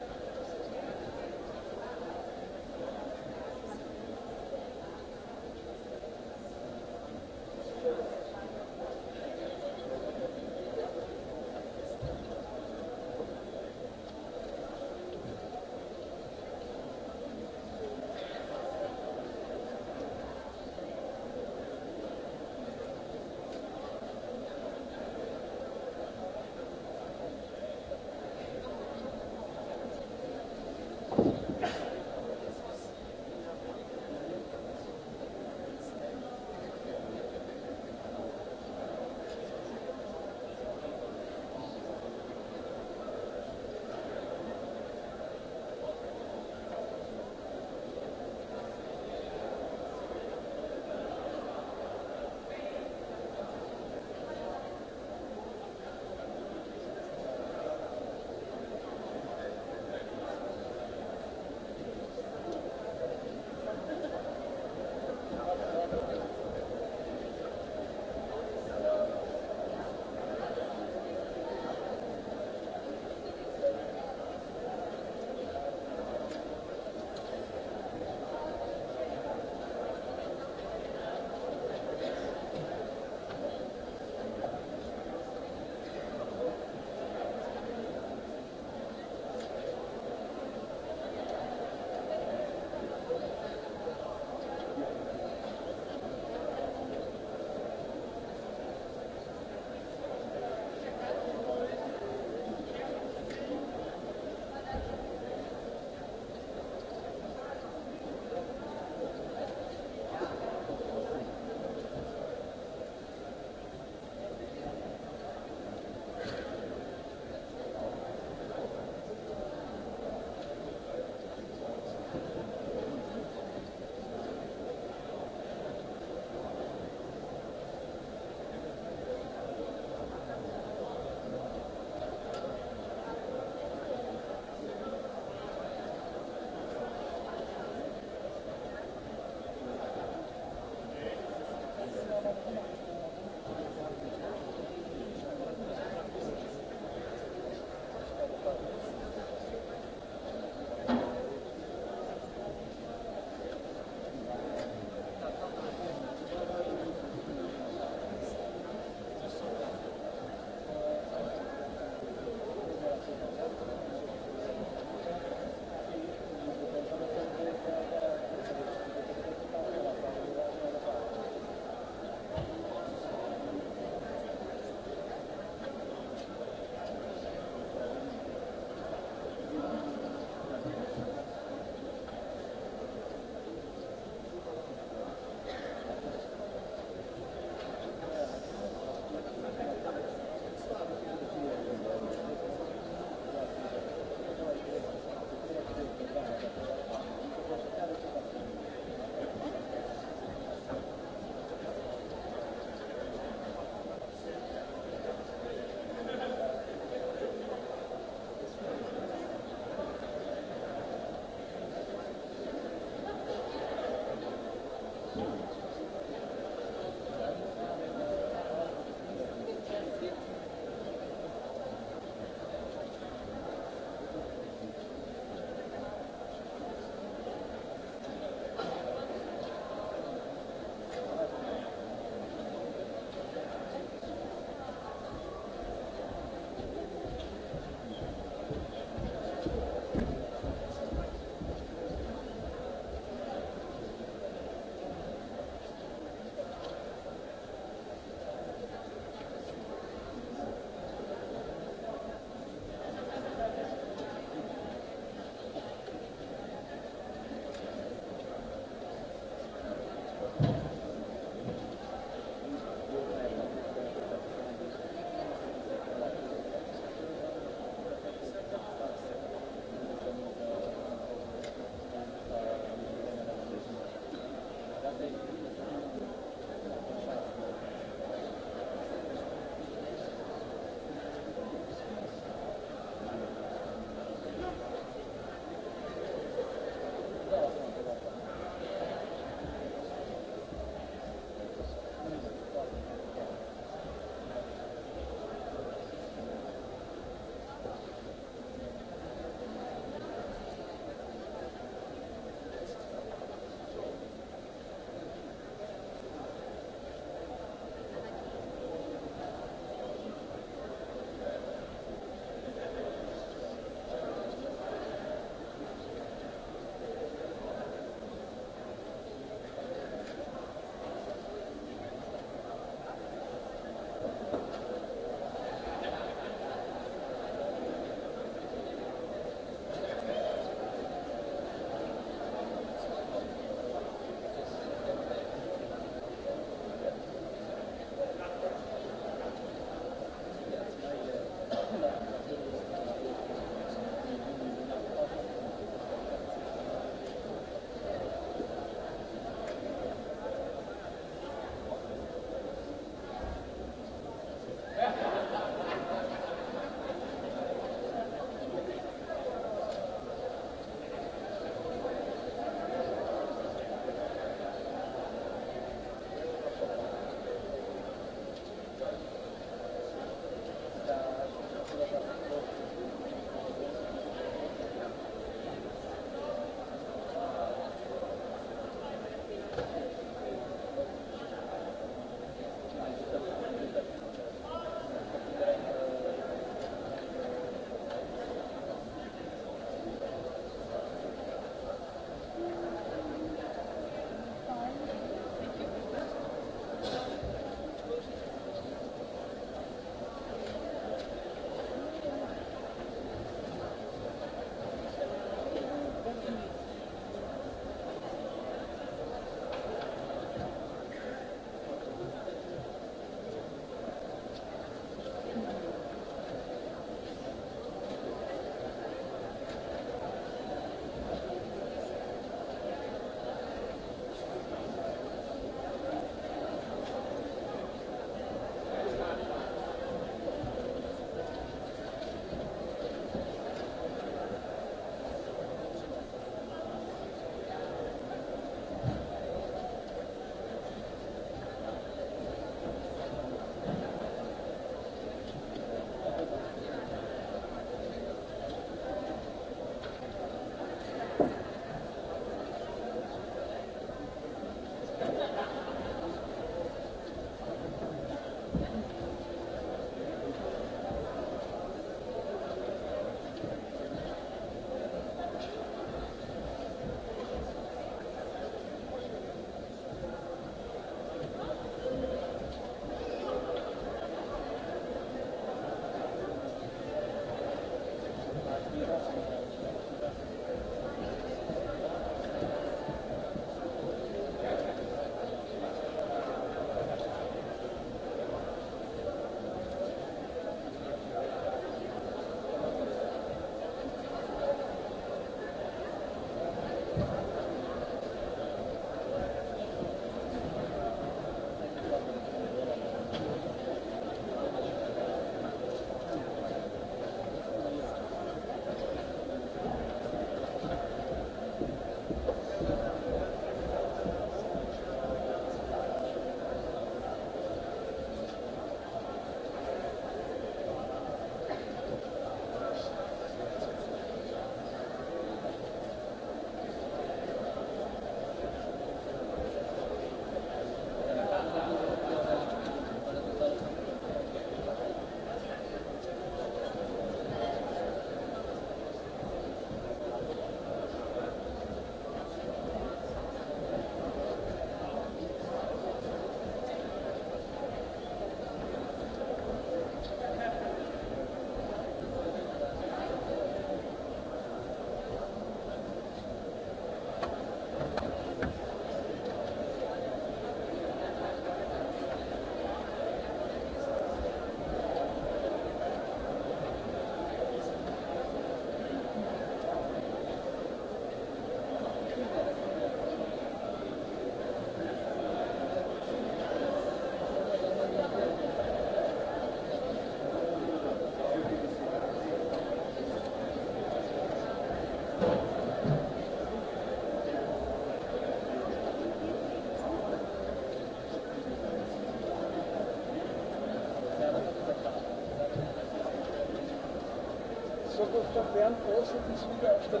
da Bern vorsitzen, sind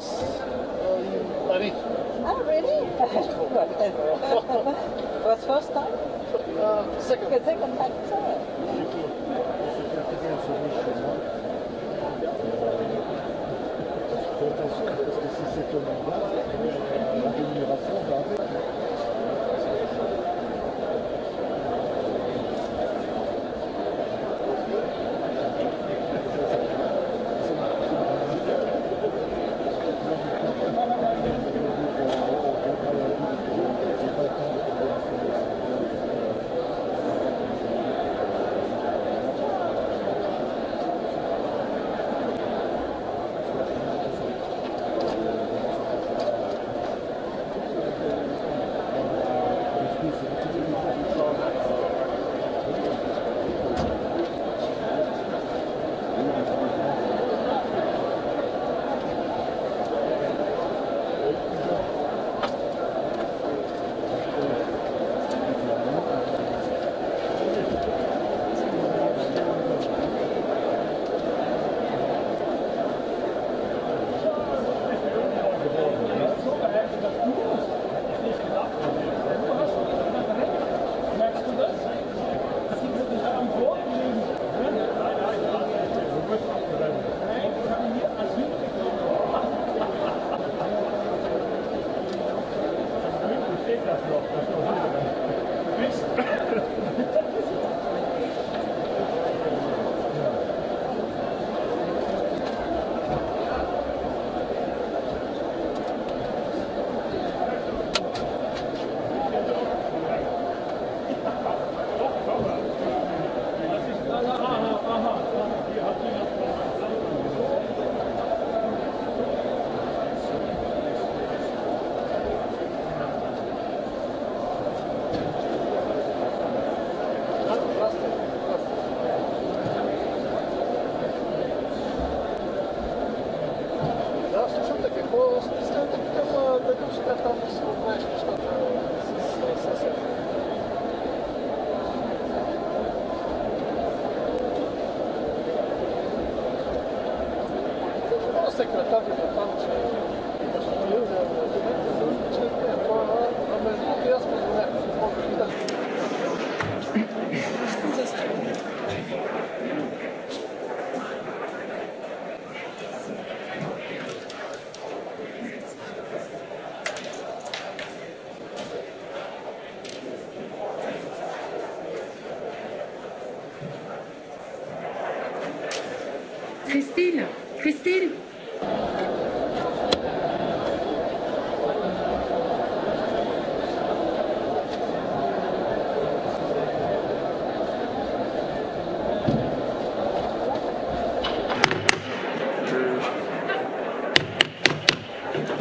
Hvala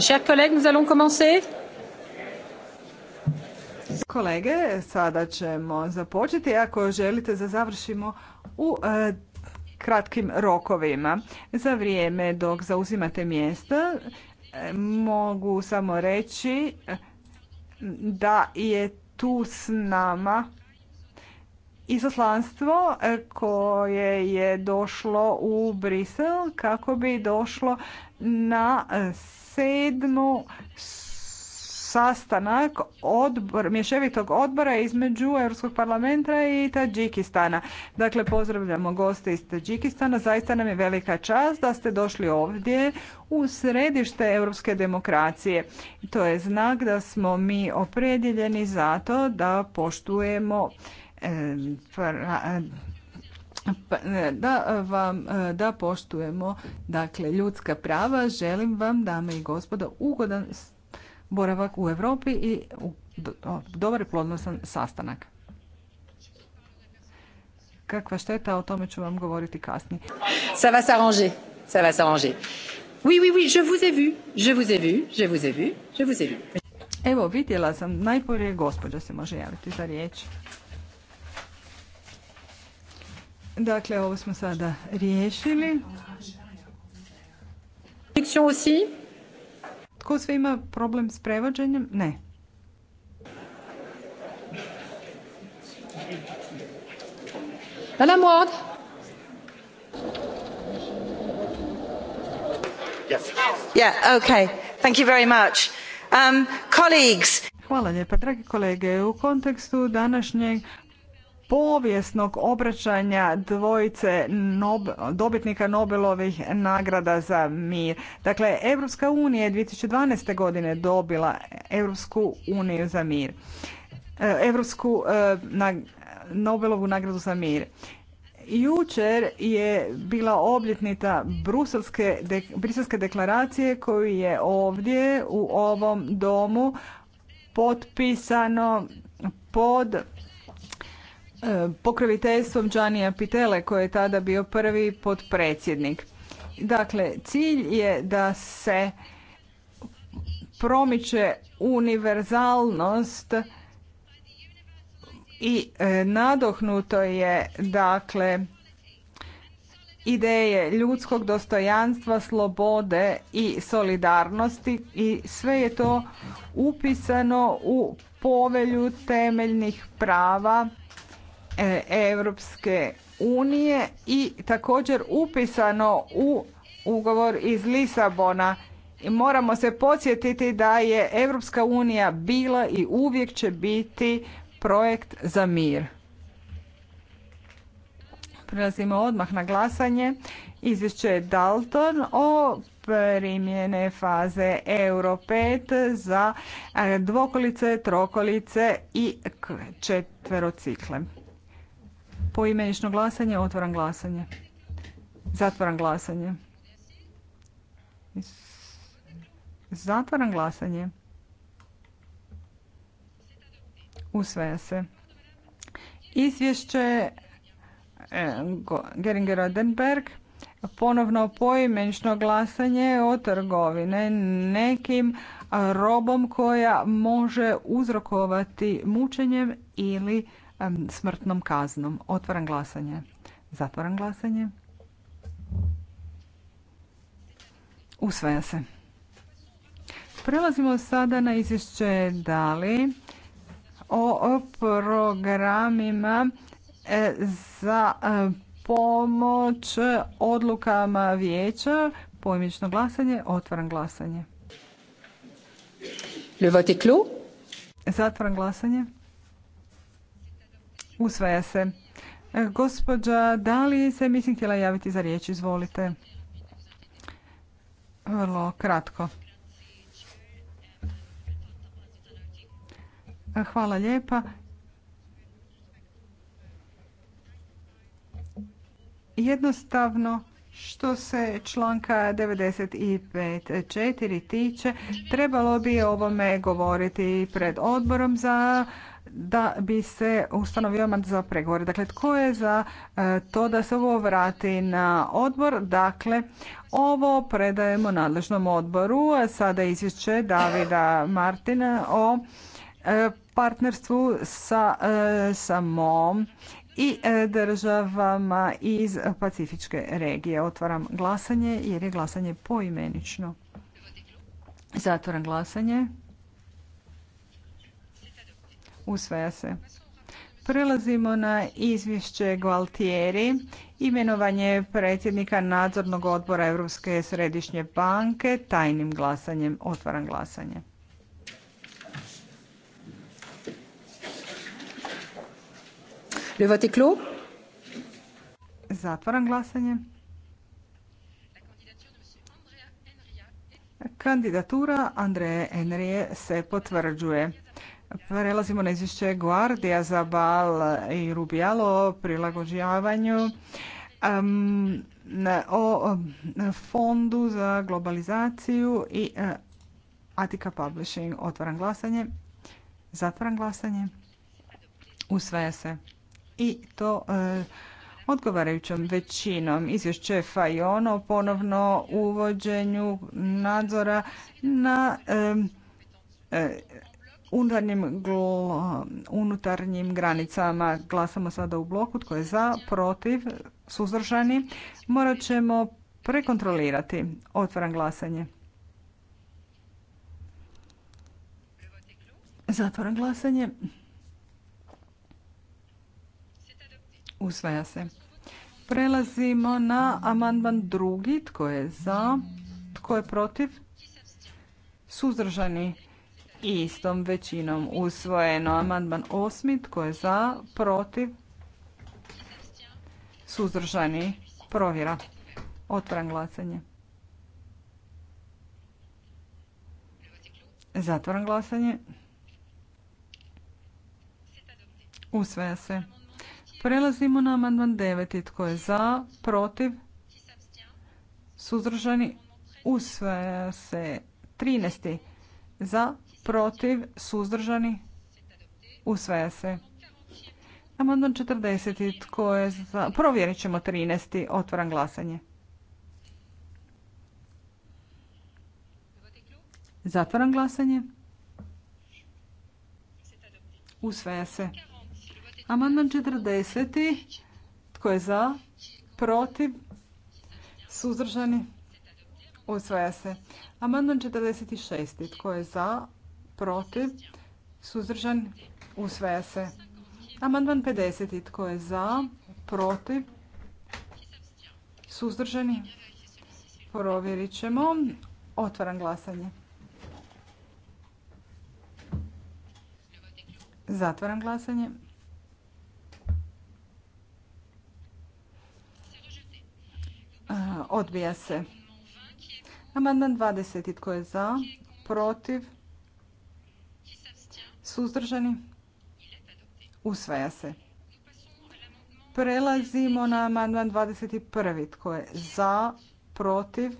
Chers collègues, nous allons commencer. Kolege, sada ćemo započeti. Ako želite da završimo u e, kratkim rokovima. Za vrijeme dok zauzimate mjesta e, mogu samo reći e, da je tu s nama izoslanstvo koje je došlo u Brisel kako bi došlo na sedmu sastanak odbor, mješevitog odbora između Europskog parlamenta i Tadžikistana. Dakle, pozdravljamo goste iz Tadžikistana. Zaista nam je velika čast da ste došli ovdje u središte europske demokracije. To je znak da smo mi opredjeljeni zato da poštujemo pa, e, da e, vam e, da poštujemo dakle ljudska prava. Želim vam dame i gospodo ugodan boravak u Europi i dobar i plodnosan sastanak. Kakva šteta, o tome ću vam govoriti kasnije. Ça va s'arranger, ça va Oui, oui, oui, je vous ai vu, je vous ai vu, je vous ai vu, je vous ai vu. Evo, vidjela sam, najporije gospođa se može javiti za riječ. Dakle, ovo smo sada riješili. Tko sve ima problem s prevođenjem? Ne. Madame Ward. Yes. Yeah, okay. Thank you very much. Um, colleagues. Hvala lijepa, dragi kolege. U kontekstu današnjeg povijesnog obraćanja dvojice dobitnika Nobelovih nagrada za mir. Dakle, Europska unija je 2012. godine dobila Europsku uniju za mir. Europsku e, Nobelovu nagradu za mir. Jučer je bila obljetnita Briselske deklaracije koju je ovdje u ovom domu potpisano pod E, pokroviteljstvom Gianni Pitele koji je tada bio prvi potpredsjednik. Dakle, cilj je da se promiče univerzalnost i e, nadohnuto je dakle ideje ljudskog dostojanstva, slobode i solidarnosti i sve je to upisano u povelju temeljnih prava E, Europske unije i također upisano u ugovor iz Lisabona. I moramo se podsjetiti da je Europska unija bila i uvijek će biti projekt za mir. Prelazimo odmah na glasanje. Izvješće Dalton o primjene faze Euro 5 za dvokolice, trokolice i četverocikle poimenično glasanje, otvaram glasanje. Zatvaram glasanje. Zatvaram glasanje. Usvaja se. Izvješće e, Geringer Odenberg ponovno poimenično glasanje o trgovine nekim robom koja može uzrokovati mučenjem ili smrtnom kaznom. Otvaram glasanje. Zatvaram glasanje. Usvaja se. Prelazimo sada na izvješće Dali o programima e, za e, pomoć odlukama vijeća. Pojmično glasanje, otvaram glasanje. Le Zatvaram glasanje. Usvaja se. E, gospođa, da li se mislim htjela javiti za riječ? Izvolite. Vrlo kratko. E, hvala lijepa. Jednostavno, što se članka 95.4 tiče, trebalo bi ovome govoriti pred odborom za da bi se ustanovio za pregovore. Dakle, tko je za e, to da se ovo vrati na odbor? Dakle, ovo predajemo nadležnom odboru. sada izvješće Davida Martina o e, partnerstvu sa e, samom i državama iz Pacifičke regije. Otvaram glasanje jer je glasanje poimenično. Zatvaram glasanje. Usvaja se. Prelazimo na izvješće Gualtieri, imenovanje predsjednika nadzornog odbora Europske središnje banke tajnim glasanjem. Otvaram glasanje. Zatvaram glasanje. Kandidatura Andreje Enrije se potvrđuje. Prelazimo na izvješće Guardija za Bal i Rubijalo o prilagođavanju o fondu za globalizaciju i e, atika Publishing. Otvaram glasanje. Zatvaram glasanje. Usvaja se. I to e, odgovarajućom većinom izvješće Fajono ponovno uvođenju nadzora na e, unutarnjim, unutarnjim granicama. Glasamo sada u bloku tko je za, protiv, suzdržani. Morat ćemo prekontrolirati. Otvaram glasanje. Zatvaram glasanje. Usvaja se. Prelazimo na amandman drugi. Tko je za? Tko je protiv? Suzdržani istom većinom usvojeno. Amandman osmi, tko je za, protiv, suzdržani, provjera. Otvaram glasanje. Zatvaram glasanje. Usvaja se. Prelazimo na amandman 9. Tko je za, protiv, suzdržani, usvaja se. Trinesti Za, protiv, suzdržani, usvaja se. Amandman 40. Tko je za? Provjerit ćemo 13. Otvaram glasanje. Zatvaram glasanje. Usvaja se. Amandman 40. Tko je za? Protiv? Suzdržani? Usvaja se. Amandman 46. Tko je za? protiv, suzdržan, usvaja se. Amandman 50. Tko je za, protiv, suzdržani, provjerit ćemo. Otvaram glasanje. Zatvaram glasanje. Odbija se. Amandman 20. Tko je za? Protiv? Suzdržani? Usvaja se. Prelazimo na amandman 21. Tko je za, protiv,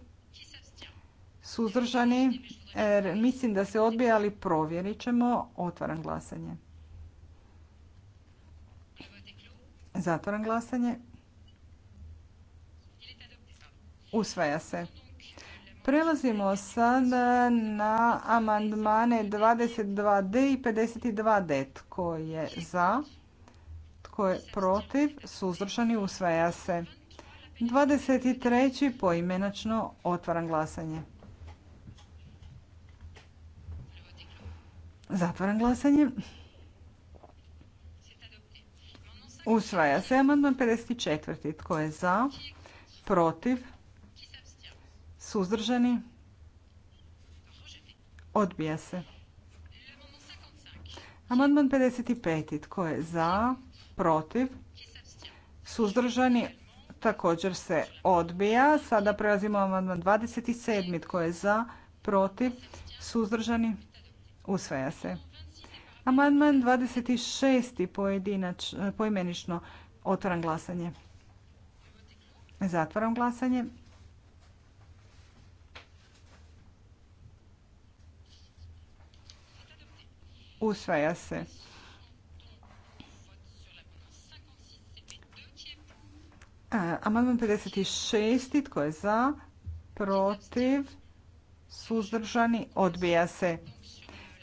suzdržani? E, mislim da se odbija, ali provjerit ćemo. Otvaram glasanje. Zatvaram glasanje. Usvaja se. Prelazimo sada na amandmane 22D i 52D. Tko je za? Tko je protiv? Suzdržani usvaja se. 23. poimenačno otvaram glasanje. Zatvaram glasanje. Usvaja se amandman 54. Tko je za? Protiv? Suzdržani? Odbija se. Amandman 55. Tko je za? Protiv? Suzdržani? Također se odbija. Sada prelazimo amandman 27. Tko je za? Protiv? Suzdržani? Usvaja se. Amandman 26. pojmenično, poimenično otvaram glasanje. Zatvaram glasanje. Usvaja se. Amandman 56. Tko je za? Protiv? Suzdržani? Odbija se.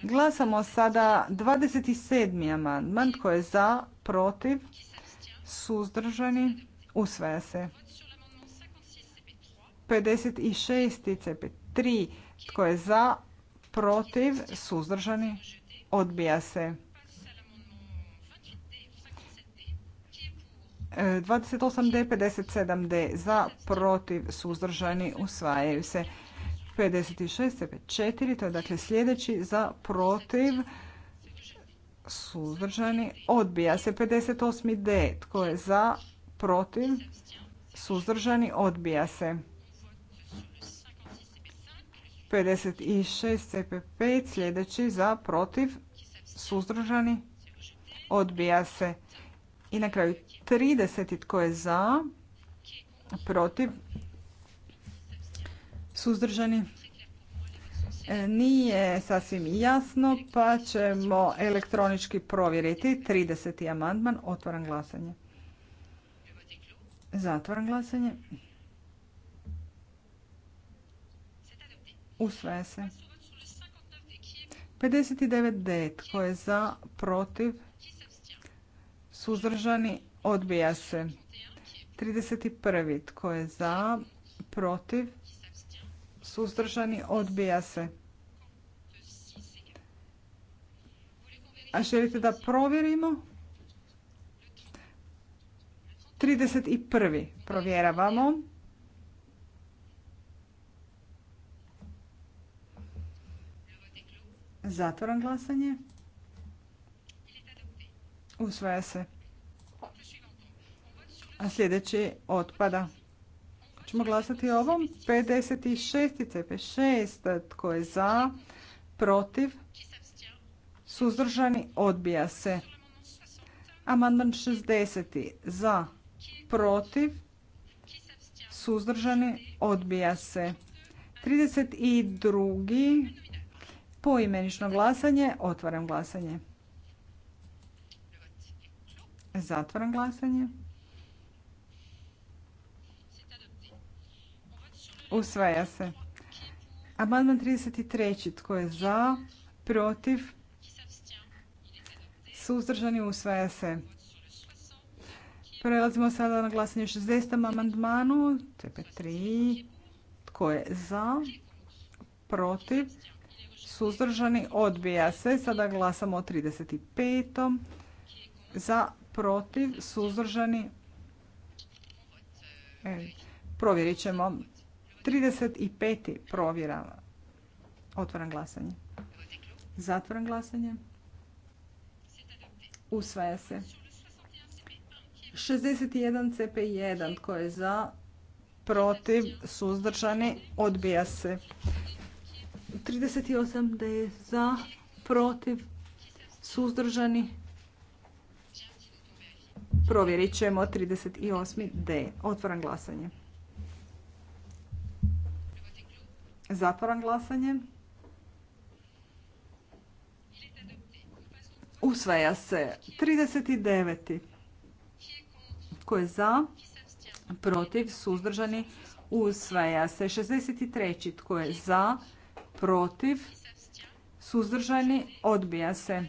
Glasamo sada 27. amandman. Tko je za? Protiv? Suzdržani? Usvaja se. 56. CP3. Tko je za? Protiv? Suzdržani? Odbija se. Odbija se. 28D, 57D za, protiv, suzdržani, usvajaju se. 56, 4, to je dakle sljedeći za, protiv, suzdržani, odbija se. 58D, tko je za, protiv, suzdržani, odbija se. 56 CP5 sljedeći za protiv suzdržani odbija se. I na kraju 30 tko je za protiv suzdržani e, nije sasvim jasno pa ćemo elektronički provjeriti 30. amandman otvaram glasanje zatvaram glasanje Usvaja se. 59D. Tko je za? Protiv? Suzdržani? Odbija se. 31. Tko je za? Protiv? Suzdržani? Odbija se. A želite da provjerimo? 31. Provjeravamo. Zatvoram glasanje. Usvaja se. A sljedeći otpada. Čemo glasati ovom. 56. CP6. Tko je za? Protiv? Suzdržani? Odbija se. Amandman 60. Za? Protiv? Suzdržani? Odbija se. 32. Poimenično glasanje, otvaram glasanje. Zatvaram glasanje. Usvaja se. Amandman 33. Tko je za? Protiv? Suzdržani usvaja se. Prelazimo sada na glasanje 60. amandmanu. TP3. Tko je za? Protiv? suzdržani, odbija se. Sada glasamo o 35. Za, protiv, suzdržani, e, provjerit ćemo. 35. provjera. Otvaram glasanje. Zatvaram glasanje. Usvaja se. 61 CP1. Tko je za? Protiv? Suzdržani? Odbija se. 38 da je za, protiv, suzdržani. Provjerit ćemo 38 D. Otvoram glasanje. Zatvoram glasanje. Usvaja se 39. Ko je za? Protiv, suzdržani. Usvaja se 63. Tko je za? protiv, suzdržani, odbija se.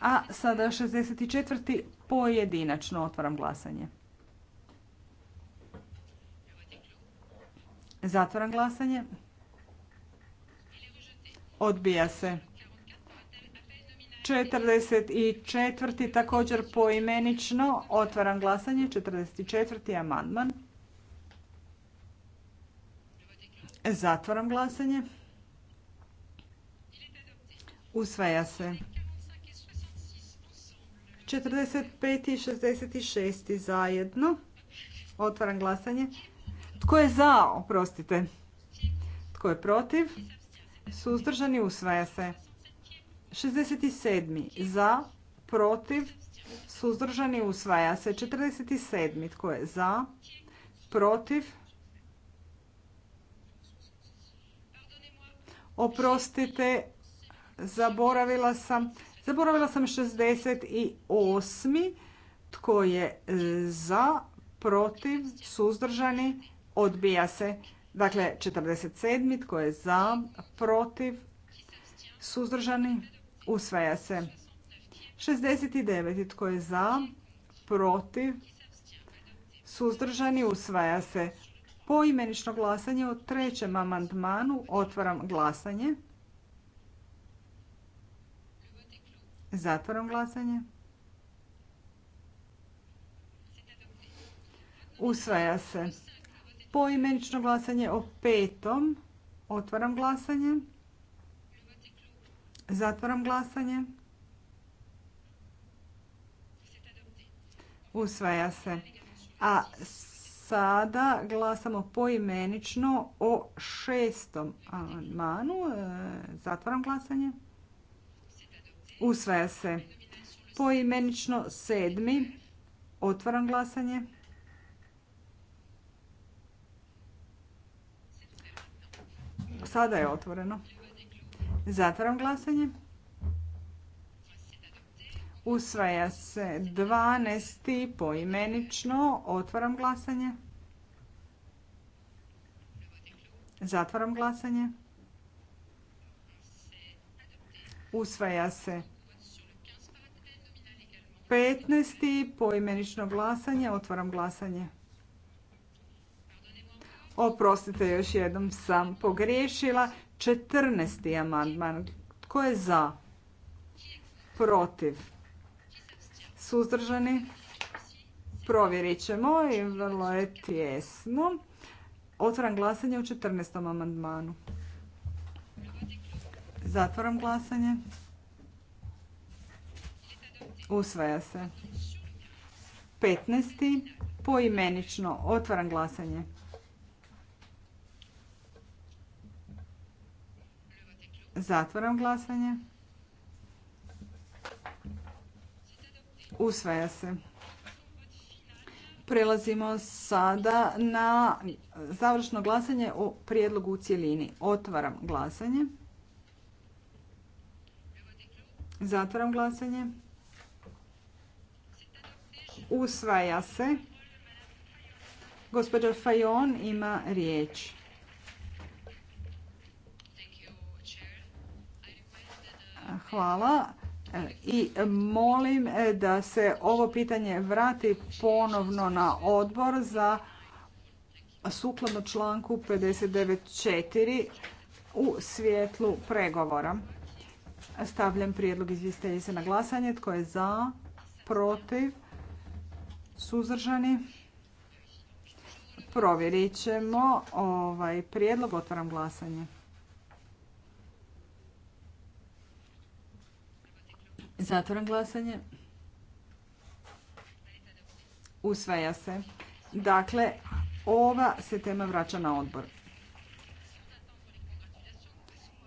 A sada 64. pojedinačno otvaram glasanje. Zatvaram glasanje. Odbija se. 44. također poimenično otvaram glasanje. 44. amandman. Zatvaram glasanje. Usvaja se. 45. i 66. zajedno. Otvaram glasanje. Tko je za? Oprostite. Tko je protiv? Suzdržani usvaja se. 67. Za, protiv, suzdržani usvaja se. 47. Tko je za, protiv, oprostite, zaboravila sam. Zaboravila sam 68. Tko je e, za, protiv, suzdržani, odbija se. Dakle, 47. Tko je za, protiv, suzdržani, usvaja se. 69. Tko je za, protiv, suzdržani, usvaja se. Poimenično glasanje o trećem amandmanu otvaram glasanje. Zatvaram glasanje. Usvaja se. Poimenično glasanje o petom. Otvaram glasanje. Zatvaram glasanje. Usvaja se. A sada glasamo poimenično o šestom amandmanu. E, zatvaram glasanje. Usvaja se. Poimenično sedmi. Otvaram glasanje. Sada je otvoreno. Zatvaram glasanje. Usvaja se dvanesti poimenično. Otvaram glasanje. Zatvaram glasanje. Usvaja se 15. poimenično glasanje. Otvaram glasanje. Oprostite, još jednom sam pogriješila. 14. amandman. Tko je za? Protiv? Suzdržani? Provjerit ćemo i vrlo je tjesno. Otvaram glasanje u 14. amandmanu. Zatvaram glasanje. Usvaja se. 15. Poimenično. Otvaram glasanje. Zatvaram glasanje. Usvaja se. Prelazimo sada na završno glasanje o prijedlogu u cjelini. Otvaram glasanje. Zatvaram glasanje. Usvaja se. Gospođa Fajon ima riječ. Hvala. I molim da se ovo pitanje vrati ponovno na odbor za sukladno članku 59.4 u svjetlu pregovora. Stavljam prijedlog izvjestiteljice na glasanje. Tko je za? Protiv? Suzdržani? Provjerit ćemo ovaj prijedlog. Otvaram glasanje. Zatvaram glasanje. Usvaja se. Dakle, ova se tema vraća na odbor.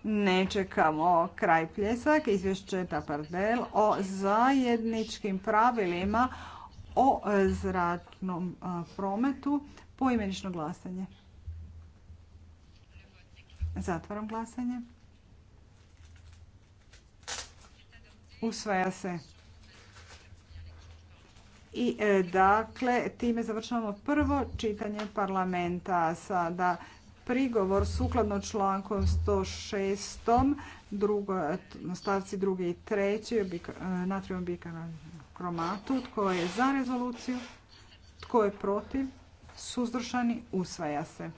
Ne čekamo kraj pljesak. Izvješće Tapardel o zajedničkim pravilima o e, zračnom e, prometu poimenično glasanje. Zatvaram glasanje. Usvaja se. I e, dakle, time završavamo prvo čitanje parlamenta. Sada prigovor sukladno člankom 106. stavci 2. i 3. Natrijom bikarbonata kromatu. Tko je za rezoluciju? Tko je protiv? Suzdržani? Usvaja se.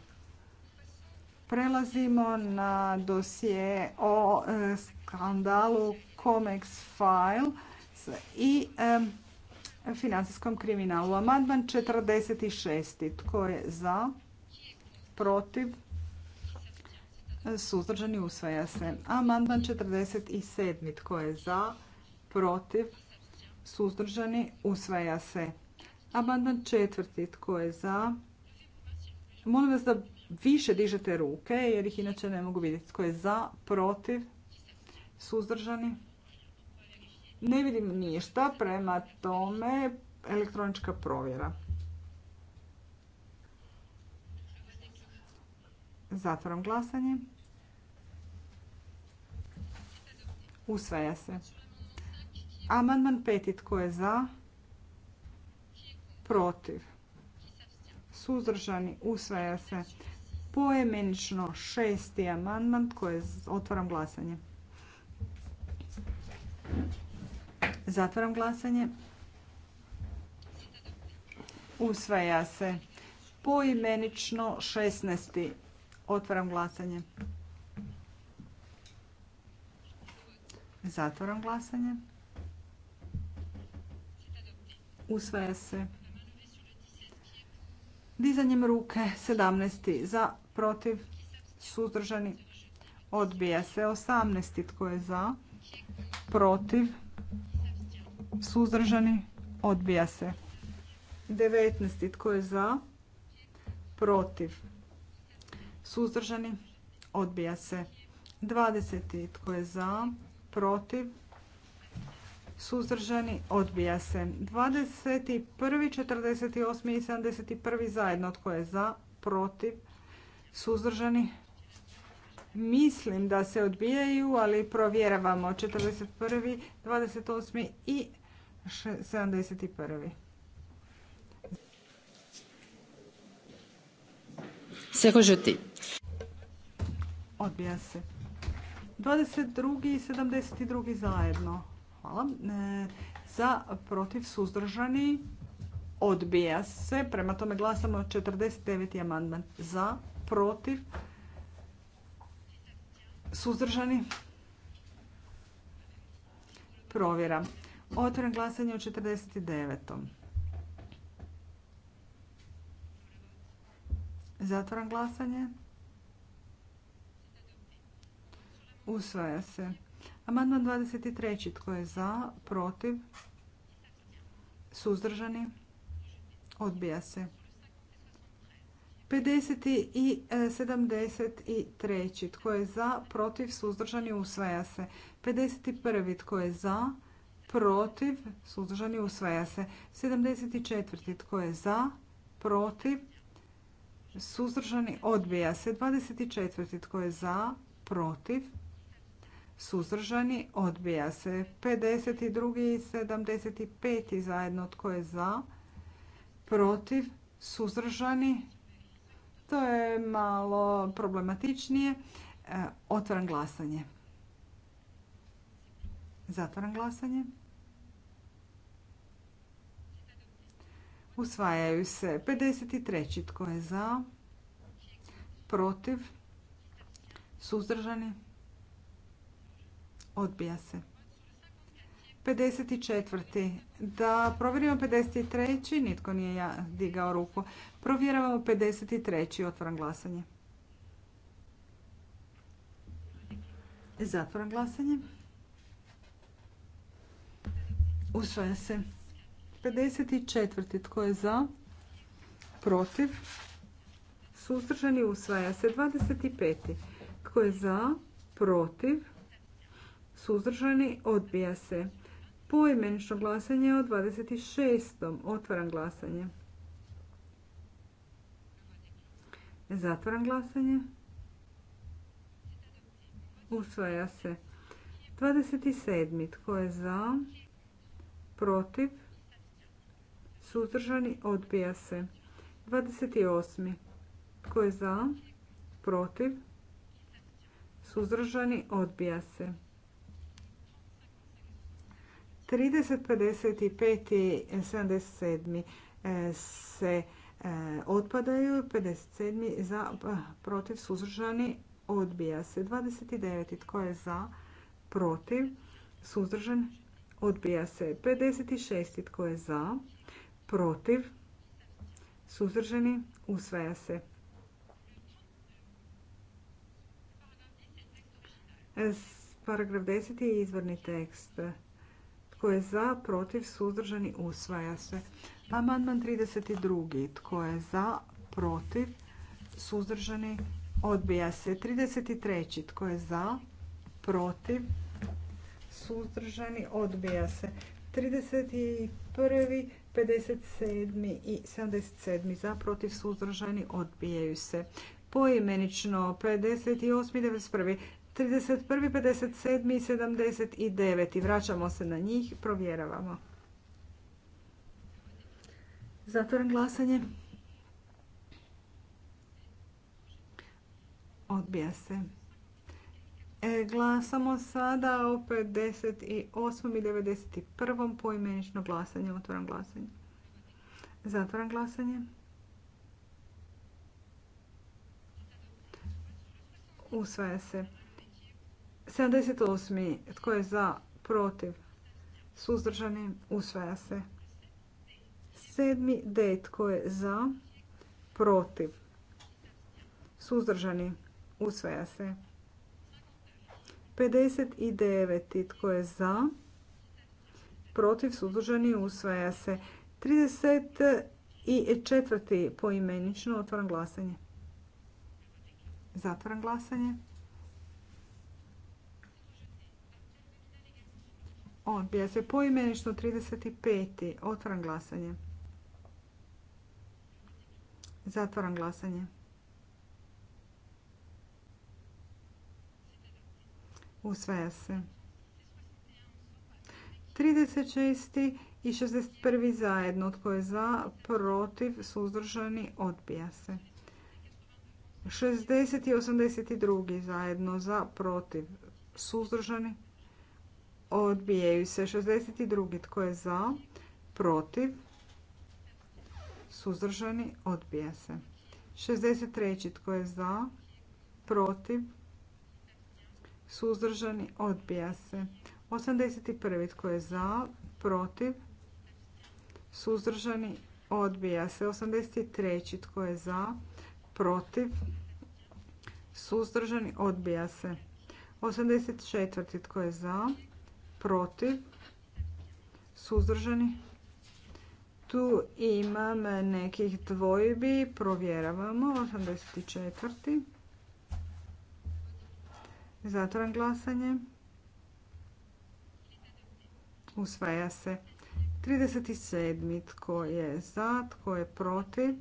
Prelazimo na dosije o e, skandalu Comex File i e, financijskom kriminalu. Amandman 46. Tko je za? Protiv? Suzdržani usvaja se. Amandman 47. Tko je za? Protiv? suzdržani, usvaja se. Amandman četvrti, tko je za? Molim vas da više dižete ruke, jer ih inače ne mogu vidjeti. Tko je za, protiv, suzdržani? Ne vidim ništa, prema tome elektronička provjera. Zatvoram glasanje. Usvaja se. Amandman peti tko je za? Protiv. Suzdržani usvaja se. Poimenično šesti amandman tko je otvaram glasanje. Zatvaram glasanje. Usvaja se. Poimenično 16. Otvaram glasanje. Zatvaram glasanje. Usvaja se. Dizanjem ruke 17. Za, protiv, suzdržani. Odbija se 18. Tko je za? Protiv, suzdržani. Odbija se. 19. Tko je za? Protiv, suzdržani. Odbija se. 20. Tko je za? Protiv, suzdržani, odbija se. 21., 48. i 71. zajedno, tko je za, protiv, suzdržani, mislim da se odbijaju, ali provjeravamo 41., 28. i 71. Odbija se. 22. i 72. zajedno. Hvala. E, za protiv suzdržani odbija se. Prema tome glasamo 49. amandman. Za protiv suzdržani provjera. Otvoren glasanje u 49. Zatvoram glasanje. Usvaja se. Amandman 23. Tko je za? Protiv? Suzdržani? Odbija se. 50. i 73. Tko je za? Protiv? Suzdržani? Usvaja se. 51. Tko je za? Protiv? Suzdržani? Usvaja se. 74. Tko je za? Protiv? Suzdržani? Odbija se. 24. Tko je za? Protiv? suzdržani, odbija se. 52. i 75. zajedno tko je za, protiv, suzdržani, to je malo problematičnije. E, otvaram glasanje. Zatvaram glasanje. Usvajaju se 53. tko je za, protiv, suzdržani, Odbija se. 54. Da provjerimo 53. Nitko nije ja digao ruku. Provjeravamo 53. Otvoram glasanje. Zatvoram glasanje. Usvaja se. 54. Tko je za? Protiv? Suzdržani usvaja se. 25. Tko je za? Protiv? suzdržani, odbija se. Poimenično glasanje o 26. Otvaram glasanje. Zatvaram glasanje. Usvaja se. 27. Tko je za? Protiv? Suzdržani? Odbija se. 28. Tko je za? Protiv? Suzdržani? Odbija se. 30, 55 i 77 e, se e, otpadaju, 57 za, e, protiv, suzdržani, odbija se. 29 tko je za, protiv, suzdržan, odbija se. 56 tko je za, protiv, suzdržani, usvaja se. Paragraf 10 izvorni tekst. Tko je za, protiv, suzdržani, usvaja se. Amandman 32. Tko je za, protiv, suzdržani, odbija se. 33. Tko je za, protiv, suzdržani, odbija se. 31. 57. i 77. za, protiv, suzdržani, odbijaju se. Poimenično 58. i 91. 31. 57. i Vraćamo se na njih, provjeravamo. Zatvoram glasanje. Odbija se. E, glasamo sada o 58. i 91. poimenično glasanje. Otvoram glasanje. Zatvoram glasanje. Usvaja se. 78. Tko je za? Protiv? Suzdržani? Usvaja se. 7. D. Tko je za? Protiv? Suzdržani? Usvaja se. 59. Tko je za? Protiv? Suzdržani? Usvaja se. 30. poimenično otvoram glasanje. Zatvoram glasanje. Odbija se poimenično 35. Otvaram glasanje. Zatvaram glasanje. Usvaja se. 36. i 61. zajedno. Tko je za, protiv, suzdržani, odbija se. 60. i 82. zajedno za, protiv, suzdržani, odbijaju se 62. tko je za, protiv, suzdržani, odbija se. 63. tko je za, protiv, suzdržani, odbija se. 81. tko je za, protiv, suzdržani, odbija se. 83. tko je za, protiv, suzdržani, odbija se. 84. tko je za, protiv, suzdržani. Tu imam nekih dvojbi, provjeravamo, 84. Zatvoram glasanje. Usvaja se. 37. Tko je za, tko je protiv?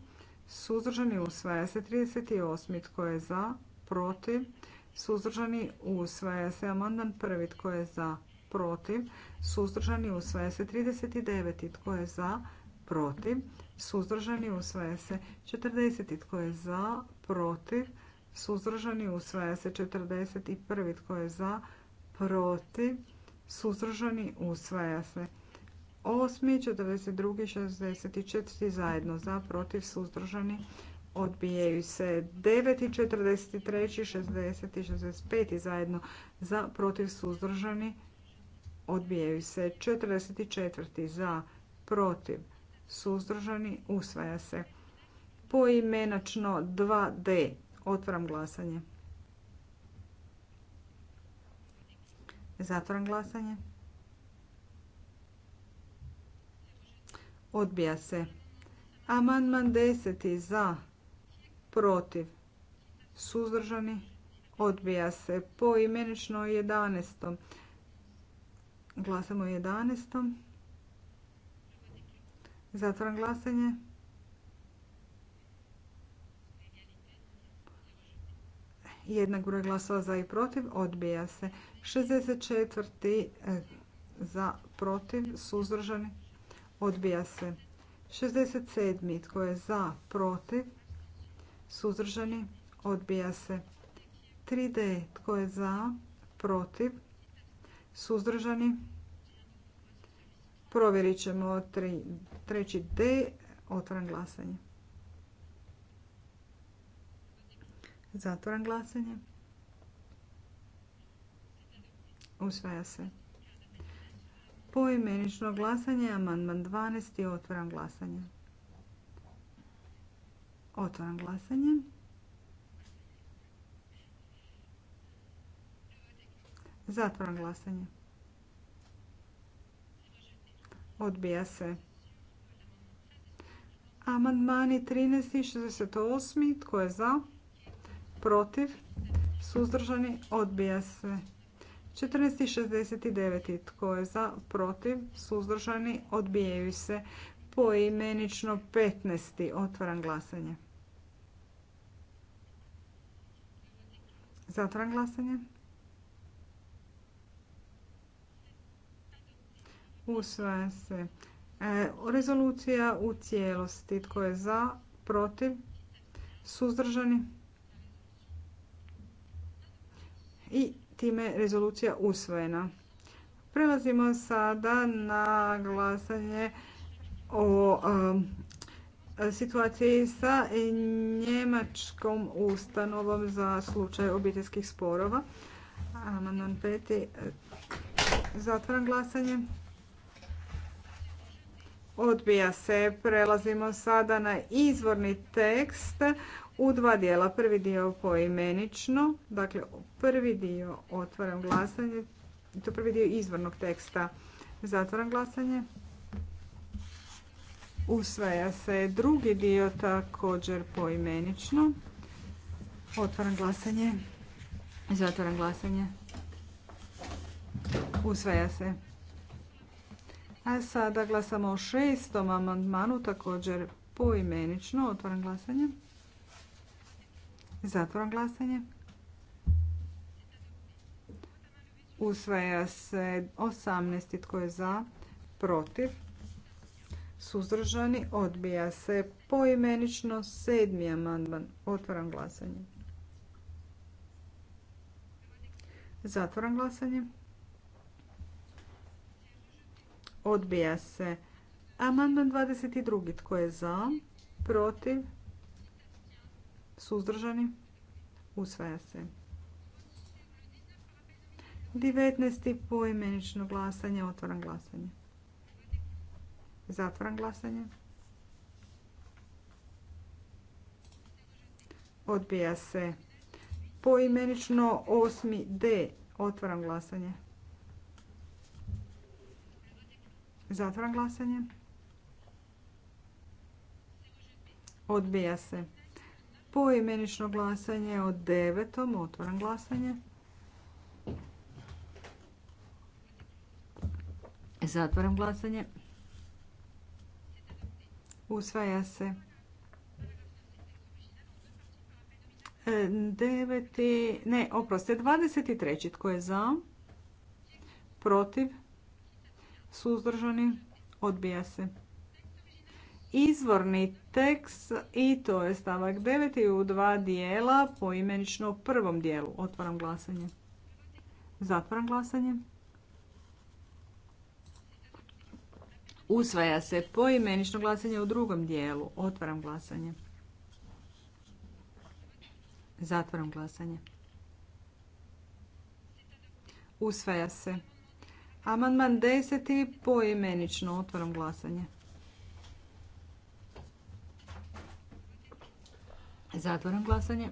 Suzdržani usvaja se. 38. Tko je za, protiv? Suzdržani usvaja se. Amandan prvi. Tko je za, protiv, suzdržani, usvaja se 39. Tko je za, protiv, suzdržani, usvaja se 40. Tko je za, protiv, suzdržani, usvaja se 41. Tko je za, protiv, suzdržani, usvaja se 8. 42. 64. zajedno za, protiv, suzdržani, odbijaju se 9. 43. 60. i 65. zajedno za, protiv, suzdržani, odbijaju se 44. za, protiv, suzdržani, usvaja se. Poimenačno 2D, otvaram glasanje. Zatvaram glasanje. Odbija se. Amandman 10. za, protiv, suzdržani, odbija se. Poimenično 11. Glasamo u 11. Zatvoram glasanje. Jedna broj glasova za i protiv odbija se. 64. E, za protiv suzdržani odbija se. 67. tko je za protiv suzdržani odbija se. 3D tko je za protiv suzdržani. Provjerit ćemo treći D, otvoran glasanje. Zatvoran glasanje. Usvaja se. Poimenično glasanje, amandman 12 i otvoran glasanje. Otvoran glasanje. Zatvoram glasanje. Odbija se. Amandmani 13.68. i Tko je za? Protiv? Suzdržani? Odbija se. 14.69. i Tko je za? Protiv? Suzdržani? Odbijaju se. Poimenično 15. Otvaram glasanje. Zatvaram glasanje. Usvaja se. E, rezolucija u cijelosti. Tko je za, protiv, suzdržani? I time rezolucija usvojena. Prelazimo sada na glasanje o um, situaciji sa njemačkom ustanovom za slučaj obiteljskih sporova. Amandman peti. Zatvaram glasanje. Odbija se. Prelazimo sada na izvorni tekst u dva dijela. Prvi dio poimenično. Dakle, prvi dio otvaram glasanje. To prvi dio izvornog teksta. Zatvaram glasanje. Usvaja se drugi dio također poimenično. Otvaram glasanje. Zatvaram glasanje. Usvaja se. A sada glasamo o šestom amandmanu, također poimenično. Otvoram glasanje. Zatvoram glasanje. Usvaja se 18. Tko je za? Protiv. Suzdržani. Odbija se poimenično sedmi amandman. Otvoram glasanje. Zatvoram glasanje. Odbija se. Amandman 22. Tko je za? Protiv? Suzdržani? Usvaja se. 19. poimenično glasanje. Otvaram glasanje. Zatvoran glasanje. Odbija se. Poimenično 8. D. Otvaram glasanje. Zatvaram glasanje. Odbija se. Poimenično glasanje o devetom. Otvaram glasanje. Zatvaram glasanje. Usvaja se. E, deveti, ne, oprosti, 23. Tko je za? Protiv? suzdržani, odbija se. Izvorni tekst i to je stavak 9. u dva dijela poimenično u prvom dijelu. Otvaram glasanje. Zatvaram glasanje. Usvaja se poimenično glasanje u drugom dijelu. Otvaram glasanje. Zatvaram glasanje. Usvaja se. Amandman 10. poimenično. Otvaram glasanje. Zatvaram glasanje.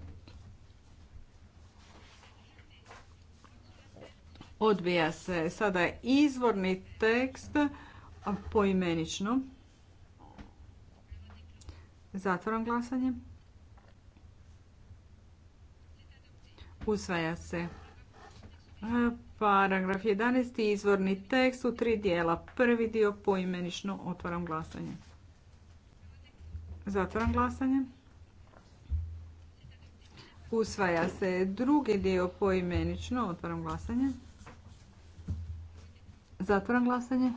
Odbija se sada izvorni tekst poimenično. Zatvaram glasanje. Usvaja se. Paragraf 11. Izvorni tekst u tri dijela. Prvi dio poimenično otvaram glasanje. Zatvaram glasanje. Usvaja se drugi dio poimenično. Otvaram glasanje. Zatvaram glasanje.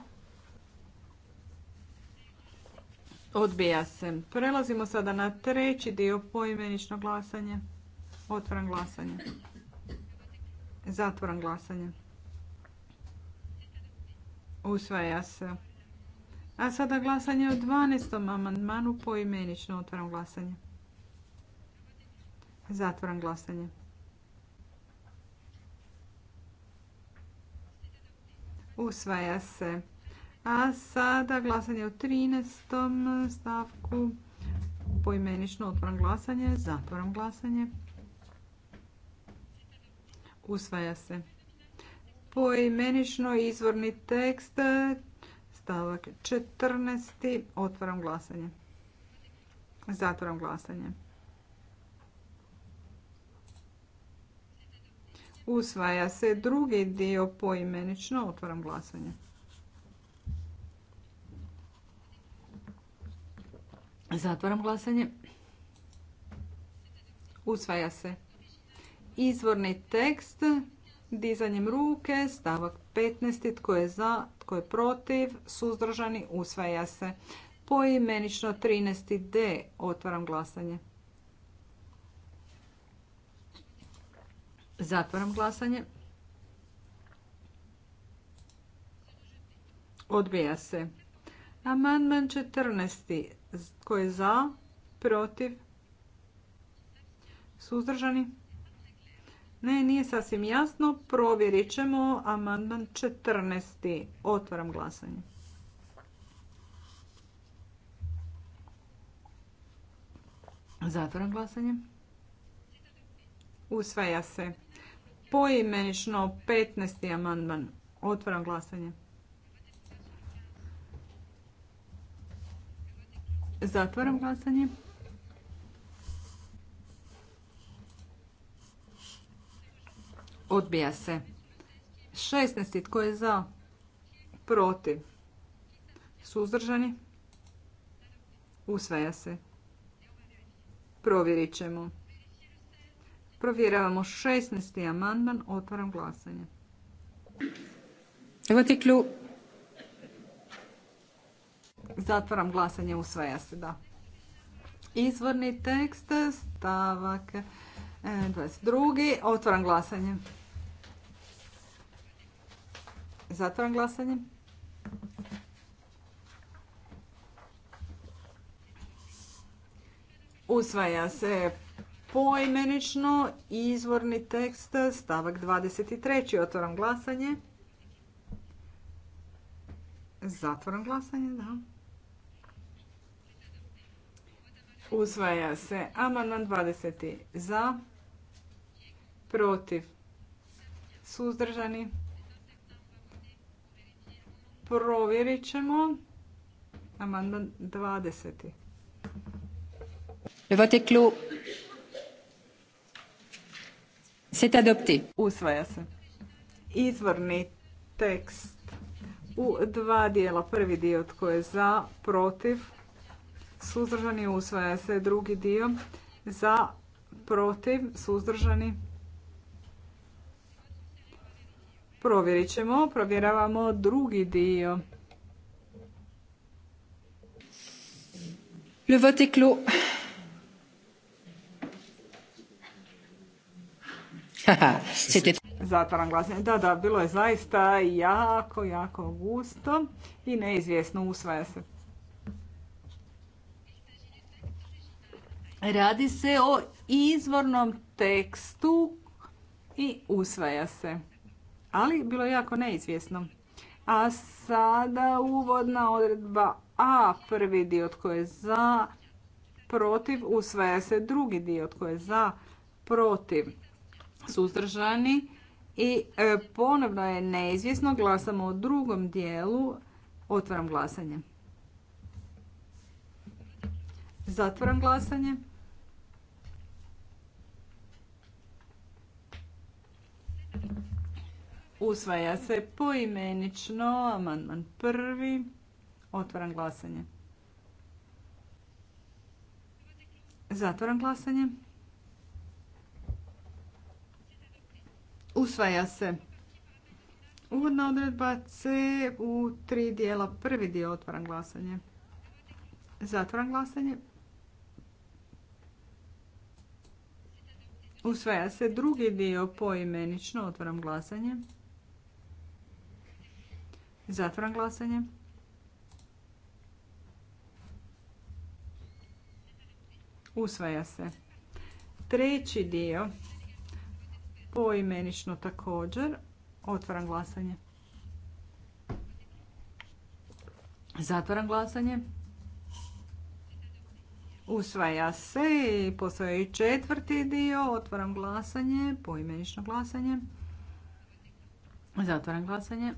Odbija se. Prelazimo sada na treći dio poimenično glasanje. Otvaram glasanje. Zatvoram glasanje. Usvaja se. A sada glasanje o 12. amandmanu poimenično otvaram glasanje. Zatvoram glasanje. Usvaja se. A sada glasanje u 13. stavku. Poimenično otvoram glasanje. Zatvoram glasanje. Usvaja se. Poimenično izvorni tekst, stavak 14. Otvaram glasanje. Zatvaram glasanje. Usvaja se drugi dio poimenično. Otvaram glasanje. Zatvaram glasanje. Usvaja se izvorni tekst dizanjem ruke, stavak 15. Tko je za, tko je protiv, suzdržani, usvaja se. Poimenično 13. D. Otvaram glasanje. Zatvaram glasanje. Odbija se. Amandman 14. Tko je za, protiv, suzdržani, ne, nije sasvim jasno. Provjerit ćemo amandman 14. Otvaram glasanje. Zatvaram glasanje. Usvaja se. Poimenično 15. amandman. Otvaram glasanje. Zatvaram glasanje. Odbija se. 16. Tko je za? Protiv. Suzdržani? Usvaja se. Provjerit ćemo. Provjeravamo 16. amandman. Otvaram glasanje. Evo ti klju. Zatvaram glasanje. Usvaja se, da. Izvorni tekst, stavak 22. E, Otvaram glasanje. Zatvaram glasanje. Usvaja se poimenično izvorni tekst stavak 23. Otvaram glasanje. Zatvaram glasanje, da. Usvaja se amandman 20. za, protiv, suzdržani. Provjerit ćemo. Amandman 20. Le vote est C'est adopté. Usvaja se. Izvorni tekst u dva dijela. Prvi dio tko je za, protiv, suzdržani usvaja se. Drugi dio za, protiv, suzdržani Provjerit ćemo, provjeravamo drugi dio. Le vote Zatvaram glasanje. Da, da, bilo je zaista jako, jako gusto i neizvjesno usvaja se. Radi se o izvornom tekstu i usvaja se ali bilo je jako neizvjesno. A sada uvodna odredba A, prvi dio tko je za, protiv, usvaja se drugi dio tko je za, protiv, suzdržani i e, ponovno je neizvjesno, glasamo o drugom dijelu, otvaram glasanje. Zatvaram glasanje. Usvaja se poimenično amandman prvi. Otvaram glasanje. Zatvaram glasanje. Usvaja se. Uvodna odredba C u tri dijela. Prvi dio otvaram glasanje. Zatvaram glasanje. Usvaja se drugi dio poimenično. Otvaram glasanje. Zatvoram glasanje. Usvaja se. Treći dio. Poimenično također. Otvaram glasanje. Zatvaram glasanje. Usvaja se i postoje i četvrti dio. Otvaram glasanje, poimenično glasanje. Zatvaram glasanje.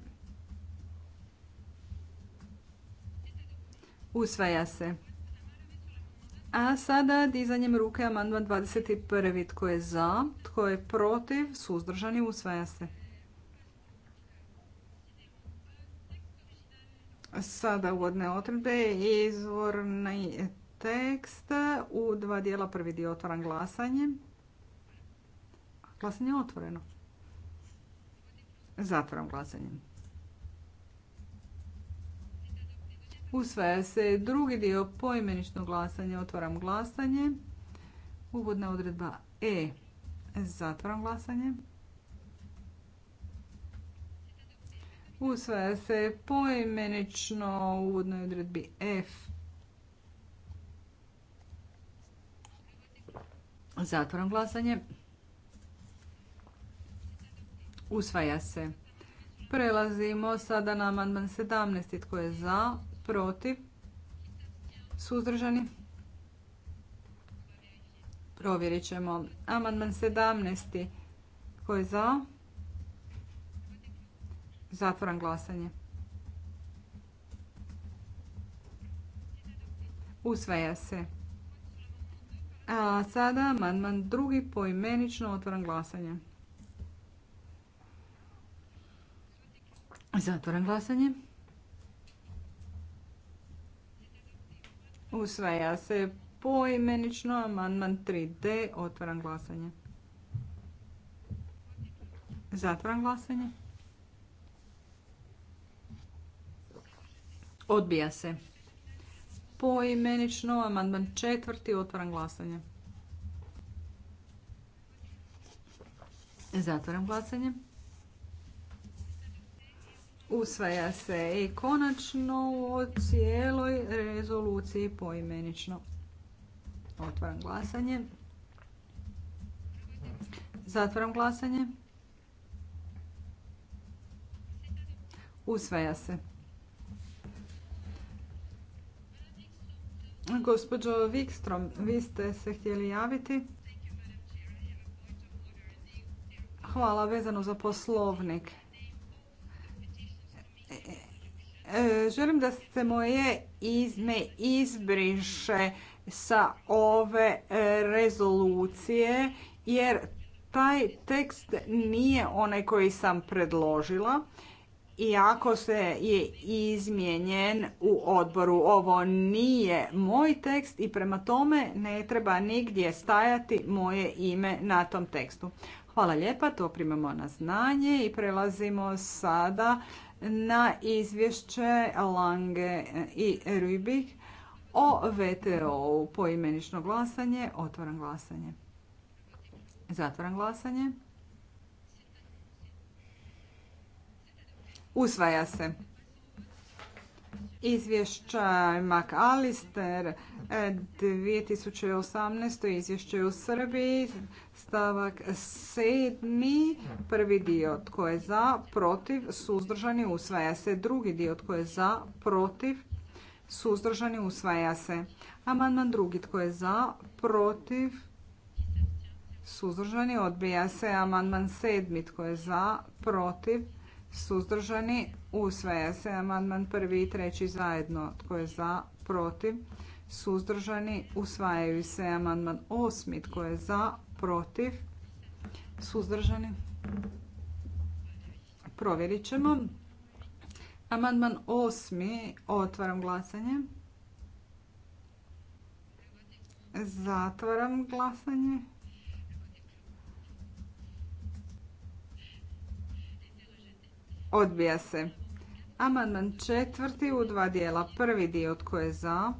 Usvaja se. A sada dizanjem ruke amandman 21. Tko je za, tko je protiv, suzdržani, usvaja se. Sada uvodne je izvorni tekst u dva dijela. Prvi dio otvoran glasanje. Glasanje je otvoreno. Zatvaram glasanje. Usvaja se drugi dio poimeničnog glasanja. Otvaram glasanje. Uvodna odredba E. Zatvaram glasanje. Usvaja se poimenično u uvodnoj odredbi F. Zatvaram glasanje. Usvaja se. Prelazimo sada na amandman 17. Tko je za? protiv, suzdržani. Provjerit ćemo. Amandman 17. Tko je za? zatvoran glasanje. Usvaja se. A sada amandman drugi poimenično otvoram glasanje. Zatvoram glasanje. Usvaja se poimenično amandman 3D. Otvaram glasanje. Zatvaram glasanje. Odbija se. Poimenično amandman četvrti. Otvaram glasanje. Zatvaram glasanje. Usvaja se i konačno o cijeloj rezoluciji poimenično. Otvaram glasanje. Zatvaram glasanje. Usvaja se. Gospođo Wikstrom, vi ste se htjeli javiti. Hvala vezano za poslovnik. želim da se moje izme izbriše sa ove e, rezolucije jer taj tekst nije onaj koji sam predložila iako se je izmijenjen u odboru. Ovo nije moj tekst i prema tome ne treba nigdje stajati moje ime na tom tekstu. Hvala lijepa, to primamo na znanje i prelazimo sada na izvješće Lange i Rubik o VTO-u poimenično glasanje. Otvaram glasanje. Zatvaram glasanje. Usvaja se. Izvješća McAllister 2018. izvješće u Srbiji stavak sedmi, Prvi dio tko je za, protiv, suzdržani, usvaja se. Drugi dio tko je za, protiv, suzdržani, usvaja se. Amandman drugi tko je za, protiv, suzdržani, odbija se. Amandman sedmi tko je za, protiv, suzdržani, usvaja se. Amandman prvi i treći zajedno tko je za, protiv, suzdržani, usvajaju se. Amandman osmi tko je za, protiv, suzdržani. Provjerit ćemo. Amandman osmi, otvaram glasanje. Zatvaram glasanje. Odbija se. Amandman četvrti u dva dijela. Prvi dio tko je za,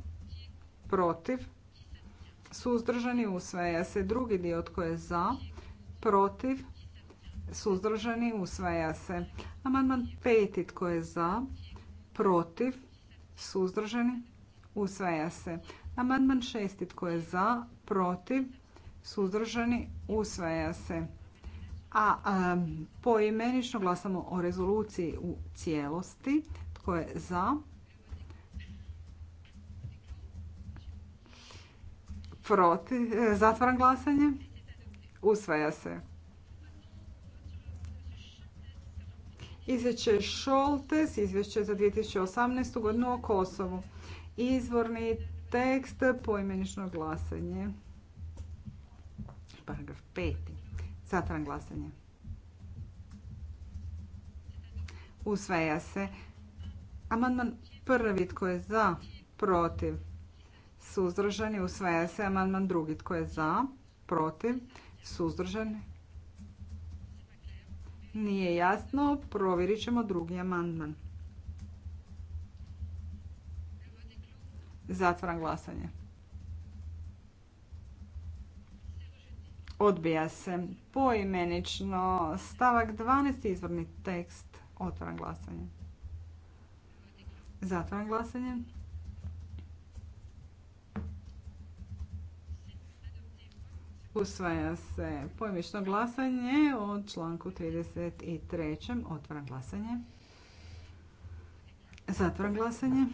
protiv, suzdržani, usvaja se. Drugi dio tko je za, protiv, suzdržani, usvaja se. Amandman peti tko je za, protiv, suzdržani, usvaja se. Amandman šesti tko je za, protiv, suzdržani, usvaja se. A poimenično glasamo o rezoluciji u cijelosti. Tko je za? Protiv. E, zatvaram glasanje. Usvaja se. Izveće Šoltes, izvješće za 2018. godinu o Kosovu. Izvorni tekst, poimenično glasanje. Paragraf 5. Zatvaram glasanje. Usvaja se. Amandman prvi, tko je za, protiv, suzdržani, usvaja se. Amandman drugi, tko je za, protiv, suzdržan? nije jasno, provjerit ćemo drugi amandman. Zatvaram glasanje. Odbija se poimenično stavak 12. izvorni tekst. Otvoram glasanje. Zatvaram glasanje. Usvaja se pojmično glasanje o članku 33. Otvaram glasanje. Zatvaram glasanje.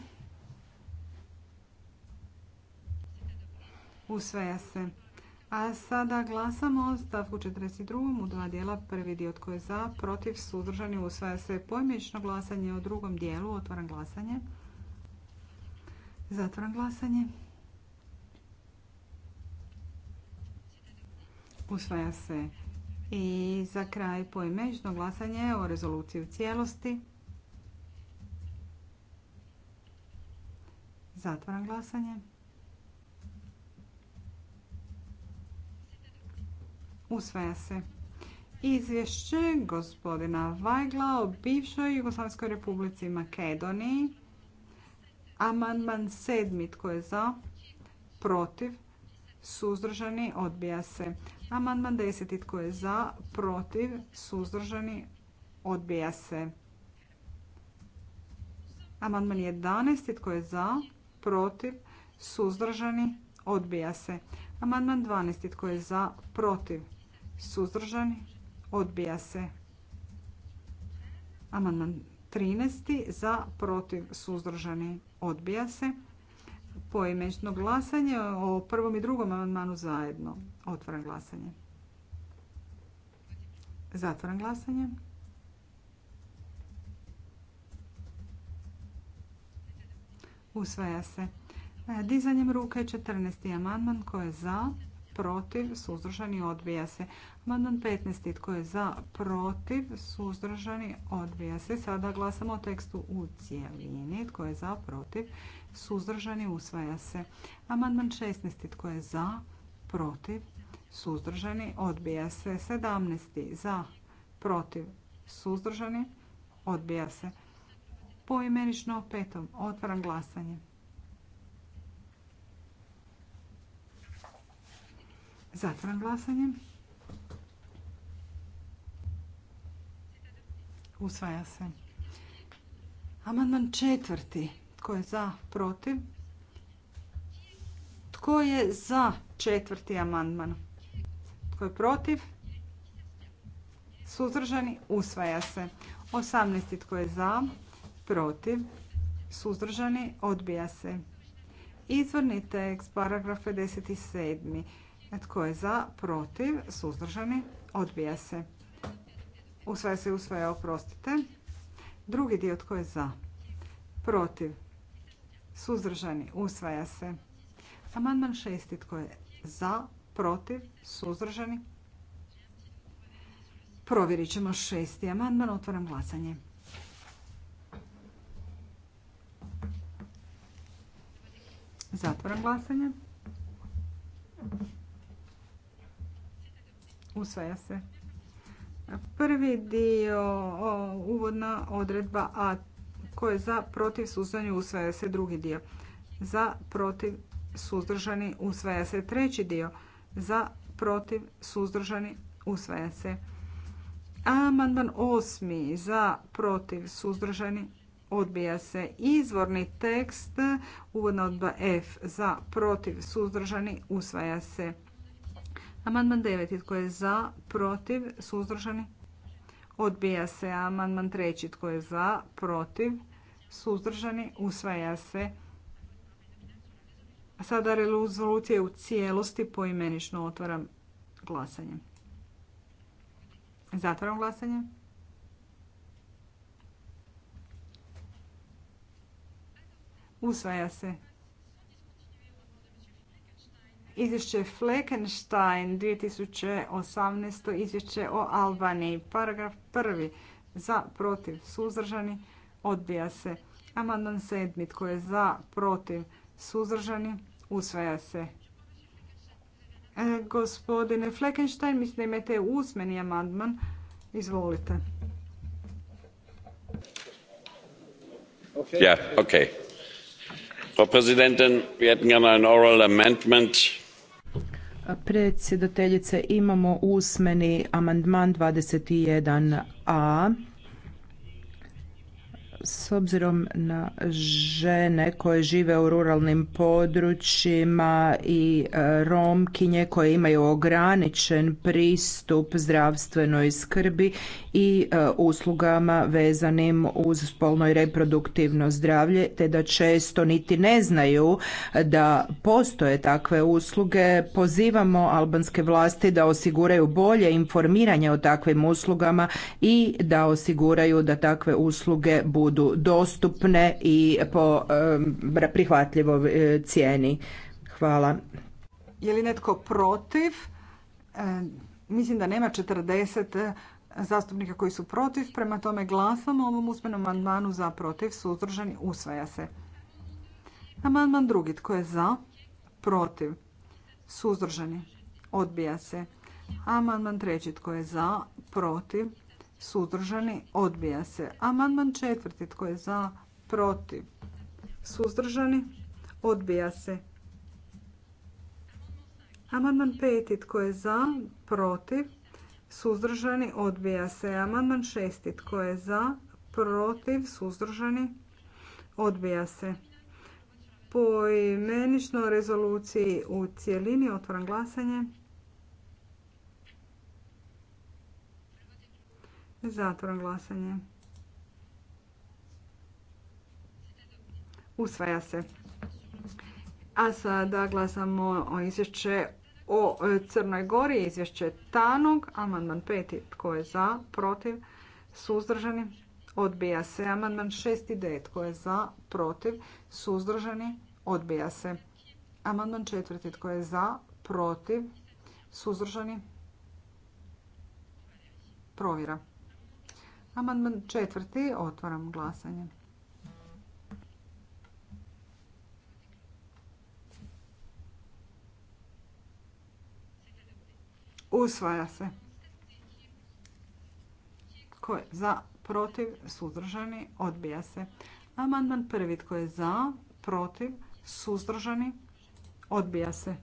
Usvaja se. A sada glasamo o stavku 42. u dva dijela. Prvi dio tko je za, protiv, suzdržani. Usvaja se pojmično glasanje o drugom dijelu. Otvaram glasanje. Zatvaram glasanje. Usvaja se. I za kraj poimenično glasanje o rezoluciji u cijelosti. Zatvaram glasanje. Usvaja se. Izvješće gospodina Vajgla o bivšoj Jugoslavskoj republici Makedoniji. Amandman sedmi tko je za, protiv, suzdržani, odbija se. Amandman 10. Tko je za? Protiv? Suzdržani? Odbija se. Amandman 11. Tko je za? Protiv? Suzdržani? Odbija se. Amandman 12. Tko je za? Protiv? Suzdržani? Odbija se. Amandman 13. Za? Protiv? Suzdržani? Odbija se. Poimečno glasanje o prvom i drugom amandmanu zajedno. Otvoram glasanje. Zatvoram glasanje. Usvaja se. E, dizanjem ruke 14. amandman tko je za, protiv, suzdržani, odbija se. Amandman 15. tko je za, protiv, suzdržani, odbija se. Sada glasamo o tekstu u cijelini. Tko je za, protiv, suzdržani, usvaja se. Amandman 16. tko je za, protiv, suzdržani, odbija se. 17. za, protiv, suzdržani, odbija se. Poimenično petom. Otvaram glasanje. Zatvaram glasanje. Usvaja se. Amandman četvrti. Tko je za, protiv? Tko je za četvrti amandman? Tko je protiv? Suzdržani? Usvaja se. 18. Tko je za? Protiv? Suzdržani? Odbija se. Izvorni tekst, paragraf 57. Tko je za? Protiv? Suzdržani? Odbija se. Usvaja se usvaja, oprostite. Drugi dio tko je za? Protiv? Suzdržani? Usvaja se. Amandman šesti tko je za? protiv, suzdržani. Provjerit ćemo šesti amandman, otvaram glasanje. Zatvaram glasanje. Usvaja se. Prvi dio, uvodna odredba A, koje je za protiv suzdržani usvaja se drugi dio. Za protiv suzdržani usvaja se treći dio za, protiv, suzdržani, usvaja se. Amandman osmi za, protiv, suzdržani, odbija se. Izvorni tekst, uvodna odba F za, protiv, suzdržani, usvaja se. Amandman 9. Tko je za, protiv, suzdržani? Odbija se. Amandman treći. Tko je za, protiv, suzdržani? Usvaja se. A Sada rezolucije u cijelosti poimenično otvaram glasanje. Zatvaram glasanje. Usvaja se. Izvješće Fleckenstein 2018. Izvješće o Albaniji. Paragraf prvi. Za, protiv, suzdržani. Odbija se. Amandman sedmi. koji je za, protiv, suzdržani, usvaja se. E, gospodine Fleckenstein, mislim da imate usmeni amandman. Izvolite. Ja, okay. Frau Präsidentin, wir hätten gerne oral amendment. Predsjedateljice, imamo usmeni amandman 21a s obzirom na žene koje žive u ruralnim područjima i e, romkinje koje imaju ograničen pristup zdravstvenoj skrbi i e, uslugama vezanim uz spolno i reproduktivno zdravlje, te da često niti ne znaju da postoje takve usluge, pozivamo albanske vlasti da osiguraju bolje informiranje o takvim uslugama i da osiguraju da takve usluge budu budu dostupne i po prihvatljivoj eh, cijeni. Hvala. Je li netko protiv? E, mislim da nema 40 eh, zastupnika koji su protiv, prema tome glasamo o ovom uspjenom amandmanu za protiv, suzdržani, usvaja se. Amandman drugi, tko je za, protiv, suzdržani, odbija se. Amandman treći, tko je za, protiv, suzdržani, odbija se. Amandman četvrti, tko je za, protiv, suzdržani, odbija se. Amandman peti, tko je za, protiv, suzdržani, odbija se. Amandman šesti, tko je za, protiv, suzdržani, odbija se. Poimenično rezoluciji u cijelini otvoram glasanje. Zatvoram glasanje. Usvaja se. A sada glasamo o izvješće o e, Crnoj Gori, izvješće Tanog, amandman peti Tko je za, protiv, suzdržani? Odbija se. Amandman šesti devet Tko je za, protiv, suzdržani? Odbija se. Amandman četvrti Tko je za, protiv, suzdržani? Provjera. Amandman četvrti, otvaram glasanje. Usvaja se. Tko je za, protiv, suzdržani, odbija se. Amandman prvi, tko je za, protiv, suzdržani, odbija se.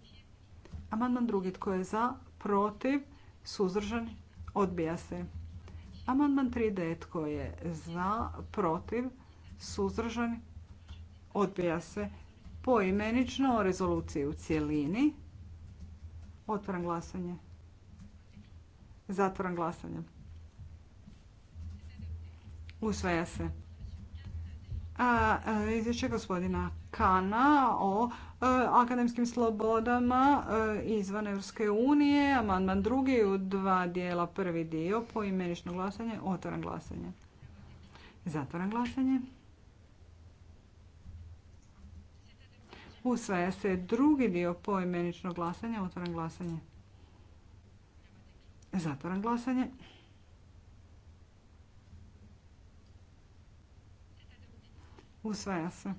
Amandman drugi, tko je za, protiv, suzdržani, odbija se. Amandman 3D tko je za, protiv, suzdržan, odbija se poimenično o rezoluciji u cjelini. Otvaram glasanje. Zatvaram glasanje. Usvaja se. A, izvješće gospodina Kana o e, akademskim slobodama e, izvan Europske unije. Amandman drugi u dva dijela prvi dio poimenično glasanje, otvoran glasanje. Zatvoran glasanje. Usvaja se drugi dio imenično glasanje, otvoran glasanje. Zatvoran glasanje. Usvaja se.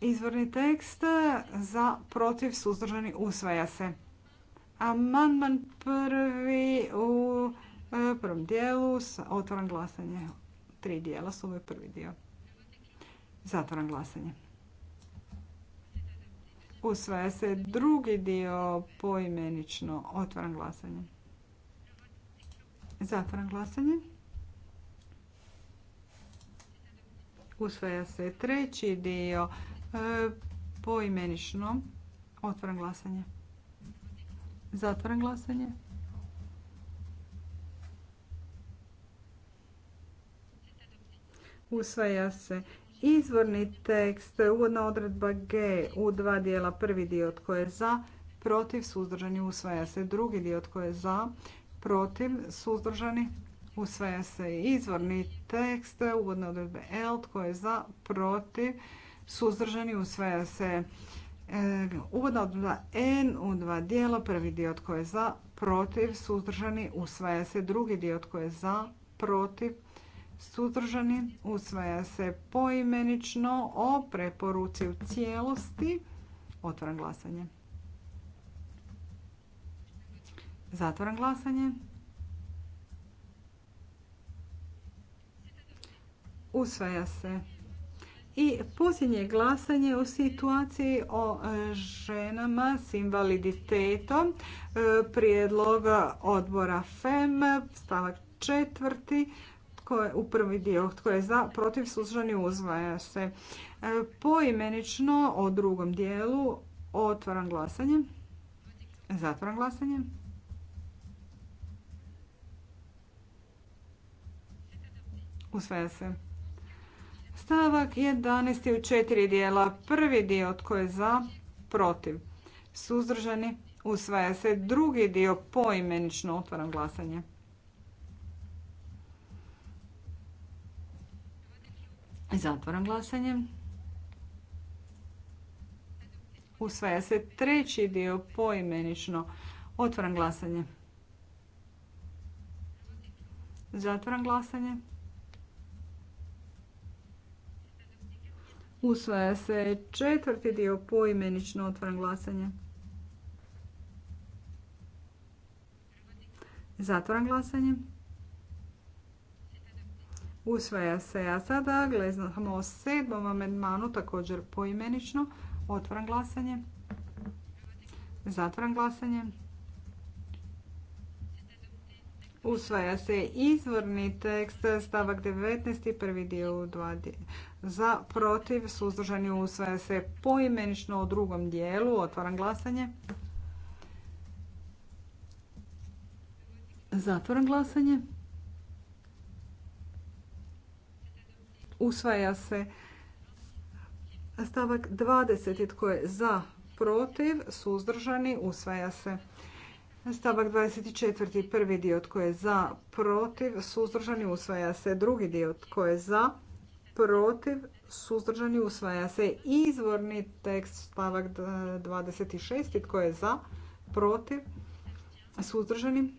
Izvorni tekst za protiv suzdržani usvaja se. Amandman prvi u e, prvom dijelu. otvoran glasanje. Tri dijela su ovaj prvi dio. Zatvoran glasanje. Usvaja se drugi dio poimenično. Otvoran glasanje. Zatvoran glasanje. Usvaja se treći dio E, poimenično. Otvaram glasanje. Zatvaram glasanje. Usvaja se izvorni tekst, uvodna odredba G u dva dijela. Prvi dio tko je za, protiv, suzdržani, usvaja se. Drugi dio tko je za, protiv, suzdržani, usvaja se. Izvorni tekst, uvodna odredba L, tko je za, protiv, suzdržani, usvaja se e, uvodna odredba N u dva dijela, prvi dio tko je za, protiv, suzdržani, usvaja se drugi dio tko je za, protiv, suzdržani, usvaja se poimenično o preporuci u cijelosti. Otvaram glasanje. Zatvaram glasanje. Usvaja se. I posljednje glasanje u situaciji o e, ženama s invaliditetom, e, prijedloga odbora FEM, stavak četvrti, u prvi dio, tko je za, protiv, suzdržani, uzvaja se. E, poimenično o drugom dijelu otvaram glasanje. Zatvaram glasanje. Usvaja se. Stavak 11. u četiri dijela. Prvi dio tko je za, protiv. Suzdržani usvaja se. Drugi dio poimenično otvaram glasanje. Zatvaram glasanje. Usvaja se treći dio poimenično. Otvoram glasanje. Zatvaram glasanje. Usvaja se četvrti dio poimenično otvoren glasanje. Zatvaram glasanje. Usvaja se, a sada gledamo o sedmom amendmanu, također poimenično. Otvaram glasanje. Zatvaram glasanje. Usvaja se izvorni tekst stavak 19. prvi dio u dva Za, protiv, suzdržani usvaja se poimenično u drugom dijelu. Otvaram glasanje. Zatvaram glasanje. Usvaja se stavak 20. Tko je za, protiv, suzdržani usvaja se. Stavak 24. prvi dio tko je za, protiv, suzdržani usvaja se. Drugi dio tko je za, protiv, suzdržani usvaja se. Izvorni tekst stavak 26. tko je za, protiv, suzdržani.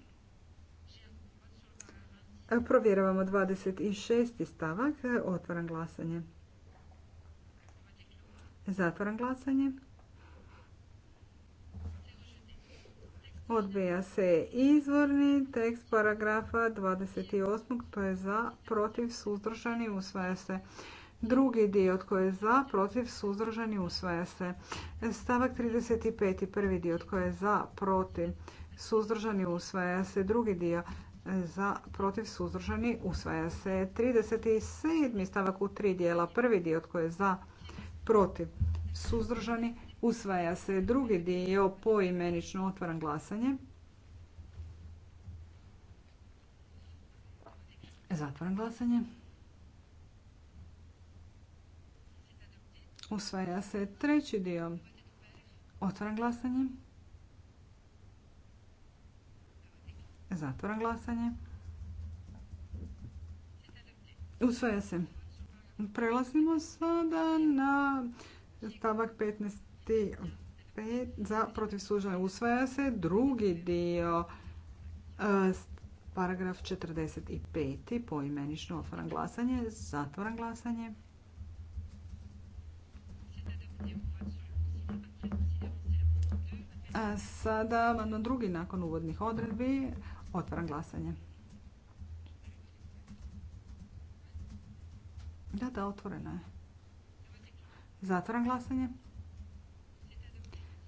Provjeravamo 26. stavak. Otvaram glasanje. Zatvaram glasanje. Odbija se izvorni tekst paragrafa 28. To je za, protiv, suzdržani, usvaja se. Drugi dio tko je za, protiv, suzdržani, usvaja se. Stavak 35. Prvi dio tko je za, protiv, suzdržani, usvaja se. Drugi dio za, protiv, suzdržani, usvaja se. 37. stavak u tri dijela. Prvi dio tko je za, protiv, suzdržani, Usvaja se drugi dio poimenično otvaram glasanje. Zatvoran glasanje. Usvaja se treći dio. Otvaram glasanje. Zatvoran glasanje. Usvaja se. Prelazimo sada na stavak 15 za protiv službe usvaja se. Drugi dio e, paragraf 45. poimenično otvoran glasanje. Zatvoran glasanje. A sada drugi nakon uvodnih odredbi. Otvoran glasanje. Da, da, otvoreno je. Zatvaram glasanje.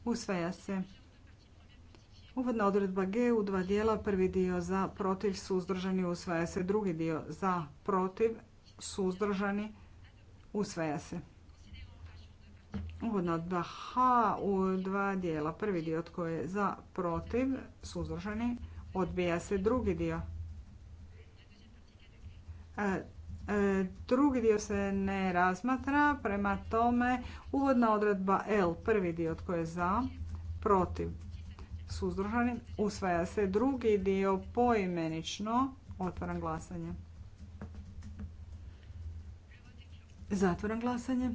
Usvaja se. Uvodna odredba G u dva dijela. Prvi dio za protiv suzdržani usvaja se. Drugi dio za protiv suzdržani usvaja se. Uvodna odredba H u dva dijela. Prvi dio tko je za protiv suzdržani odbija se. Drugi dio e, E, drugi dio se ne razmatra, prema tome uvodna odredba L, prvi dio tko je za, protiv, suzdržani, usvaja se drugi dio poimenično, otvaram glasanje. Zatvaram glasanje.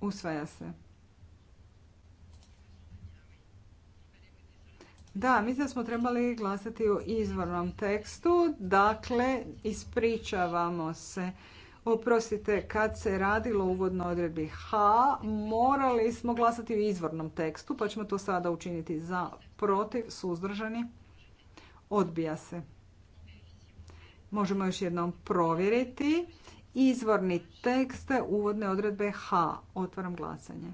Usvaja se. Da, mislim da smo trebali glasati u izvornom tekstu. Dakle, ispričavamo se. Oprostite, kad se radilo uvodno odredbi H, morali smo glasati u izvornom tekstu, pa ćemo to sada učiniti za protiv, suzdržani. Odbija se. Možemo još jednom provjeriti. Izvorni tekst uvodne odredbe H. Otvaram glasanje.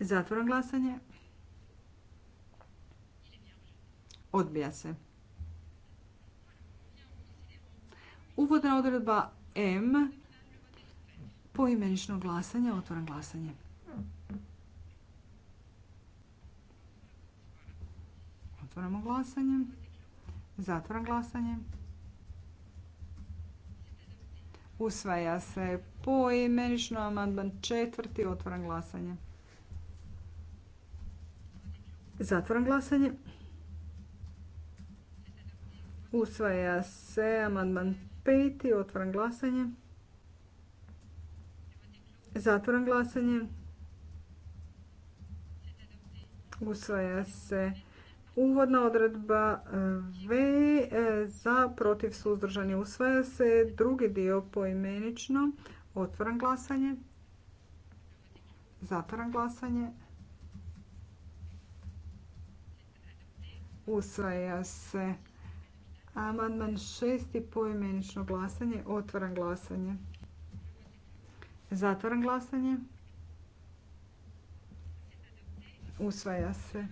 Zatvoram glasanje. Odbija se. Uvodna odredba M. Poimenično glasanje. Otvoram glasanje. Otvoramo glasanje. Zatvoram glasanje. Usvaja se poimenično amandman četvrti. Otvoran glasanje. Zatvoran glasanje. Usvaja se amandman peti. Otvoram glasanje. Zatvoram glasanje. Usvaja se uvodna odredba V e, za protiv suzdržani. Usvaja se drugi dio poimenično. Otvoram glasanje. Zatvoram glasanje. Usvaja se Amandman šesti poimenično glasanje. Otvaram glasanje. Zatvaram glasanje. Usvaja se.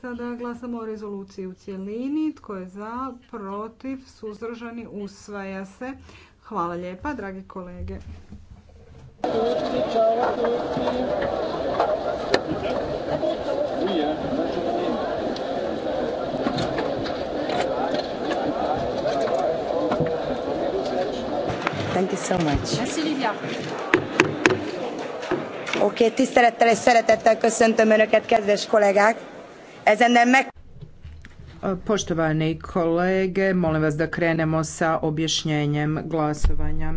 Sada glasamo o rezoluciji u cjelini. Tko je za, protiv, suzdržani, usvaja se. Hvala lijepa, dragi kolege. Thank you so much. Merci Livia. Oké, okay, tisztelettel és szeretettel köszöntöm Önöket, kedves kollégák. nem meg... Poštovani kolege, molim vas da krenemo sa objašnjenjem glasovanja.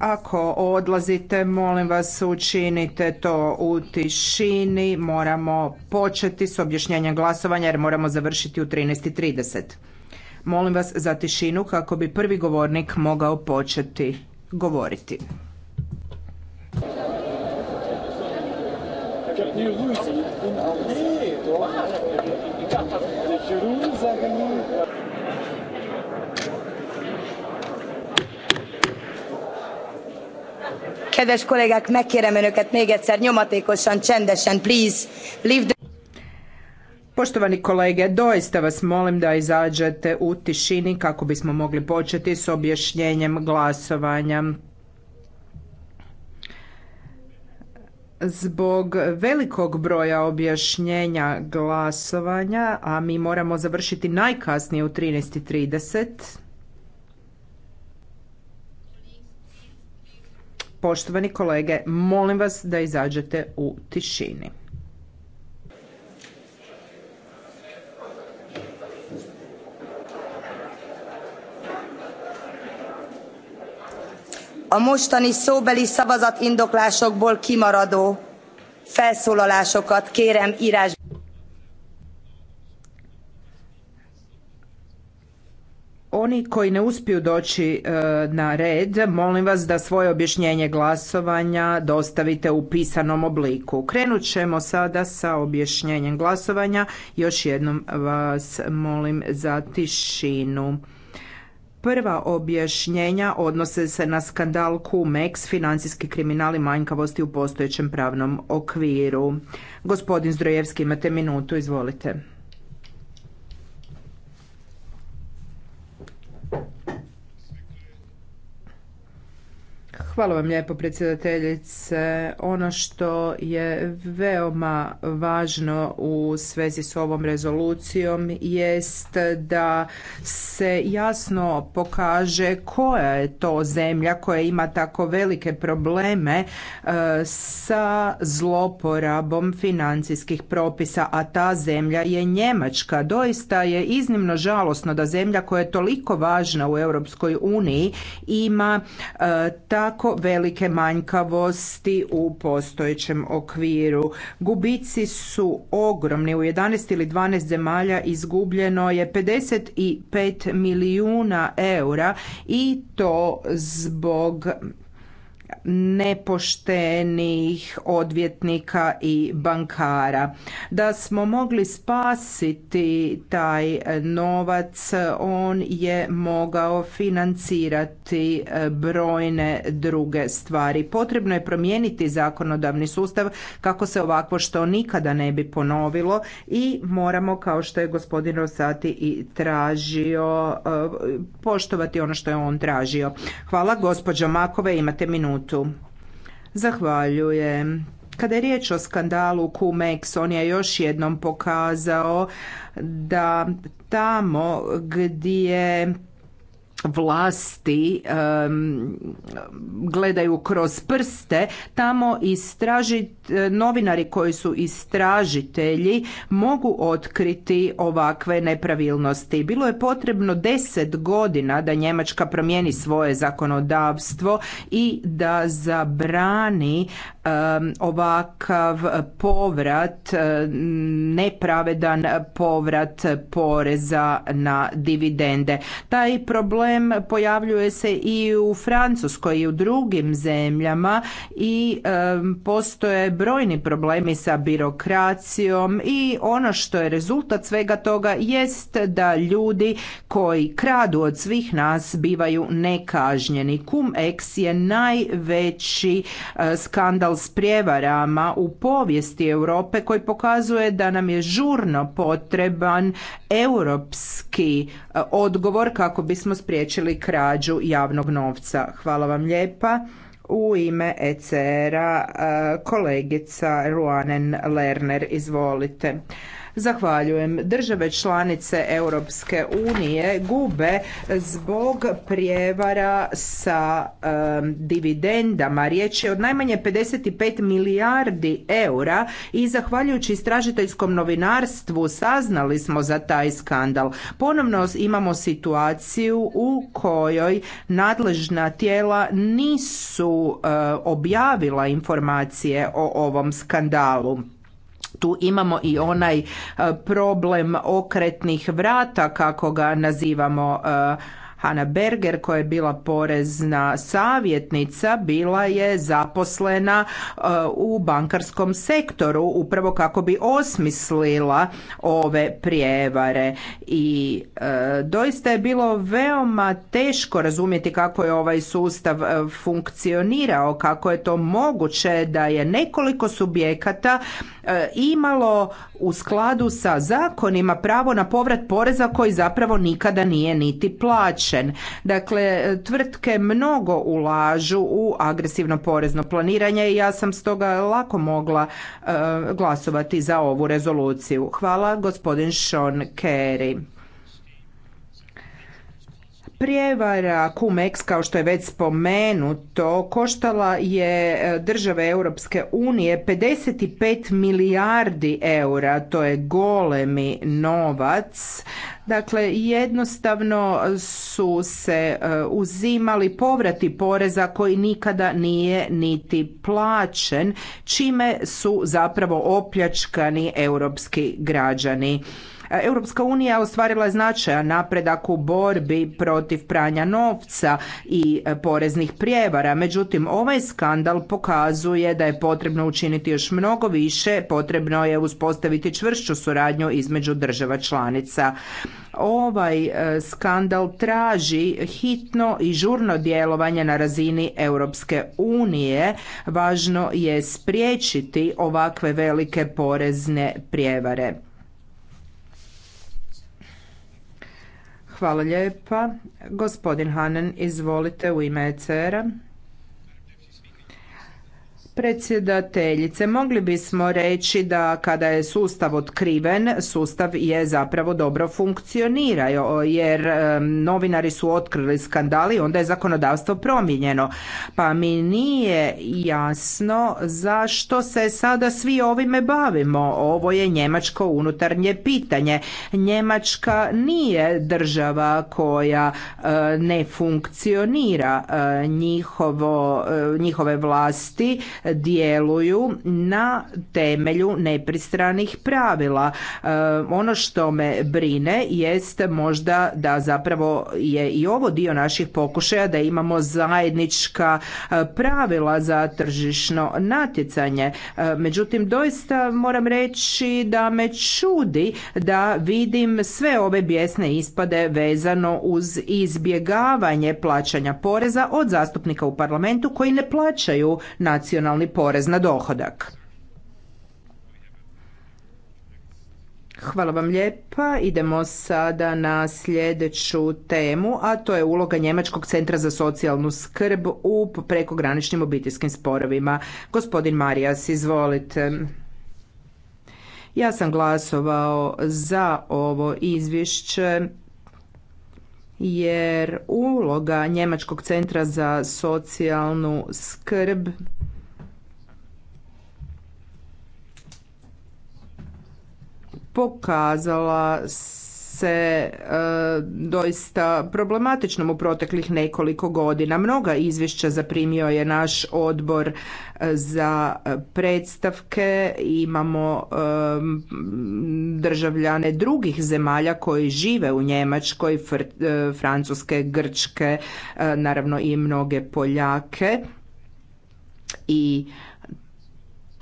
Ako odlazite, molim vas učinite to u tišini. Moramo početi s objašnjenjem glasovanja jer moramo završiti u 13.30. Molim vas za tišinu kako bi prvi govornik mogao početi govoriti. Kedves kollégák, megkérem önöket még egyszer nyomatékosan, csendesen, please, leave the... Poštovani kolege, doista vas molim da izađete u tišini kako bismo mogli početi s objašnjenjem glasovanja. Zbog velikog broja objašnjenja glasovanja, a mi moramo završiti najkasnije u 13.30, Poštovani kolege, molim vas da izađete u tišini. A mostani szóbeli szavazat indoklásokból kimaradó felszólalásokat kérem írás... oni koji ne uspiju doći e, na red, molim vas da svoje objašnjenje glasovanja dostavite u pisanom obliku. Krenut ćemo sada sa objašnjenjem glasovanja. Još jednom vas molim za tišinu. Prva objašnjenja odnose se na skandal QMEX, financijski kriminal i manjkavosti u postojećem pravnom okviru. Gospodin Zdrojevski, imate minutu, izvolite. Hvala vam lijepo predsjedateljice. Ono što je veoma važno u svezi s ovom rezolucijom jest da se jasno pokaže koja je to zemlja koja ima tako velike probleme e, sa zloporabom financijskih propisa, a ta zemlja je Njemačka. Doista je iznimno žalosno da zemlja koja je toliko važna u Europskoj uniji ima e, tako velike manjkavosti u postojećem okviru. Gubici su ogromni. U 11 ili 12 zemalja izgubljeno je 55 milijuna eura i to zbog nepoštenih odvjetnika i bankara. Da smo mogli spasiti taj novac, on je mogao financirati e, brojne druge stvari. Potrebno je promijeniti zakonodavni sustav kako se ovako što nikada ne bi ponovilo i moramo, kao što je gospodin Rosati i tražio, e, poštovati ono što je on tražio. Hvala, gospođo Makove, imate minutu minutu. Zahvaljujem. Kada je riječ o skandalu Kumex, on je još jednom pokazao da tamo gdje vlasti gledaju kroz prste, tamo istražit, e, novinari koji su istražitelji mogu otkriti ovakve nepravilnosti. Bilo je potrebno deset godina da Njemačka promijeni svoje zakonodavstvo i da zabrani ovakav povrat, e, nepravedan povrat poreza na dividende. Taj problem pojavljuje se i u Francuskoj i u drugim zemljama i postoje brojni problemi sa birokracijom i ono što je rezultat svega toga jest da ljudi koji kradu od svih nas bivaju nekažnjeni. Cum ex je najveći e, skandal skandal s prijevarama u povijesti Europe koji pokazuje da nam je žurno potreban europski e, odgovor kako bismo spriječili krađu javnog novca. Hvala vam lijepa. U ime ECR-a e, kolegica Ruanen Lerner, izvolite. Zahvaljujem. Države članice Europske unije gube zbog prijevara sa dividendama. Riječ je od najmanje 55 milijardi eura i zahvaljujući istražiteljskom novinarstvu saznali smo za taj skandal. Ponovno imamo situaciju u kojoj nadležna tijela nisu objavila informacije o ovom skandalu tu imamo i onaj e, problem okretnih vrata kako ga nazivamo e, Hanna Berger koja je bila porezna savjetnica bila je zaposlena uh, u bankarskom sektoru upravo kako bi osmislila ove prijevare i uh, doista je bilo veoma teško razumjeti kako je ovaj sustav uh, funkcionirao, kako je to moguće da je nekoliko subjekata imalo u skladu sa zakonima pravo na povrat poreza koji zapravo nikada nije niti plaćen. Dakle, tvrtke mnogo ulažu u agresivno porezno planiranje i ja sam stoga lako mogla e, glasovati za ovu rezoluciju. Hvala gospodin Sean Kerry. Prijevara Cumex, kao što je već spomenuto, koštala je e, države Europske unije 55 milijardi eura, to je golemi novac. Dakle, jednostavno su se e, uzimali povrati poreza koji nikada nije niti plaćen, čime su zapravo opljačkani europski građani. Europska unija ostvarila je značajan napredak u borbi protiv pranja novca i e, poreznih prijevara. Međutim, ovaj skandal pokazuje da je potrebno učiniti još mnogo više, potrebno je uspostaviti čvršću suradnju između država članica. Ovaj e, skandal traži hitno i žurno djelovanje na razini Europske unije. Važno je spriječiti ovakve velike porezne prijevare. Hvala lijepa. Gospodin Hanen, izvolite u ime ECR-a. Predsjedateljice, mogli bismo reći da kada je sustav otkriven, sustav je zapravo dobro funkcionirao jer e, novinari su otkrili skandali, onda je zakonodavstvo promijenjeno. Pa mi nije jasno zašto se sada svi ovime bavimo. Ovo je njemačko unutarnje pitanje. Njemačka nije država koja e, ne funkcionira. E, njihovo, njihove vlasti djeluju na temelju nepristranih pravila. E, ono što me brine jest možda da zapravo je i ovo dio naših pokušaja da imamo zajednička e, pravila za tržišno natjecanje. E, međutim, doista moram reći da me čudi da vidim sve ove bijesne ispade vezano uz izbjegavanje plaćanja poreza od zastupnika u parlamentu koji ne plaćaju nacionalne ni porez na dohodak. Hvala vam lijepa. Idemo sada na sljedeću temu, a to je uloga Njemačkog centra za socijalnu skrb u prekograničnim obiteljskim sporovima. Gospodin Marijas, izvolite. Ja sam glasovao za ovo izvješće jer uloga Njemačkog centra za socijalnu skrb pokazala se e, doista problematičnom u proteklih nekoliko godina. Mnoga izvješća zaprimio je naš odbor e, za predstavke. Imamo e, državljane drugih zemalja koji žive u Njemačkoj, Francuske, Grčke, naravno i mnoge Poljake i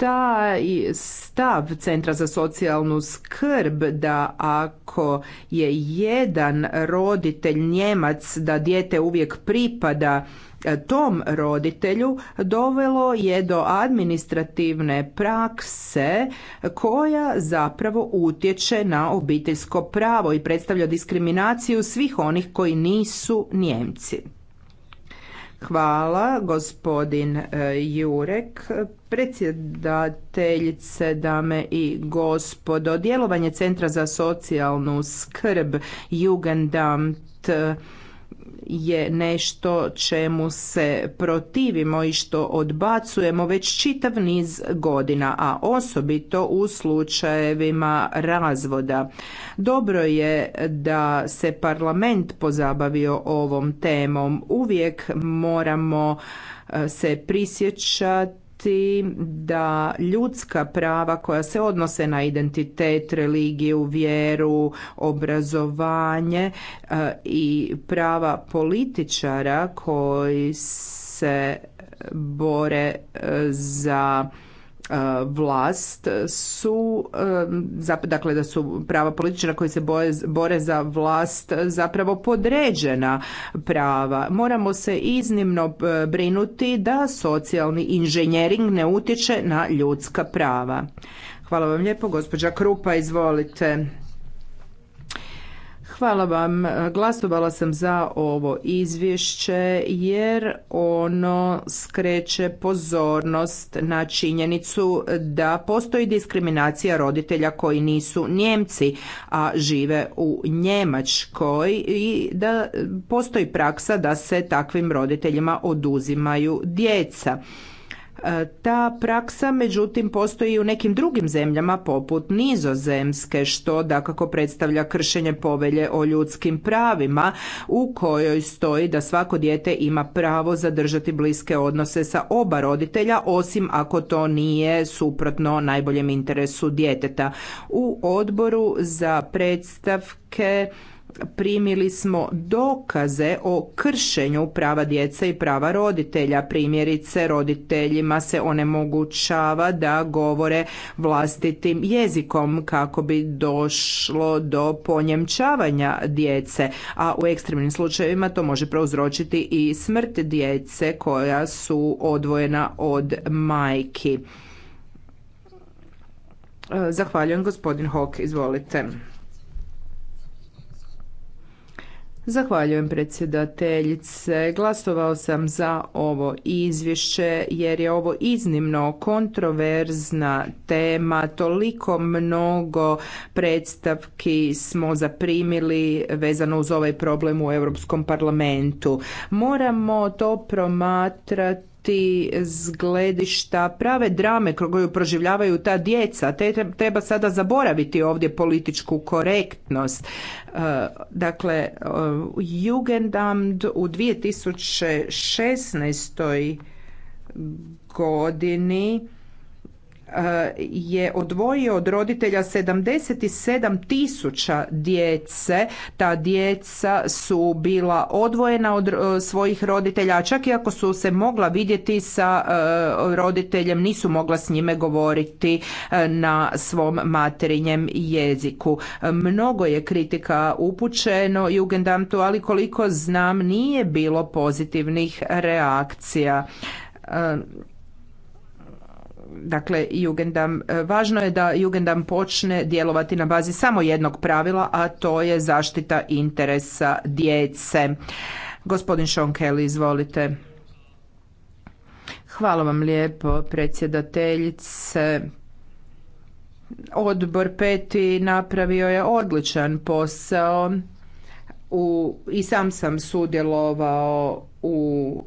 taj stav Centra za socijalnu skrb da ako je jedan roditelj Njemac da dijete uvijek pripada e, tom roditelju dovelo je do administrativne prakse koja zapravo utječe na obiteljsko pravo i predstavlja diskriminaciju svih onih koji nisu Njemci. Hvala, gospodin e, Jurek. Predsjedateljice, dame i gospodo, djelovanje Centra za socijalnu skrb Jugendamt je nešto čemu se protivimo i što odbacujemo već čitav niz godina, a osobito u slučajevima razvoda. Dobro je da se parlament pozabavio ovom temom. Uvijek moramo e, se prisjećati da ljudska prava koja se odnose na identitet, religiju, vjeru, obrazovanje e, i prava političara koji se bore e, za vlast su, dakle da su prava političara koji se bore za vlast zapravo podređena prava. Moramo se iznimno brinuti da socijalni inženjering ne utječe na ljudska prava. Hvala vam lijepo, gospođa Krupa, izvolite. Hvala vam. Glasovala sam za ovo izvješće jer ono skreće pozornost na činjenicu da postoji diskriminacija roditelja koji nisu Njemci, a žive u Njemačkoj i da postoji praksa da se takvim roditeljima oduzimaju djeca. E, ta praksa međutim postoji i u nekim drugim zemljama poput Nizozemske što dakako predstavlja kršenje povelje o ljudskim pravima u kojoj stoji da svako dijete ima pravo zadržati bliske odnose sa oba roditelja osim ako to nije suprotno najboljem interesu djeteta. U odboru za predstavke primili smo dokaze o kršenju prava djece i prava roditelja. Primjerice, roditeljima se onemogućava da govore vlastitim jezikom kako bi došlo do ponjemčavanja djece, a u ekstremnim slučajevima to može prouzročiti i smrt djece koja su odvojena od majki. Zahvaljujem gospodin Hok, izvolite. Zahvaljujem predsjedateljice. Glasovao sam za ovo izvješće jer je ovo iznimno kontroverzna tema. Toliko mnogo predstavki smo zaprimili vezano uz ovaj problem u Europskom parlamentu. Moramo to promatrati ti s prave drame koju proživljavaju ta djeca. Te treba sada zaboraviti ovdje političku korektnost. E, dakle, e, Jugendamt u 2016. godini je odvojio od roditelja 77 tisuća djece. Ta djeca su bila odvojena od e, svojih roditelja, čak i ako su se mogla vidjeti sa e, roditeljem, nisu mogla s njime govoriti e, na svom materinjem jeziku. Mnogo je kritika upućeno Jugendamtu, ali koliko znam nije bilo pozitivnih reakcija dakle Jugendam, e, važno je da Jugendam počne djelovati na bazi samo jednog pravila, a to je zaštita interesa djece. Gospodin Sean Kelly, izvolite. Hvala vam lijepo, predsjedateljice. Odbor peti napravio je odličan posao u, i sam sam sudjelovao u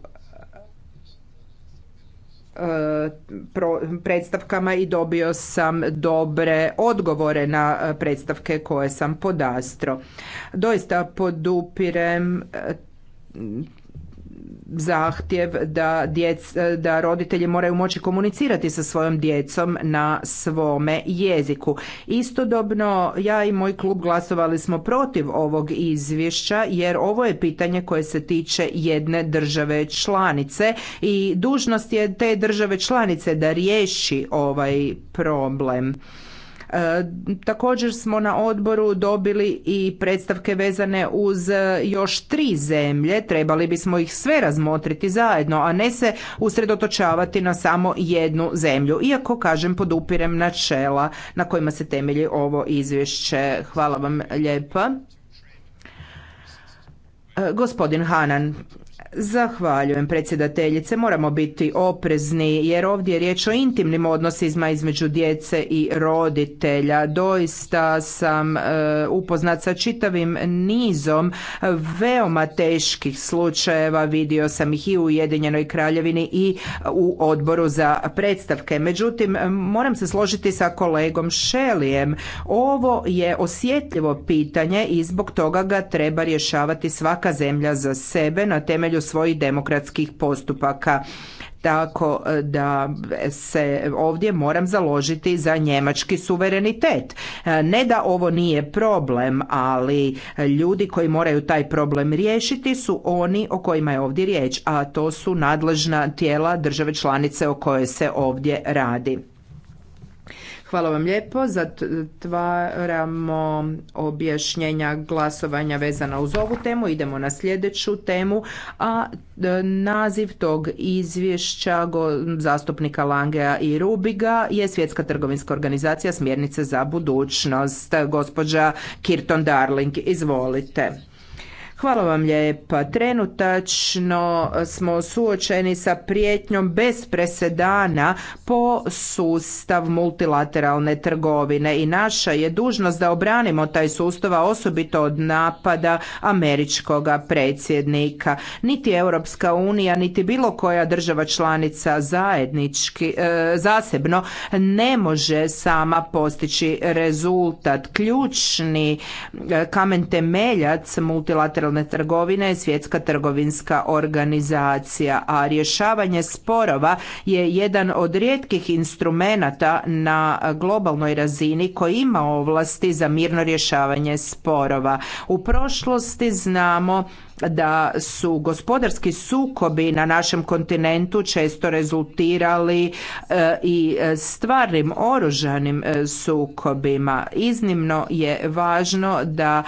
predstavkama i dobio sam dobre odgovore na e, predstavke koje sam podastro. Doista podupirem e, zahtjev da, djec, da roditelji moraju moći komunicirati sa svojom djecom na svome jeziku. Istodobno ja i moj klub glasovali smo protiv ovog izvješća jer ovo je pitanje koje se tiče jedne države članice i dužnost je te države članice da riješi ovaj problem. E, također smo na odboru dobili i predstavke vezane uz e, još tri zemlje, trebali bismo ih sve razmotriti zajedno, a ne se usredotočavati na samo jednu zemlju. Iako, kažem, podupirem načela na kojima se temelji ovo izvješće. Hvala vam lijepa. E, gospodin Hanan, Zahvaljujem predsjedateljice. Moramo biti oprezni jer ovdje je riječ o intimnim odnosima između djece i roditelja. Doista sam e, upoznat sa čitavim nizom veoma teških slučajeva. Vidio sam ih i u Ujedinjenoj kraljevini i u odboru za predstavke. Međutim, moram se složiti sa kolegom Šelijem. Ovo je osjetljivo pitanje i zbog toga ga treba rješavati svaka zemlja za sebe na temelju svojih demokratskih postupaka. Tako e, da se ovdje moram založiti za njemački suverenitet. E, ne da ovo nije problem, ali ljudi koji moraju taj problem riješiti su oni o kojima je ovdje riječ, a to su nadležna tijela države članice o kojoj se ovdje radi. Hvala vam lijepo. Zatvaramo objašnjenja glasovanja vezana uz ovu temu. Idemo na sljedeću temu, a naziv tog izvješća zastupnika Langea i Rubiga je Svjetska trgovinska organizacija smjernice za budućnost. Gospođa Kirton Darling, izvolite. Hvala vam lijepa. Trenutačno smo suočeni sa prijetnjom bez presedana po sustav multilateralne trgovine i naša je dužnost da obranimo taj sustav, a osobito od napada američkoga predsjednika. Niti Europska unija, niti bilo koja država članica zajednički, e, zasebno ne može sama postići rezultat. Ključni e, kamen temeljac multilateralne Međunarodne trgovine je svjetska trgovinska organizacija, a rješavanje sporova je jedan od rijetkih instrumenata na globalnoj razini koji ima ovlasti za mirno rješavanje sporova. U prošlosti znamo da su gospodarski sukobi na našem kontinentu često rezultirali e, i e, stvarnim oružanim e, sukobima. Iznimno je važno da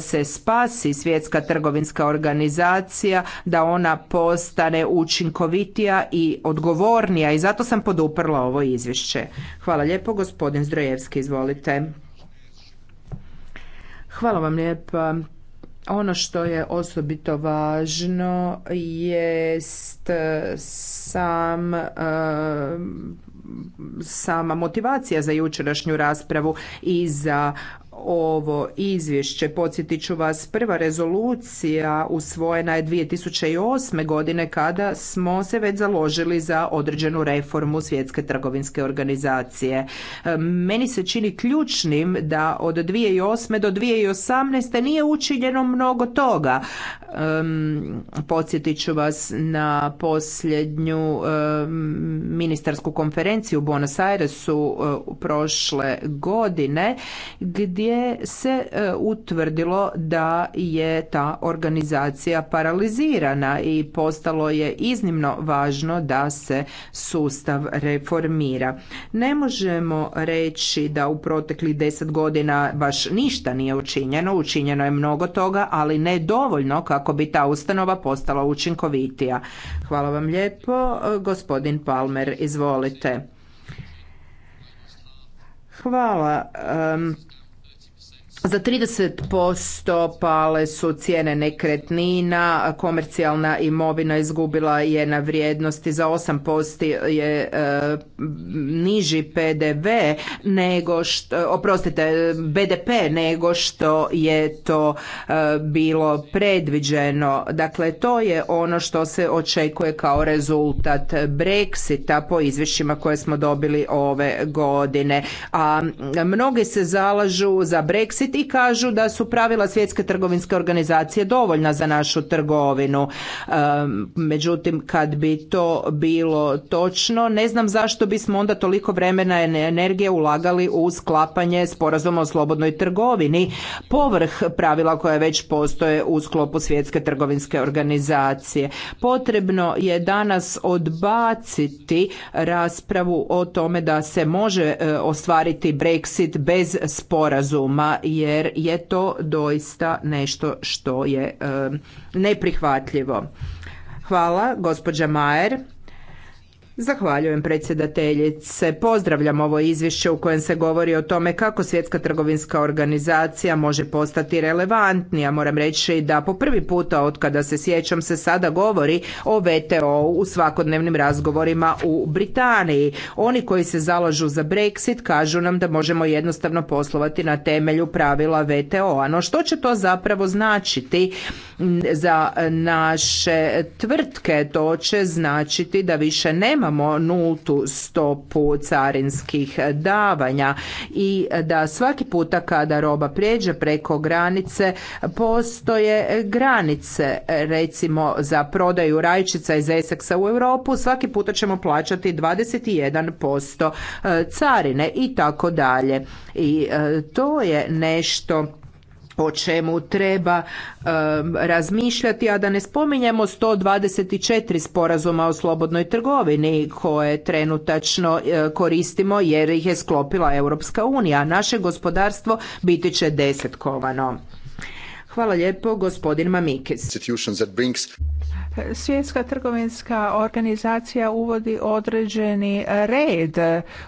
se spasi svjetska trgovinska organizacija, da ona postane učinkovitija i odgovornija i zato sam poduprla ovo izvješće. Hvala lijepo, gospodin Zdrojevski, izvolite. Hvala vam lijepa ono što je osobito važno jest sam eh, sama motivacija za jučerašnju raspravu i za ovo izvješće. Podsjetit ću vas, prva rezolucija usvojena je 2008. godine kada smo se već založili za određenu reformu svjetske trgovinske organizacije. Meni se čini ključnim da od 2008. do 2018. nije učinjeno mnogo toga. Podsjetit ću vas na posljednju ministarsku konferenciju u Buenos Airesu e, prošle godine gdje je se e, utvrdilo da je ta organizacija paralizirana i postalo je iznimno važno da se sustav reformira. Ne možemo reći da u proteklih deset godina baš ništa nije učinjeno, učinjeno je mnogo toga, ali ne dovoljno kako bi ta ustanova postala učinkovitija. Hvala vam lijepo. Gospodin Palmer, izvolite. Hvala. Za 30% pale su cijene nekretnina, komercijalna imovina izgubila je na vrijednosti, za 8% je e, niži PDV nego što, oprostite, BDP nego što je to e, bilo predviđeno. Dakle, to je ono što se očekuje kao rezultat Brexita po izvješćima koje smo dobili ove godine. A mnogi se zalažu za Brexit i kažu da su pravila svjetske trgovinske organizacije dovoljna za našu trgovinu. E, međutim, kad bi to bilo točno, ne znam zašto bismo onda toliko vremena i energije ulagali u sklapanje sporazuma o slobodnoj trgovini povrh pravila koja već postoje u sklopu svjetske trgovinske organizacije. Potrebno je danas odbaciti raspravu o tome da se može e, ostvariti Brexit bez sporazuma jer je to doista nešto što je neprihvatljivo. Hvala, gospođa Majer. Zahvaljujem predsjedateljice. Pozdravljam ovo izvješće u kojem se govori o tome kako svjetska trgovinska organizacija može postati relevantnija. Moram reći da po prvi puta od kada se sjećam se sada govori o VTO u svakodnevnim razgovorima u Britaniji. Oni koji se zalažu za Brexit kažu nam da možemo jednostavno poslovati na temelju pravila vto što će to zapravo značiti za naše tvrtke? To će značiti da više nema nemamo nultu stopu carinskih davanja i da svaki puta kada roba prijeđe preko granice postoje granice recimo za prodaju rajčica iz Eseksa u Europu svaki puta ćemo plaćati 21% carine i tako dalje i e, to je nešto o čemu treba razmišljati, a da ne spominjemo 124 sporazuma o slobodnoj trgovini koje trenutačno e, koristimo jer ih je sklopila Europska unija, a naše gospodarstvo biti će desetkovano. Hvala lijepo, gospodin Mamikis. Svjetska trgovinska organizacija uvodi određeni red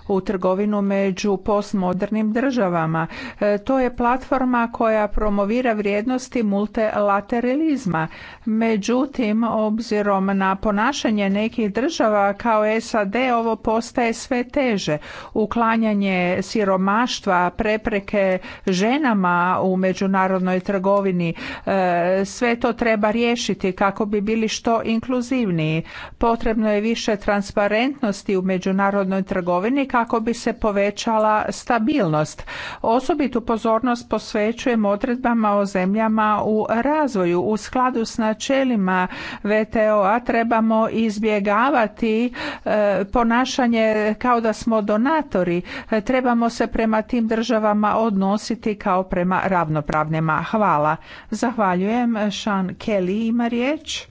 u trgovinu među postmodernim državama. E, to je platforma koja promovira vrijednosti multilateralizma. Međutim, obzirom na ponašanje nekih država kao SAD ovo postaje sve teže. Uklanjanje siromaštva, prepreke ženama u međunarodnoj trgovini, e, sve to treba riješiti kako bi bili što inkluzivniji. Potrebno je više transparentnosti u međunarodnoj trgovini kako bi se povećala stabilnost. Osobitu pozornost posvećujem odredbama o zemljama u razvoju. U skladu s načelima VTO-a trebamo izbjegavati e, ponašanje kao da smo donatori. Trebamo se prema tim državama odnositi kao prema ravnopravnima. Hvala. Zahvaljujem. Sean Kelly ima riječ.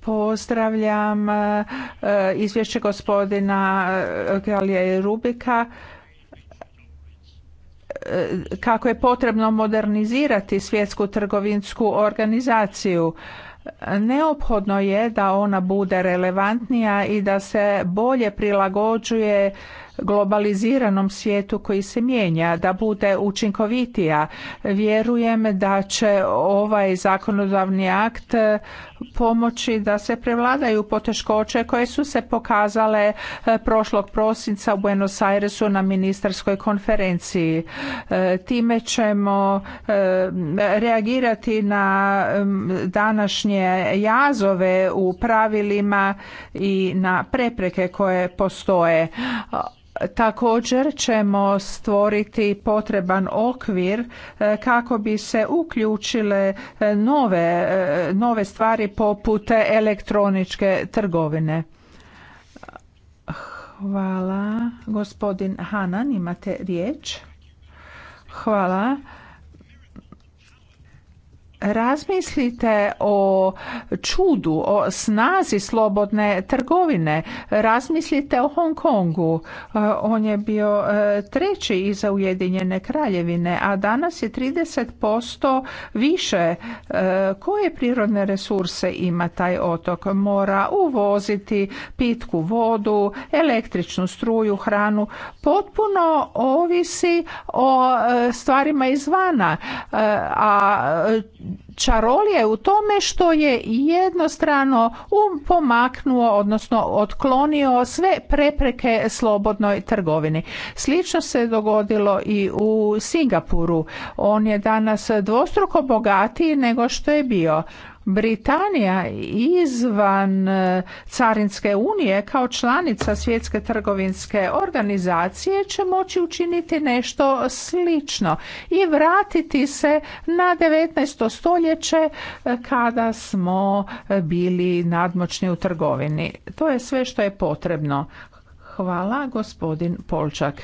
Pozdravljam e, e, izvješće gospodina Galija e, i Rubika kako je potrebno modernizirati svjetsku trgovinsku organizaciju. Neophodno je da ona bude relevantnija i da se bolje prilagođuje globaliziranom svijetu koji se mijenja, da bude učinkovitija. Vjerujem da će ovaj zakonodavni akt eh, pomoći da se prevladaju poteškoće koje su se pokazale eh, prošlog prosinca u Buenos Airesu na ministarskoj konferenciji. Eh, time ćemo reagirati na današnje jazove u pravilima i na prepreke koje postoje Također ćemo stvoriti potreban okvir e, kako bi se uključile e, nove, e, nove stvari poput elektroničke trgovine. Hvala. Gospodin Hanan, imate riječ. Hvala. Razmislite o čudu, o snazi slobodne trgovine. Razmislite o Hong Kongu. E, on je bio e, treći iza Ujedinjene kraljevine, a danas je 30% više. E, koje prirodne resurse ima taj otok? Mora uvoziti pitku vodu, električnu struju, hranu. Potpuno ovisi o stvarima izvana. A čarolija je u tome što je jednostrano um pomaknuo, odnosno otklonio sve prepreke slobodnoj trgovini. Slično se dogodilo i u Singapuru. On je danas dvostruko bogatiji nego što je bio. Britanija izvan e, Carinske unije kao članica Svjetske trgovinske organizacije će moći učiniti nešto slično i vratiti se na 19. stoljeće e, kada smo bili nadmoćni u trgovini. To je sve što je potrebno. Hvala gospodin Polčak.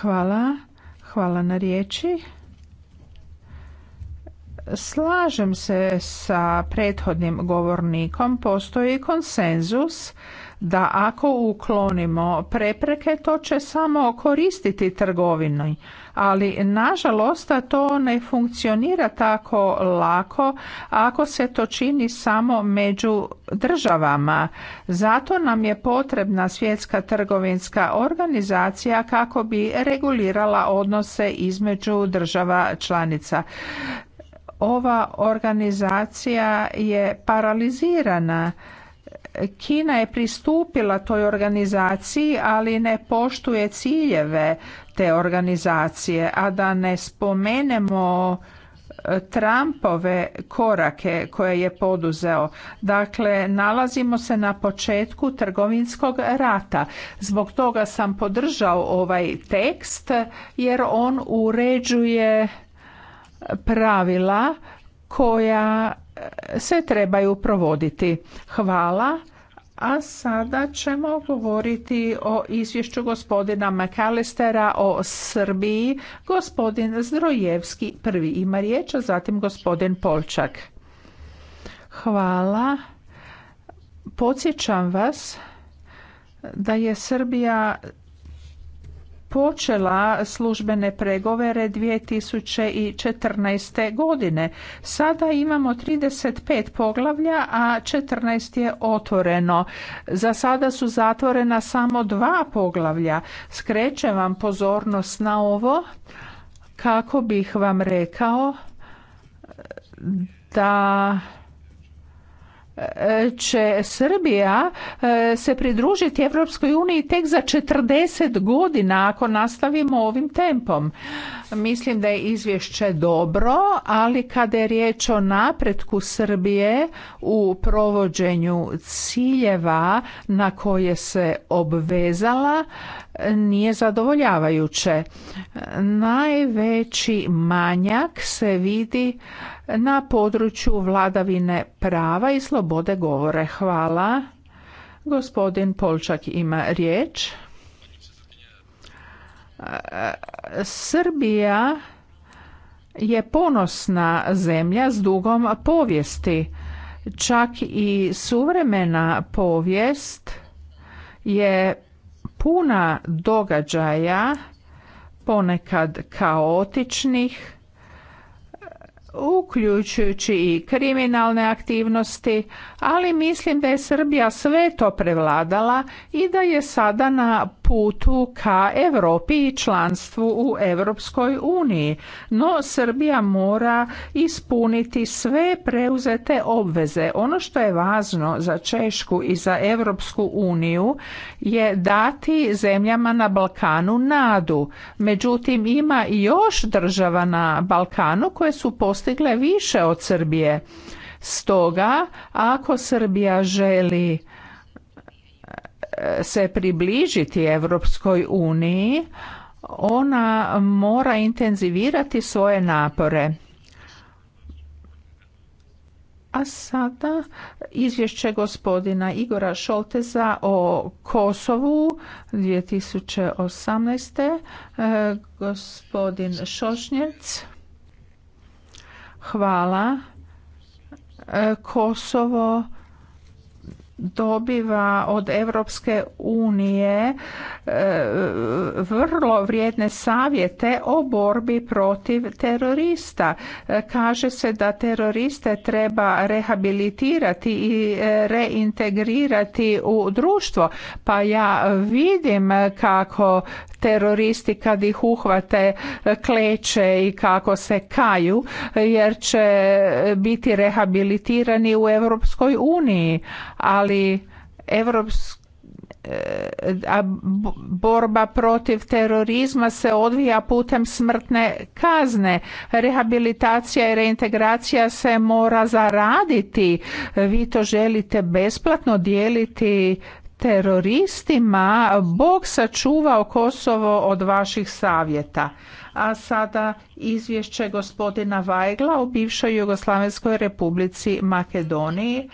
Hvala. Hvala na riječi. Slažem se sa prethodnim govornikom, postoji konsenzus da ako uklonimo prepreke to će samo koristiti trgovini, ali nažalost to ne funkcionira tako lako ako se to čini samo među državama. Zato nam je potrebna svjetska trgovinska organizacija kako bi regulirala odnose između država članica ova organizacija je paralizirana. Kina je pristupila toj organizaciji, ali ne poštuje ciljeve te organizacije, a da ne spomenemo e, Trumpove korake koje je poduzeo. Dakle, nalazimo se na početku trgovinskog rata. Zbog toga sam podržao ovaj tekst jer on uređuje pravila koja e, se trebaju provoditi. Hvala. A sada ćemo govoriti o izvješću gospodina McAllistera o Srbiji. Gospodin Zdrojevski prvi ima riječ, a zatim gospodin Polčak. Hvala. Podsjećam vas da je Srbija počela službene pregovore 2014. godine. Sada imamo 35 poglavlja, a 14 je otvoreno. Za sada su zatvorena samo dva poglavlja. Skrećem vam pozornost na ovo kako bih vam rekao da će Srbija e, se pridružiti Evropskoj uniji tek za 40 godina ako nastavimo ovim tempom. Mislim da je izvješće dobro, ali kada je riječ o napretku Srbije u provođenju ciljeva na koje se obvezala, nije zadovoljavajuće. Najveći manjak se vidi na području vladavine prava i slobode govore. Hvala. Gospodin Polčak ima riječ. Srbija je ponosna zemlja s dugom povijesti. Čak i suvremena povijest je puna događaja ponekad kaotičnih uključujući i kriminalne aktivnosti, ali mislim da je Srbija sve to prevladala i da je sada na putu ka Europi i članstvu u Europskoj uniji. No Srbija mora ispuniti sve preuzete obveze. Ono što je važno za Češku i za Europsku uniju je dati zemljama na Balkanu nadu. Međutim ima još država na Balkanu koje su postavljene postigle više od Srbije. Stoga, ako Srbija želi e, se približiti Europskoj uniji, ona mora intenzivirati svoje napore. A sada izvješće gospodina Igora Šolteza o Kosovu 2018. E, gospodin Šošnjec. Hvala. E, Kosovo dobiva od Europske unije e, vrlo vrijedne savjete o borbi protiv terorista. E, kaže se da teroriste treba rehabilitirati i reintegrirati u društvo, pa ja vidim kako teroristi kad ih uhvate kleče i kako se kaju jer će biti rehabilitirani u Europskoj uniji, ali a borba protiv terorizma se odvija putem smrtne kazne. Rehabilitacija i reintegracija se mora zaraditi. Vi to želite besplatno dijeliti teroristima Bog sačuvao Kosovo od vaših savjeta. A sada izvješće gospodina Vajgla u bivšoj Jugoslavenskoj republici Makedoniji.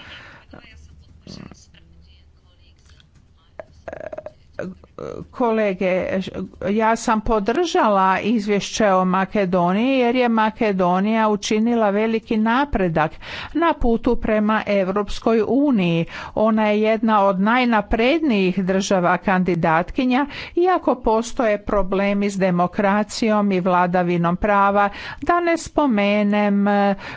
kolege, ja sam podržala izvješće o Makedoniji jer je Makedonija učinila veliki napredak na putu prema Europskoj uniji. Ona je jedna od najnaprednijih država kandidatkinja, iako postoje problemi s demokracijom i vladavinom prava, da ne spomenem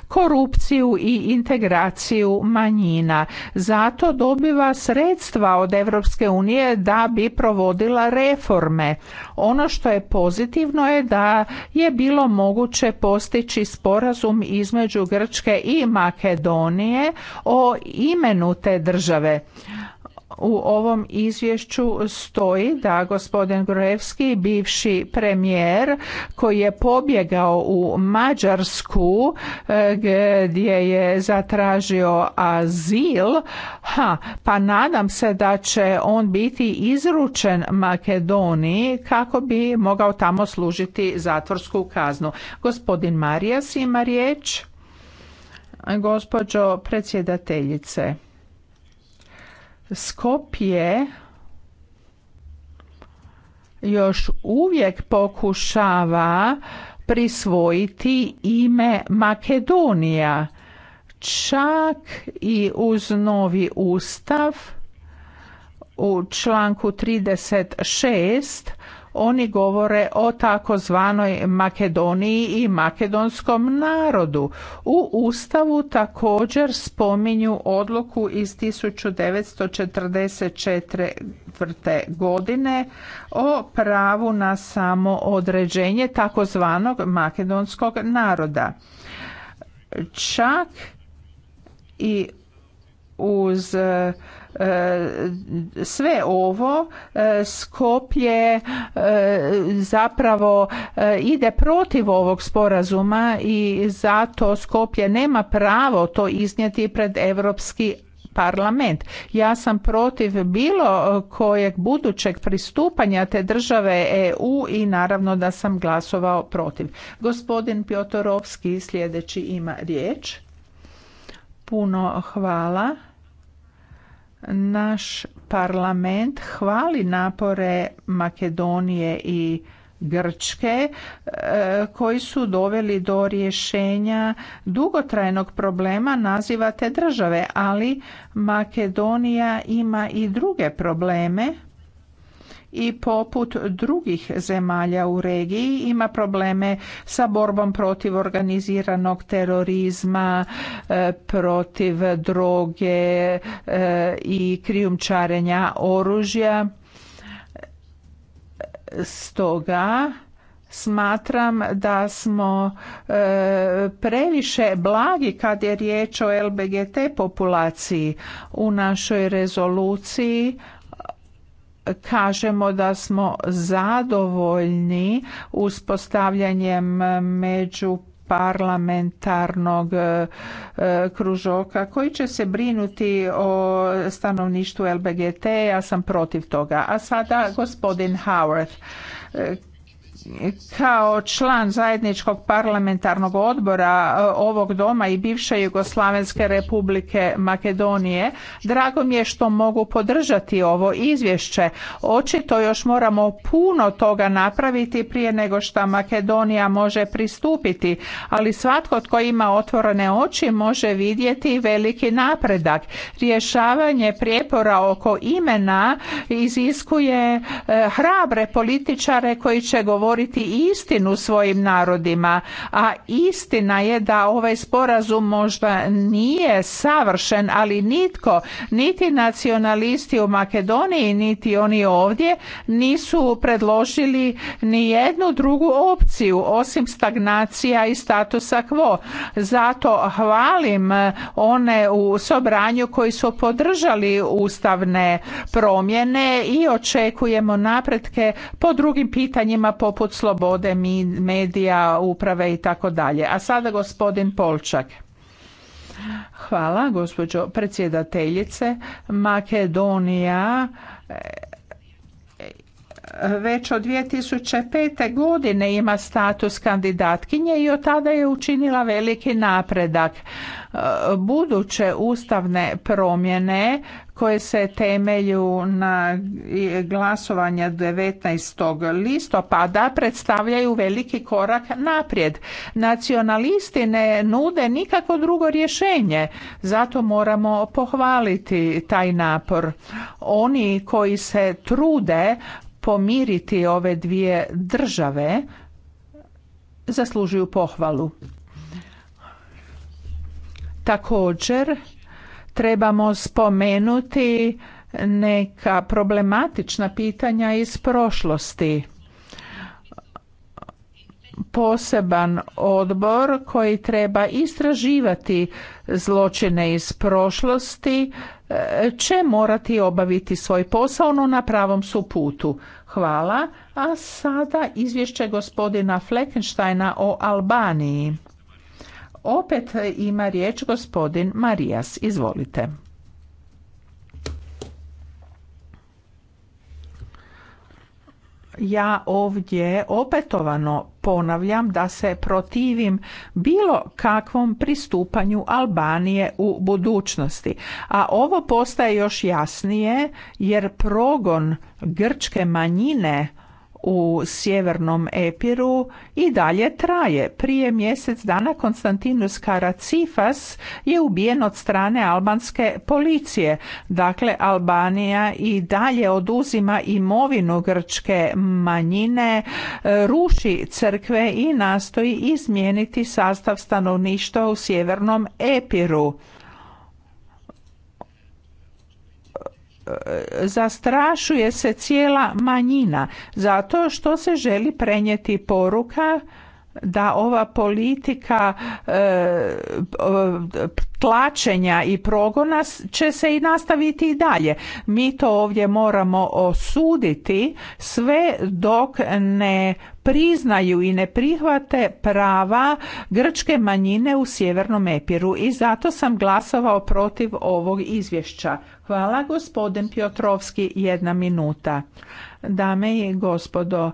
korupciju i integraciju manjina. Zato dobiva sredstva od Europske unije da bi provodila provodila reforme. Ono što je pozitivno je da je bilo moguće postići sporazum između Grčke i Makedonije o imenu te države u ovom izvješću stoji da gospodin Gruevski, bivši premijer koji je pobjegao u Mađarsku e, gdje je zatražio azil, ha, pa nadam se da će on biti izručen Makedoniji kako bi mogao tamo služiti zatvorsku kaznu. Gospodin Marijas ima riječ. Gospođo predsjedateljice. Skopje još uvijek pokušava prisvojiti ime Makedonija. Čak i uz novi ustav u članku 36 oni govore o takozvanoj Makedoniji i makedonskom narodu. U Ustavu također spominju odluku iz 1944. godine o pravu na samoodređenje takozvanog makedonskog naroda. Čak i uz e, e, sve ovo e, Skoplje zapravo ide protiv ovog sporazuma i zato Skopje nema pravo to iznijeti pred Europski parlament. Ja sam protiv bilo kojeg budućeg pristupanja te države EU i naravno da sam glasovao protiv. Gospodin Pjotorovski sljedeći ima riječ. Puno hvala. Naš parlament hvali napore Makedonije i Grčke e, koji su doveli do rješenja dugotrajnog problema nazivate države, ali Makedonija ima i druge probleme i poput drugih zemalja u regiji ima probleme sa borbom protiv organiziranog terorizma, e, protiv droge e, i krijumčarenja oružja. Stoga smatram da smo e, previše blagi kad je riječ o LBGT populaciji u našoj rezoluciji kažemo da smo zadovoljni uspostavljanjem među parlamentarnog e, kružoka koji će se brinuti o stanovništvu LBGT, ja sam protiv toga. A sada gospodin Howard e, kao član zajedničkog parlamentarnog odbora e, ovog doma i bivše Jugoslavenske republike Makedonije, drago mi je što mogu podržati ovo izvješće. Očito još moramo puno toga napraviti prije nego što Makedonija može pristupiti, ali svatko tko ima otvorene oči može vidjeti veliki napredak. Rješavanje prijepora oko imena iziskuje e, hrabre političare koji će govoriti govoriti istinu svojim narodima, a istina je da ovaj sporazum možda nije savršen, ali nitko, niti nacionalisti u Makedoniji, niti oni ovdje nisu predložili ni jednu drugu opciju osim stagnacija i statusa quo. Zato hvalim one u Sobranju koji su podržali ustavne promjene i očekujemo napretke po drugim pitanjima poput poput slobode medija, uprave i tako dalje. A sada gospodin Polčak. Hvala, gospođo predsjedateljice. Makedonija već od 2005. godine ima status kandidatkinje i od tada je učinila veliki napredak. E, buduće ustavne promjene koje se temelju na glasovanja 19. listopada predstavljaju veliki korak naprijed. Nacionalisti ne nude nikako drugo rješenje, zato moramo pohvaliti taj napor. Oni koji se trude pomiriti ove dvije države zaslužuju pohvalu. Također trebamo spomenuti neka problematična pitanja iz prošlosti poseban odbor koji treba istraživati zločine iz prošlosti e, će morati obaviti svoj posao, na pravom su putu. Hvala. A sada izvješće gospodina Fleckensteina o Albaniji. Opet ima riječ gospodin Marijas. Izvolite. ja ovdje opetovano ponavljam da se protivim bilo kakvom pristupanju Albanije u budućnosti. A ovo postaje još jasnije jer progon grčke manjine u sjevernom Epiru i dalje traje. Prije mjesec dana Konstantinus Karacifas je ubijen od strane albanske policije. Dakle, Albanija i dalje oduzima imovinu grčke manjine, e, ruši crkve i nastoji izmijeniti sastav stanovništva u sjevernom Epiru. zastrašuje se cijela manjina zato što se želi prenijeti poruka da ova politika e, tlačenja i progona će se i nastaviti i dalje. Mi to ovdje moramo osuditi sve dok ne priznaju i ne prihvate prava grčke manjine u Sjevernom Epiru i zato sam glasovao protiv ovog izvješća. Hvala gospodin Piotrovski, jedna minuta. Dame i gospodo,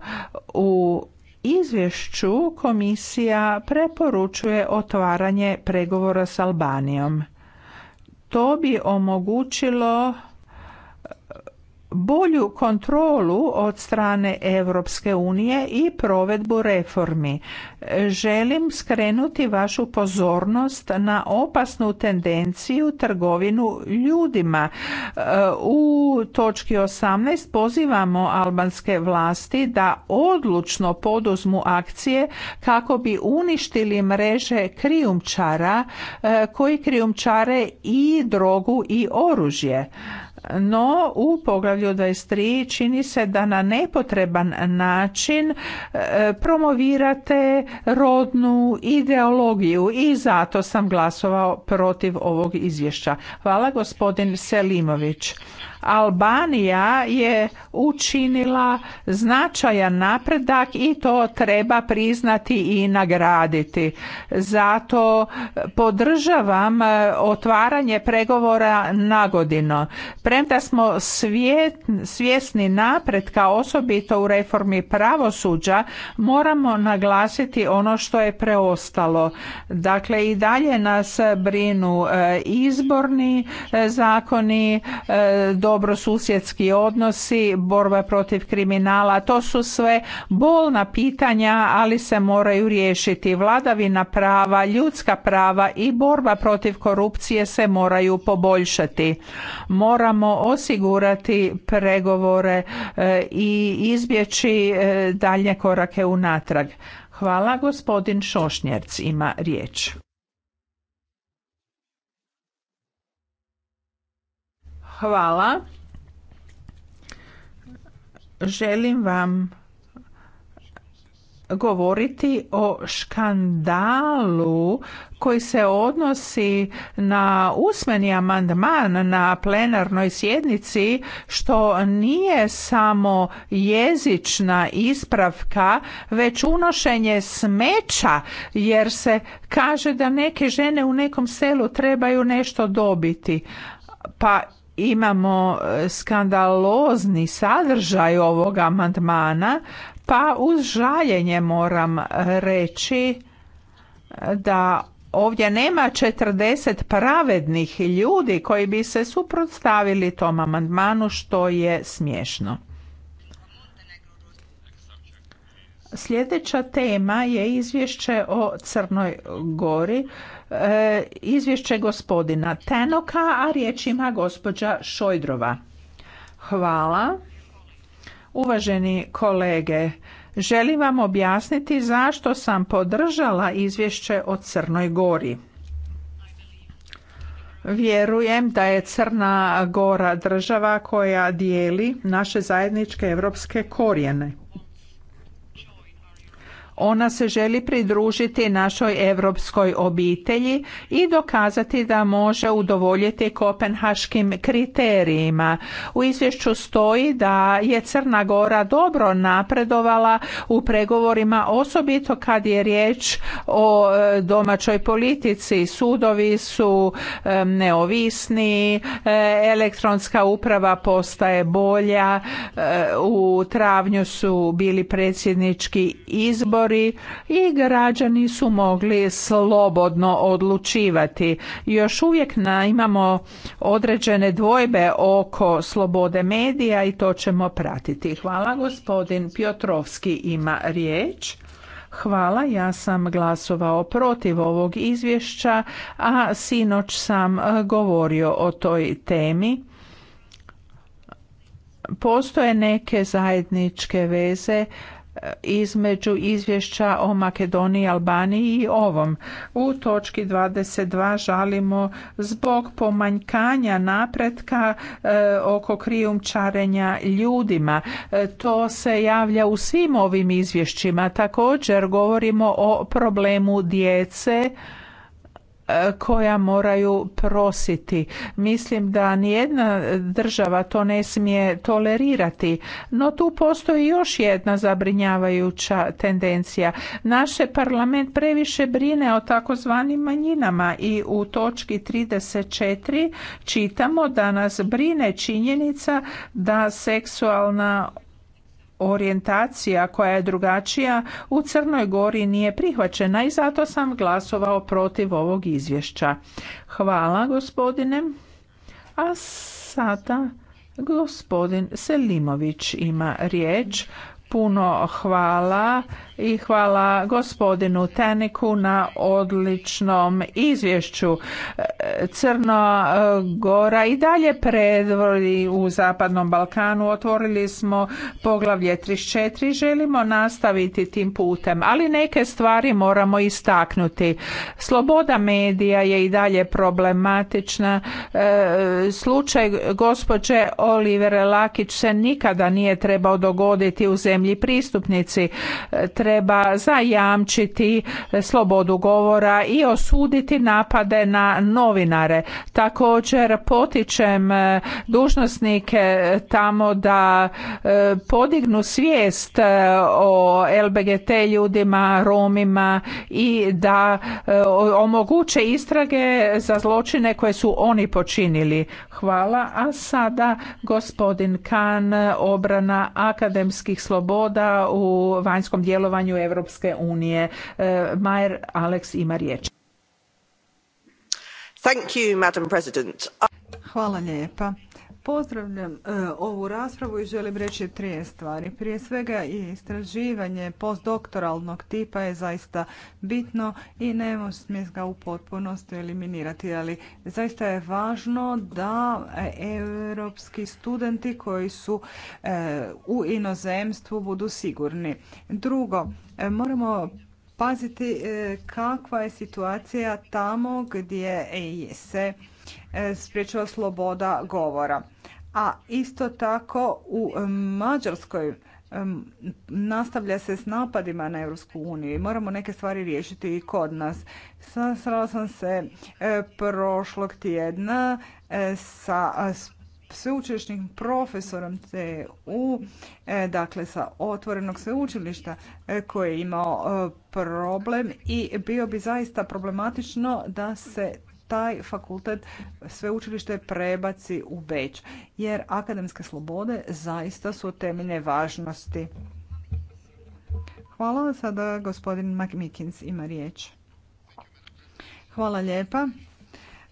u izvješću komisija preporučuje otvaranje pregovora s Albanijom. To bi omogućilo bolju kontrolu od strane Europske unije i provedbu reformi. Želim skrenuti vašu pozornost na opasnu tendenciju trgovinu ljudima. E, u točki 18 pozivamo albanske vlasti da odlučno poduzmu akcije kako bi uništili mreže krijumčara e, koji krijumčare i drogu i oružje no, u poglavlju 23 čini se da na nepotreban način e, promovirate rodnu ideologiju i zato sam glasovao protiv ovog izvješća. Hvala gospodin Selimović. Albanija je učinila značajan napredak i to treba priznati i nagraditi. Zato podržavam e, otvaranje pregovora na godinu Premda smo svjesni napretka osobito u reformi pravosuđa, moramo naglasiti ono što je preostalo. Dakle i dalje nas brinu e, izborni e, zakoni do dobro susjedski odnosi, borba protiv kriminala, to su sve bolna pitanja, ali se moraju riješiti. Vladavina prava, ljudska prava i borba protiv korupcije se moraju poboljšati. Moramo osigurati pregovore e, i izbjeći e, dalje korake unatrag. Hvala, gospodin Šošnjerc ima riječ. Hvala. Želim vam govoriti o škandalu koji se odnosi na usmeni amandman na plenarnoj sjednici što nije samo jezična ispravka već unošenje smeća jer se kaže da neke žene u nekom selu trebaju nešto dobiti. Pa imamo e, skandalozni sadržaj ovog amandmana, pa uz žaljenje moram reći e, da ovdje nema 40 pravednih ljudi koji bi se suprotstavili tom amandmanu što je smiješno. Sljedeća tema je izvješće o Crnoj Gori. E, izvješće gospodina Tenoka, a riječ ima gospođa Šojdrova. Hvala. Uvaženi kolege, želim vam objasniti zašto sam podržala izvješće o Crnoj Gori. Vjerujem da je Crna Gora država koja dijeli naše zajedničke europske korijene. Ona se želi pridružiti našoj europskoj obitelji i dokazati da može udovoljiti kopenhaškim kriterijima. U izvješću stoji da je Crna Gora dobro napredovala u pregovorima osobito kad je riječ o e, domaćoj politici. Sudovi su e, neovisni, e, elektronska uprava postaje bolja, u travnju su bili predsjednički izbor i građani su mogli slobodno odlučivati. Još uvijek imamo određene dvojbe oko slobode medija i to ćemo pratiti. Hvala gospodin Piotrovski ima riječ. Hvala, ja sam glasovao protiv ovog izvješća, a sinoć sam e, govorio o toj temi. Postoje neke zajedničke veze između izvješća o Makedoniji i Albaniji i ovom. U točki 22 žalimo zbog pomanjkanja napretka e, oko krijumčarenja ljudima. E, to se javlja u svim ovim izvješćima. Također govorimo o problemu djece koja moraju prositi. Mislim da nijedna država to ne smije tolerirati, no tu postoji još jedna zabrinjavajuća tendencija. Naš parlament previše brine o takozvanim manjinama i u točki 34 čitamo da nas brine činjenica da seksualna orijentacija koja je drugačija u Crnoj Gori nije prihvaćena i zato sam glasovao protiv ovog izvješća. Hvala gospodine. A sada gospodin Selimović ima riječ. Puno hvala i hvala gospodinu Teniku na odličnom izvješću. E, Crna e, Gora i dalje predvori u Zapadnom Balkanu. Otvorili smo poglavlje 34 želimo nastaviti tim putem, ali neke stvari moramo istaknuti. Sloboda medija je i dalje problematična. E, slučaj gospođe Olivere Lakić se nikada nije trebao dogoditi u zemlji pristupnici treba zajamčiti slobodu govora i osuditi napade na novinare. Također potičem e, dužnosnike tamo da e, podignu svijest e, o LBGT ljudima, Romima i da omoguće istrage za zločine koje su oni počinili. Hvala. A sada gospodin Kan, obrana akademskih sloboda u vanjskom djelovanju Europske unije. E, Majer Alex ima riječ. Thank Hvala lijepa. Pozdravljam e, ovu raspravu i želim reći trije stvari. Prije svega istraživanje postdoktoralnog tipa je zaista bitno i ne možemo ga u potpunosti eliminirati, ali zaista je važno da e, europski studenti koji su e, u inozemstvu budu sigurni. Drugo, moramo paziti kakva je situacija tamo gdje se E, spriječila sloboda govora. A isto tako u Mađarskoj nastavlja se s napadima na Europsku uniju i moramo neke stvari riješiti i kod nas. Srala sam se e, prošlog tjedna e, sa sveučilišnim profesorom CU, dakle sa otvorenog sveučilišta koji je imao problem i bio bi zaista problematično da se taj fakultet sveučilište prebaci u Beč. Jer akademske slobode zaista su od temeljne važnosti. Hvala. Sada gospodin McMikins ima riječ. Hvala lijepa.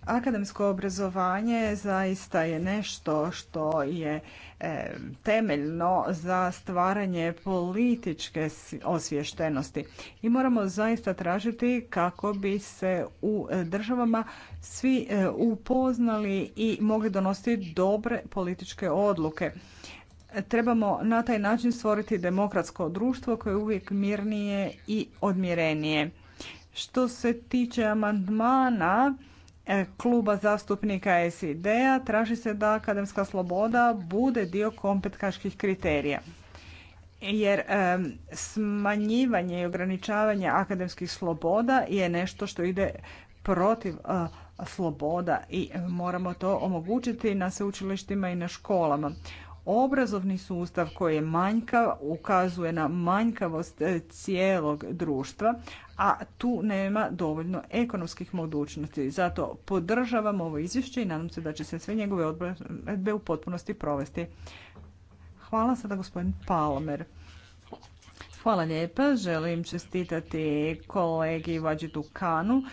Akademsko obrazovanje zaista je nešto što je E, temeljno za stvaranje političke osviještenosti i moramo zaista tražiti kako bi se u državama svi e, upoznali i mogli donositi dobre političke odluke. Trebamo na taj način stvoriti demokratsko društvo koje je uvijek mirnije i odmjerenije. Što se tiče amandmana, E, kluba zastupnika SID-a traži se da akademska sloboda bude dio kompetkaških kriterija. Jer e, smanjivanje i ograničavanje akademskih sloboda je nešto što ide protiv e, sloboda i moramo to omogućiti na sveučilištima i na školama. Obrazovni sustav koji je manjkav ukazuje na manjkavost cijelog društva, a tu nema dovoljno ekonomskih mogućnosti. Zato podržavam ovo izvješće i nadam se da će se sve njegove odredbe u potpunosti provesti. Hvala sada gospodin Palmer. Hvala lijepa. Želim čestitati kolegi Vađitu Kanu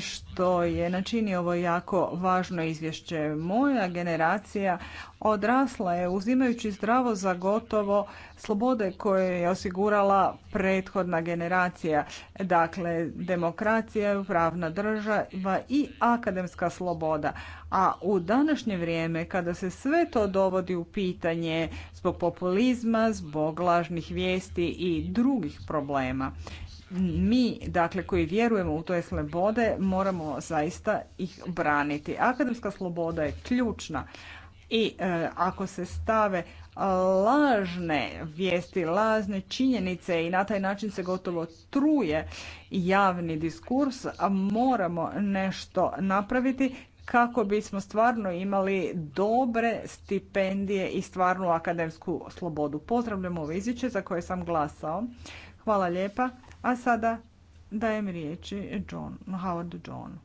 što je načini ovo jako važno izvješće. Moja generacija odrasla je uzimajući zdravo za gotovo slobode koje je osigurala prethodna generacija. Dakle, demokracija, pravna država i akademska sloboda. A u današnje vrijeme kada se sve to dovodi u pitanje zbog populizma, zbog lažnih vijesti i drugih problema, mi, dakle, koji vjerujemo u te slobode, moramo zaista ih braniti. Akademska sloboda je ključna i e, ako se stave lažne vijesti, lažne činjenice i na taj način se gotovo truje javni diskurs, a moramo nešto napraviti kako bismo stvarno imali dobre stipendije i stvarnu akademsku slobodu. Pozdravljam ovo izvješće za koje sam glasao. Hvala lijepa. A sada dajem riječi John, Howard John.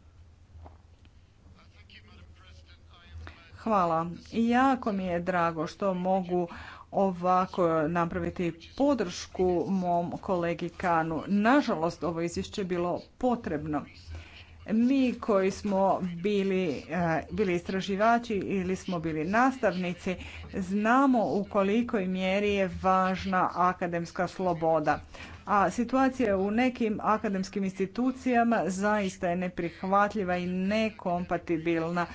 Hvala. Jako mi je drago što mogu ovako napraviti podršku mom kolegi Kanu. Nažalost, ovo izvješće je bilo potrebno. Mi koji smo bili, eh, bili istraživači ili smo bili nastavnici, znamo u kolikoj mjeri je važna akademska sloboda a situacija u nekim akademskim institucijama zaista je neprihvatljiva i nekompatibilna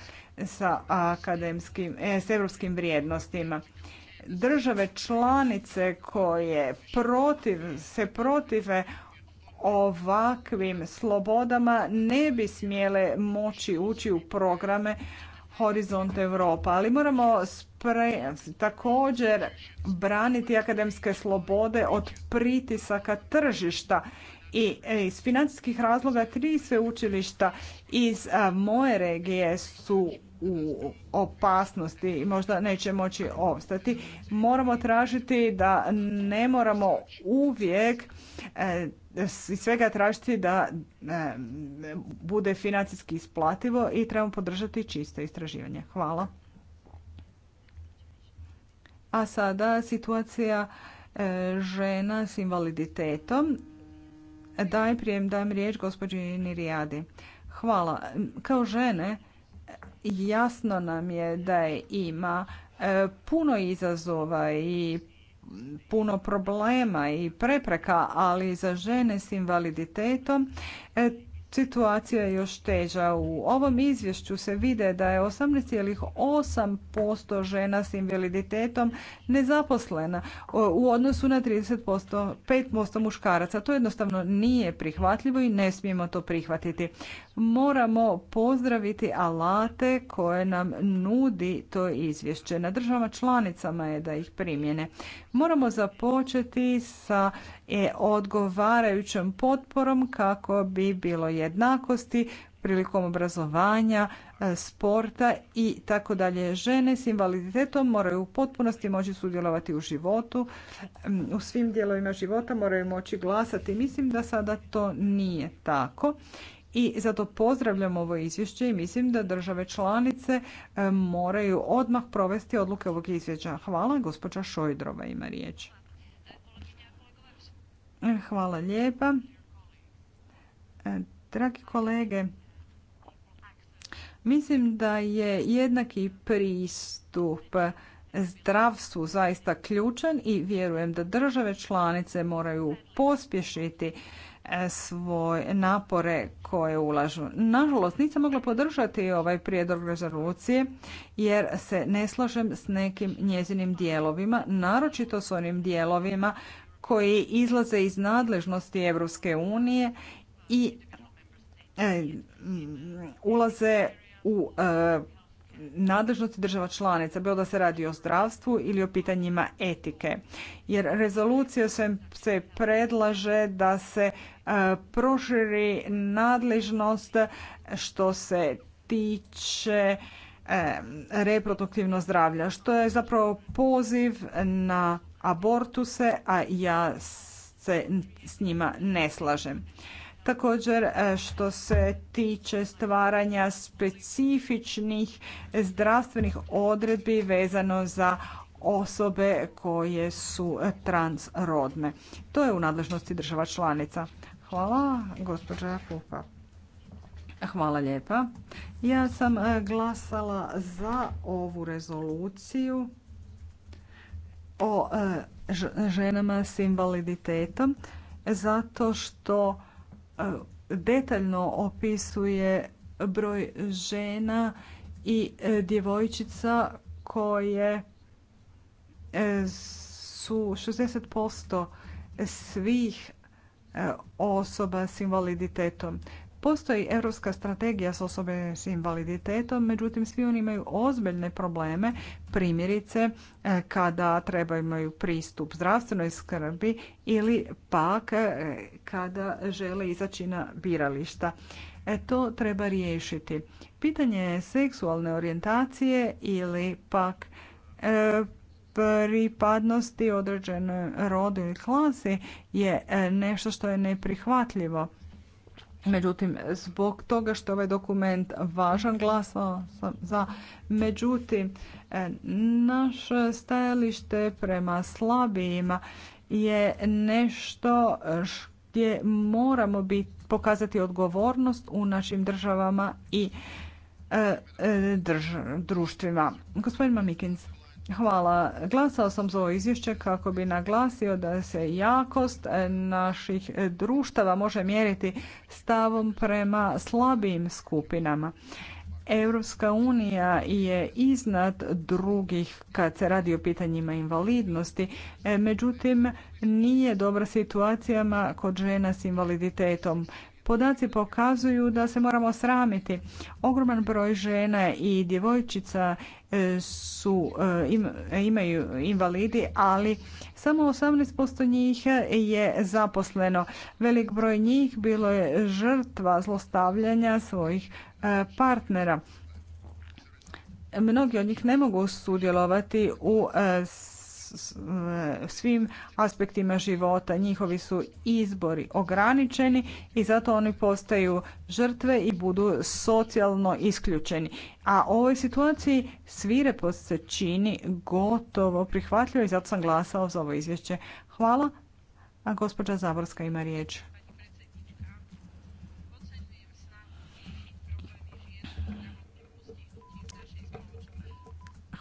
sa akademskim, e, s europskim vrijednostima. Države članice koje protiv, se protive ovakvim slobodama ne bi smjele moći ući u programe Horizont Europa, ali moramo također braniti akademske slobode od pritisaka tržišta i e, iz financijskih razloga tri sveučilišta iz moje regije su u opasnosti i možda neće moći opstati. Moramo tražiti da ne moramo uvijek e, iz svega tražiti da e, bude financijski isplativo i trebamo podržati čista istraživanje. Hvala. A sada situacija e, žena s invaliditetom. Daj prijem dajem riječ gospođi Nirijadi. Hvala. Kao žene jasno nam je da je ima e, puno izazova i puno problema i prepreka, ali za žene s invaliditetom e, situacija je još teža. U ovom izvješću se vide da je 18,8% žena s invaliditetom nezaposlena u odnosu na 30%, 5% muškaraca. To jednostavno nije prihvatljivo i ne smijemo to prihvatiti. Moramo pozdraviti alate koje nam nudi to izvješće. Na državama članicama je da ih primjene. Moramo započeti sa je odgovarajućom potporom kako bi bilo jednakosti prilikom obrazovanja, e, sporta i tako dalje. Žene s invaliditetom moraju u potpunosti moći sudjelovati u životu, u svim dijelovima života moraju moći glasati. Mislim da sada to nije tako. I zato pozdravljam ovo izvješće i mislim da države članice e, moraju odmah provesti odluke ovog izvješća. Hvala, gospođa Šojdrova ima riječ. Hvala lijepa. E, dragi kolege, mislim da je jednaki pristup zdravstvu zaista ključan i vjerujem da države članice moraju pospješiti e, svoje napore koje ulažu. Nažalost, nisam mogla podržati ovaj prijedlog rezolucije jer se ne slažem s nekim njezinim dijelovima, naročito s onim dijelovima koji izlaze iz nadležnosti Europske unije i e, ulaze u e, nadležnosti država članica, bilo da se radi o zdravstvu ili o pitanjima etike. Jer rezolucija se, predlaže da se e, proširi nadležnost što se tiče reproduktivno zdravlja, što je zapravo poziv na abortuse, a ja se s njima ne slažem. Također e, što se tiče stvaranja specifičnih zdravstvenih odredbi vezano za osobe koje su transrodne. To je u nadležnosti država članica. Hvala, gospođa Pupa. Hvala lijepa. Ja sam e, glasala za ovu rezoluciju o e, ženama s invaliditetom zato što e, detaljno opisuje broj žena i e, djevojčica koje su 60% svih osoba s invaliditetom. Postoji europska strategija s osobe s invaliditetom, međutim svi oni imaju ozbiljne probleme, primjerice e, kada treba imaju pristup zdravstvenoj skrbi ili pak e, kada žele izaći na birališta. E, to treba riješiti. Pitanje seksualne orijentacije ili pak pripadnosti određenoj rodu ili klasi je nešto što je neprihvatljivo. Međutim, zbog toga što ovaj dokument važan, glasao za. Međutim, e, naše stajalište prema slabijima je nešto gdje moramo biti, pokazati odgovornost u našim državama i e, e, društvima. Gospodin Mamikins. Hvala. Glasao sam za ovo izvješće kako bi naglasio da se jakost e, naših e, društava može mjeriti stavom prema slabijim skupinama. Europska unija je iznad drugih kad se radi o pitanjima invalidnosti, e, međutim nije dobra situacijama kod žena s invaliditetom. Podaci pokazuju da se moramo sramiti. Ogroman broj žena i djevojčica e, su, e, e, imaju invalidi, ali samo 18% njih je zaposleno. Velik broj njih bilo je žrtva zlostavljanja svojih partnera. Mnogi od njih ne mogu sudjelovati u svim aspektima života. Njihovi su izbori ograničeni i zato oni postaju žrtve i budu socijalno isključeni. A ovoj situaciji svire se čini gotovo prihvatljivo i zato sam glasao za ovo izvješće. Hvala. A gospođa Zaborska ima riječ.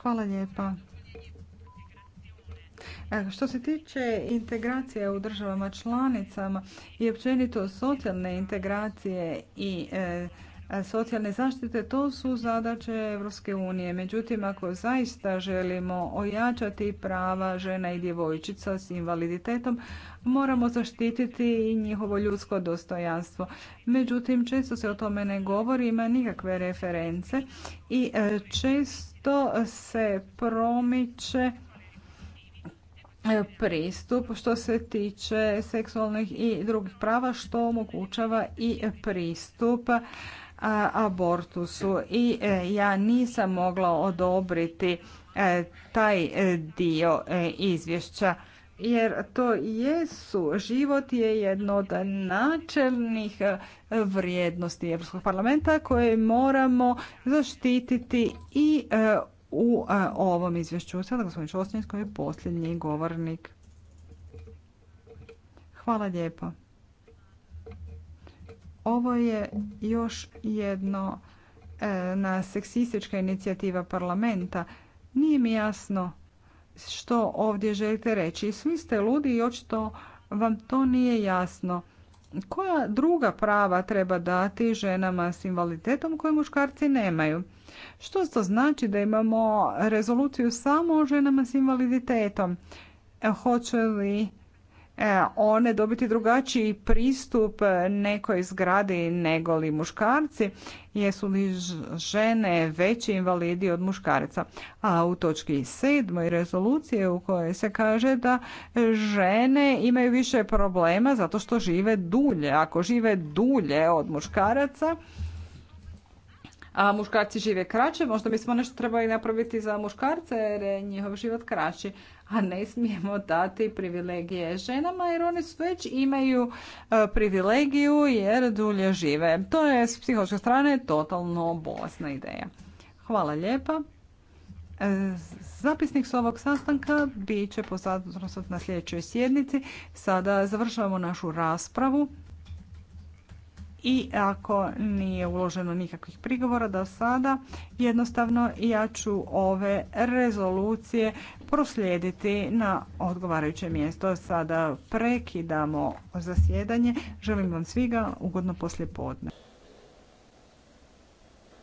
Hvala lijepa. Što se tiče integracije u državama članicama i općenito socijalne integracije i e, socijalne zaštite, to su zadaće Europske unije. Međutim, ako zaista želimo ojačati prava žena i djevojčica s invaliditetom, moramo zaštititi i njihovo ljudsko dostojanstvo. Međutim, često se o tome ne govori, ima nikakve reference i e, često se promiče E, pristup što se tiče seksualnih i drugih prava što omogućava i pristup abortusu i e, ja nisam mogla odobriti e, taj dio izvješća jer to jesu, život je jedno od načelnih vrijednosti Europskog parlamenta koje moramo zaštititi i u ovom izvješću. Sada gospodin Šosnjec je posljednji govornik. Hvala lijepo. Ovo je još jedno e, na seksistička inicijativa parlamenta. Nije mi jasno što ovdje želite reći. Svi ste ludi i očito vam to nije jasno koja druga prava treba dati ženama s invaliditetom koje muškarci nemaju. Što to znači da imamo rezoluciju samo o ženama s invaliditetom? Hoće li E, one dobiti drugačiji pristup nekoj zgradi nego li muškarci, jesu li žene veći invalidi od muškaraca. A u točki sedmoj rezolucije u kojoj se kaže da žene imaju više problema zato što žive dulje. Ako žive dulje od muškaraca, a muškarci žive kraće, možda bismo nešto trebali napraviti za muškarce jer je njihov život kraći, a ne smijemo dati privilegije ženama jer oni već imaju e, privilegiju jer dulje žive. To je s psihološke strane totalno bolesna ideja. Hvala lijepa. E, zapisnik s ovog sastanka bit će na sljedećoj sjednici. Sada završavamo našu raspravu i ako nije uloženo nikakvih prigovora do sada, jednostavno ja ću ove rezolucije proslijediti na odgovarajuće mjesto. Sada prekidamo zasjedanje. Želim vam sviga ugodno poslijepodne.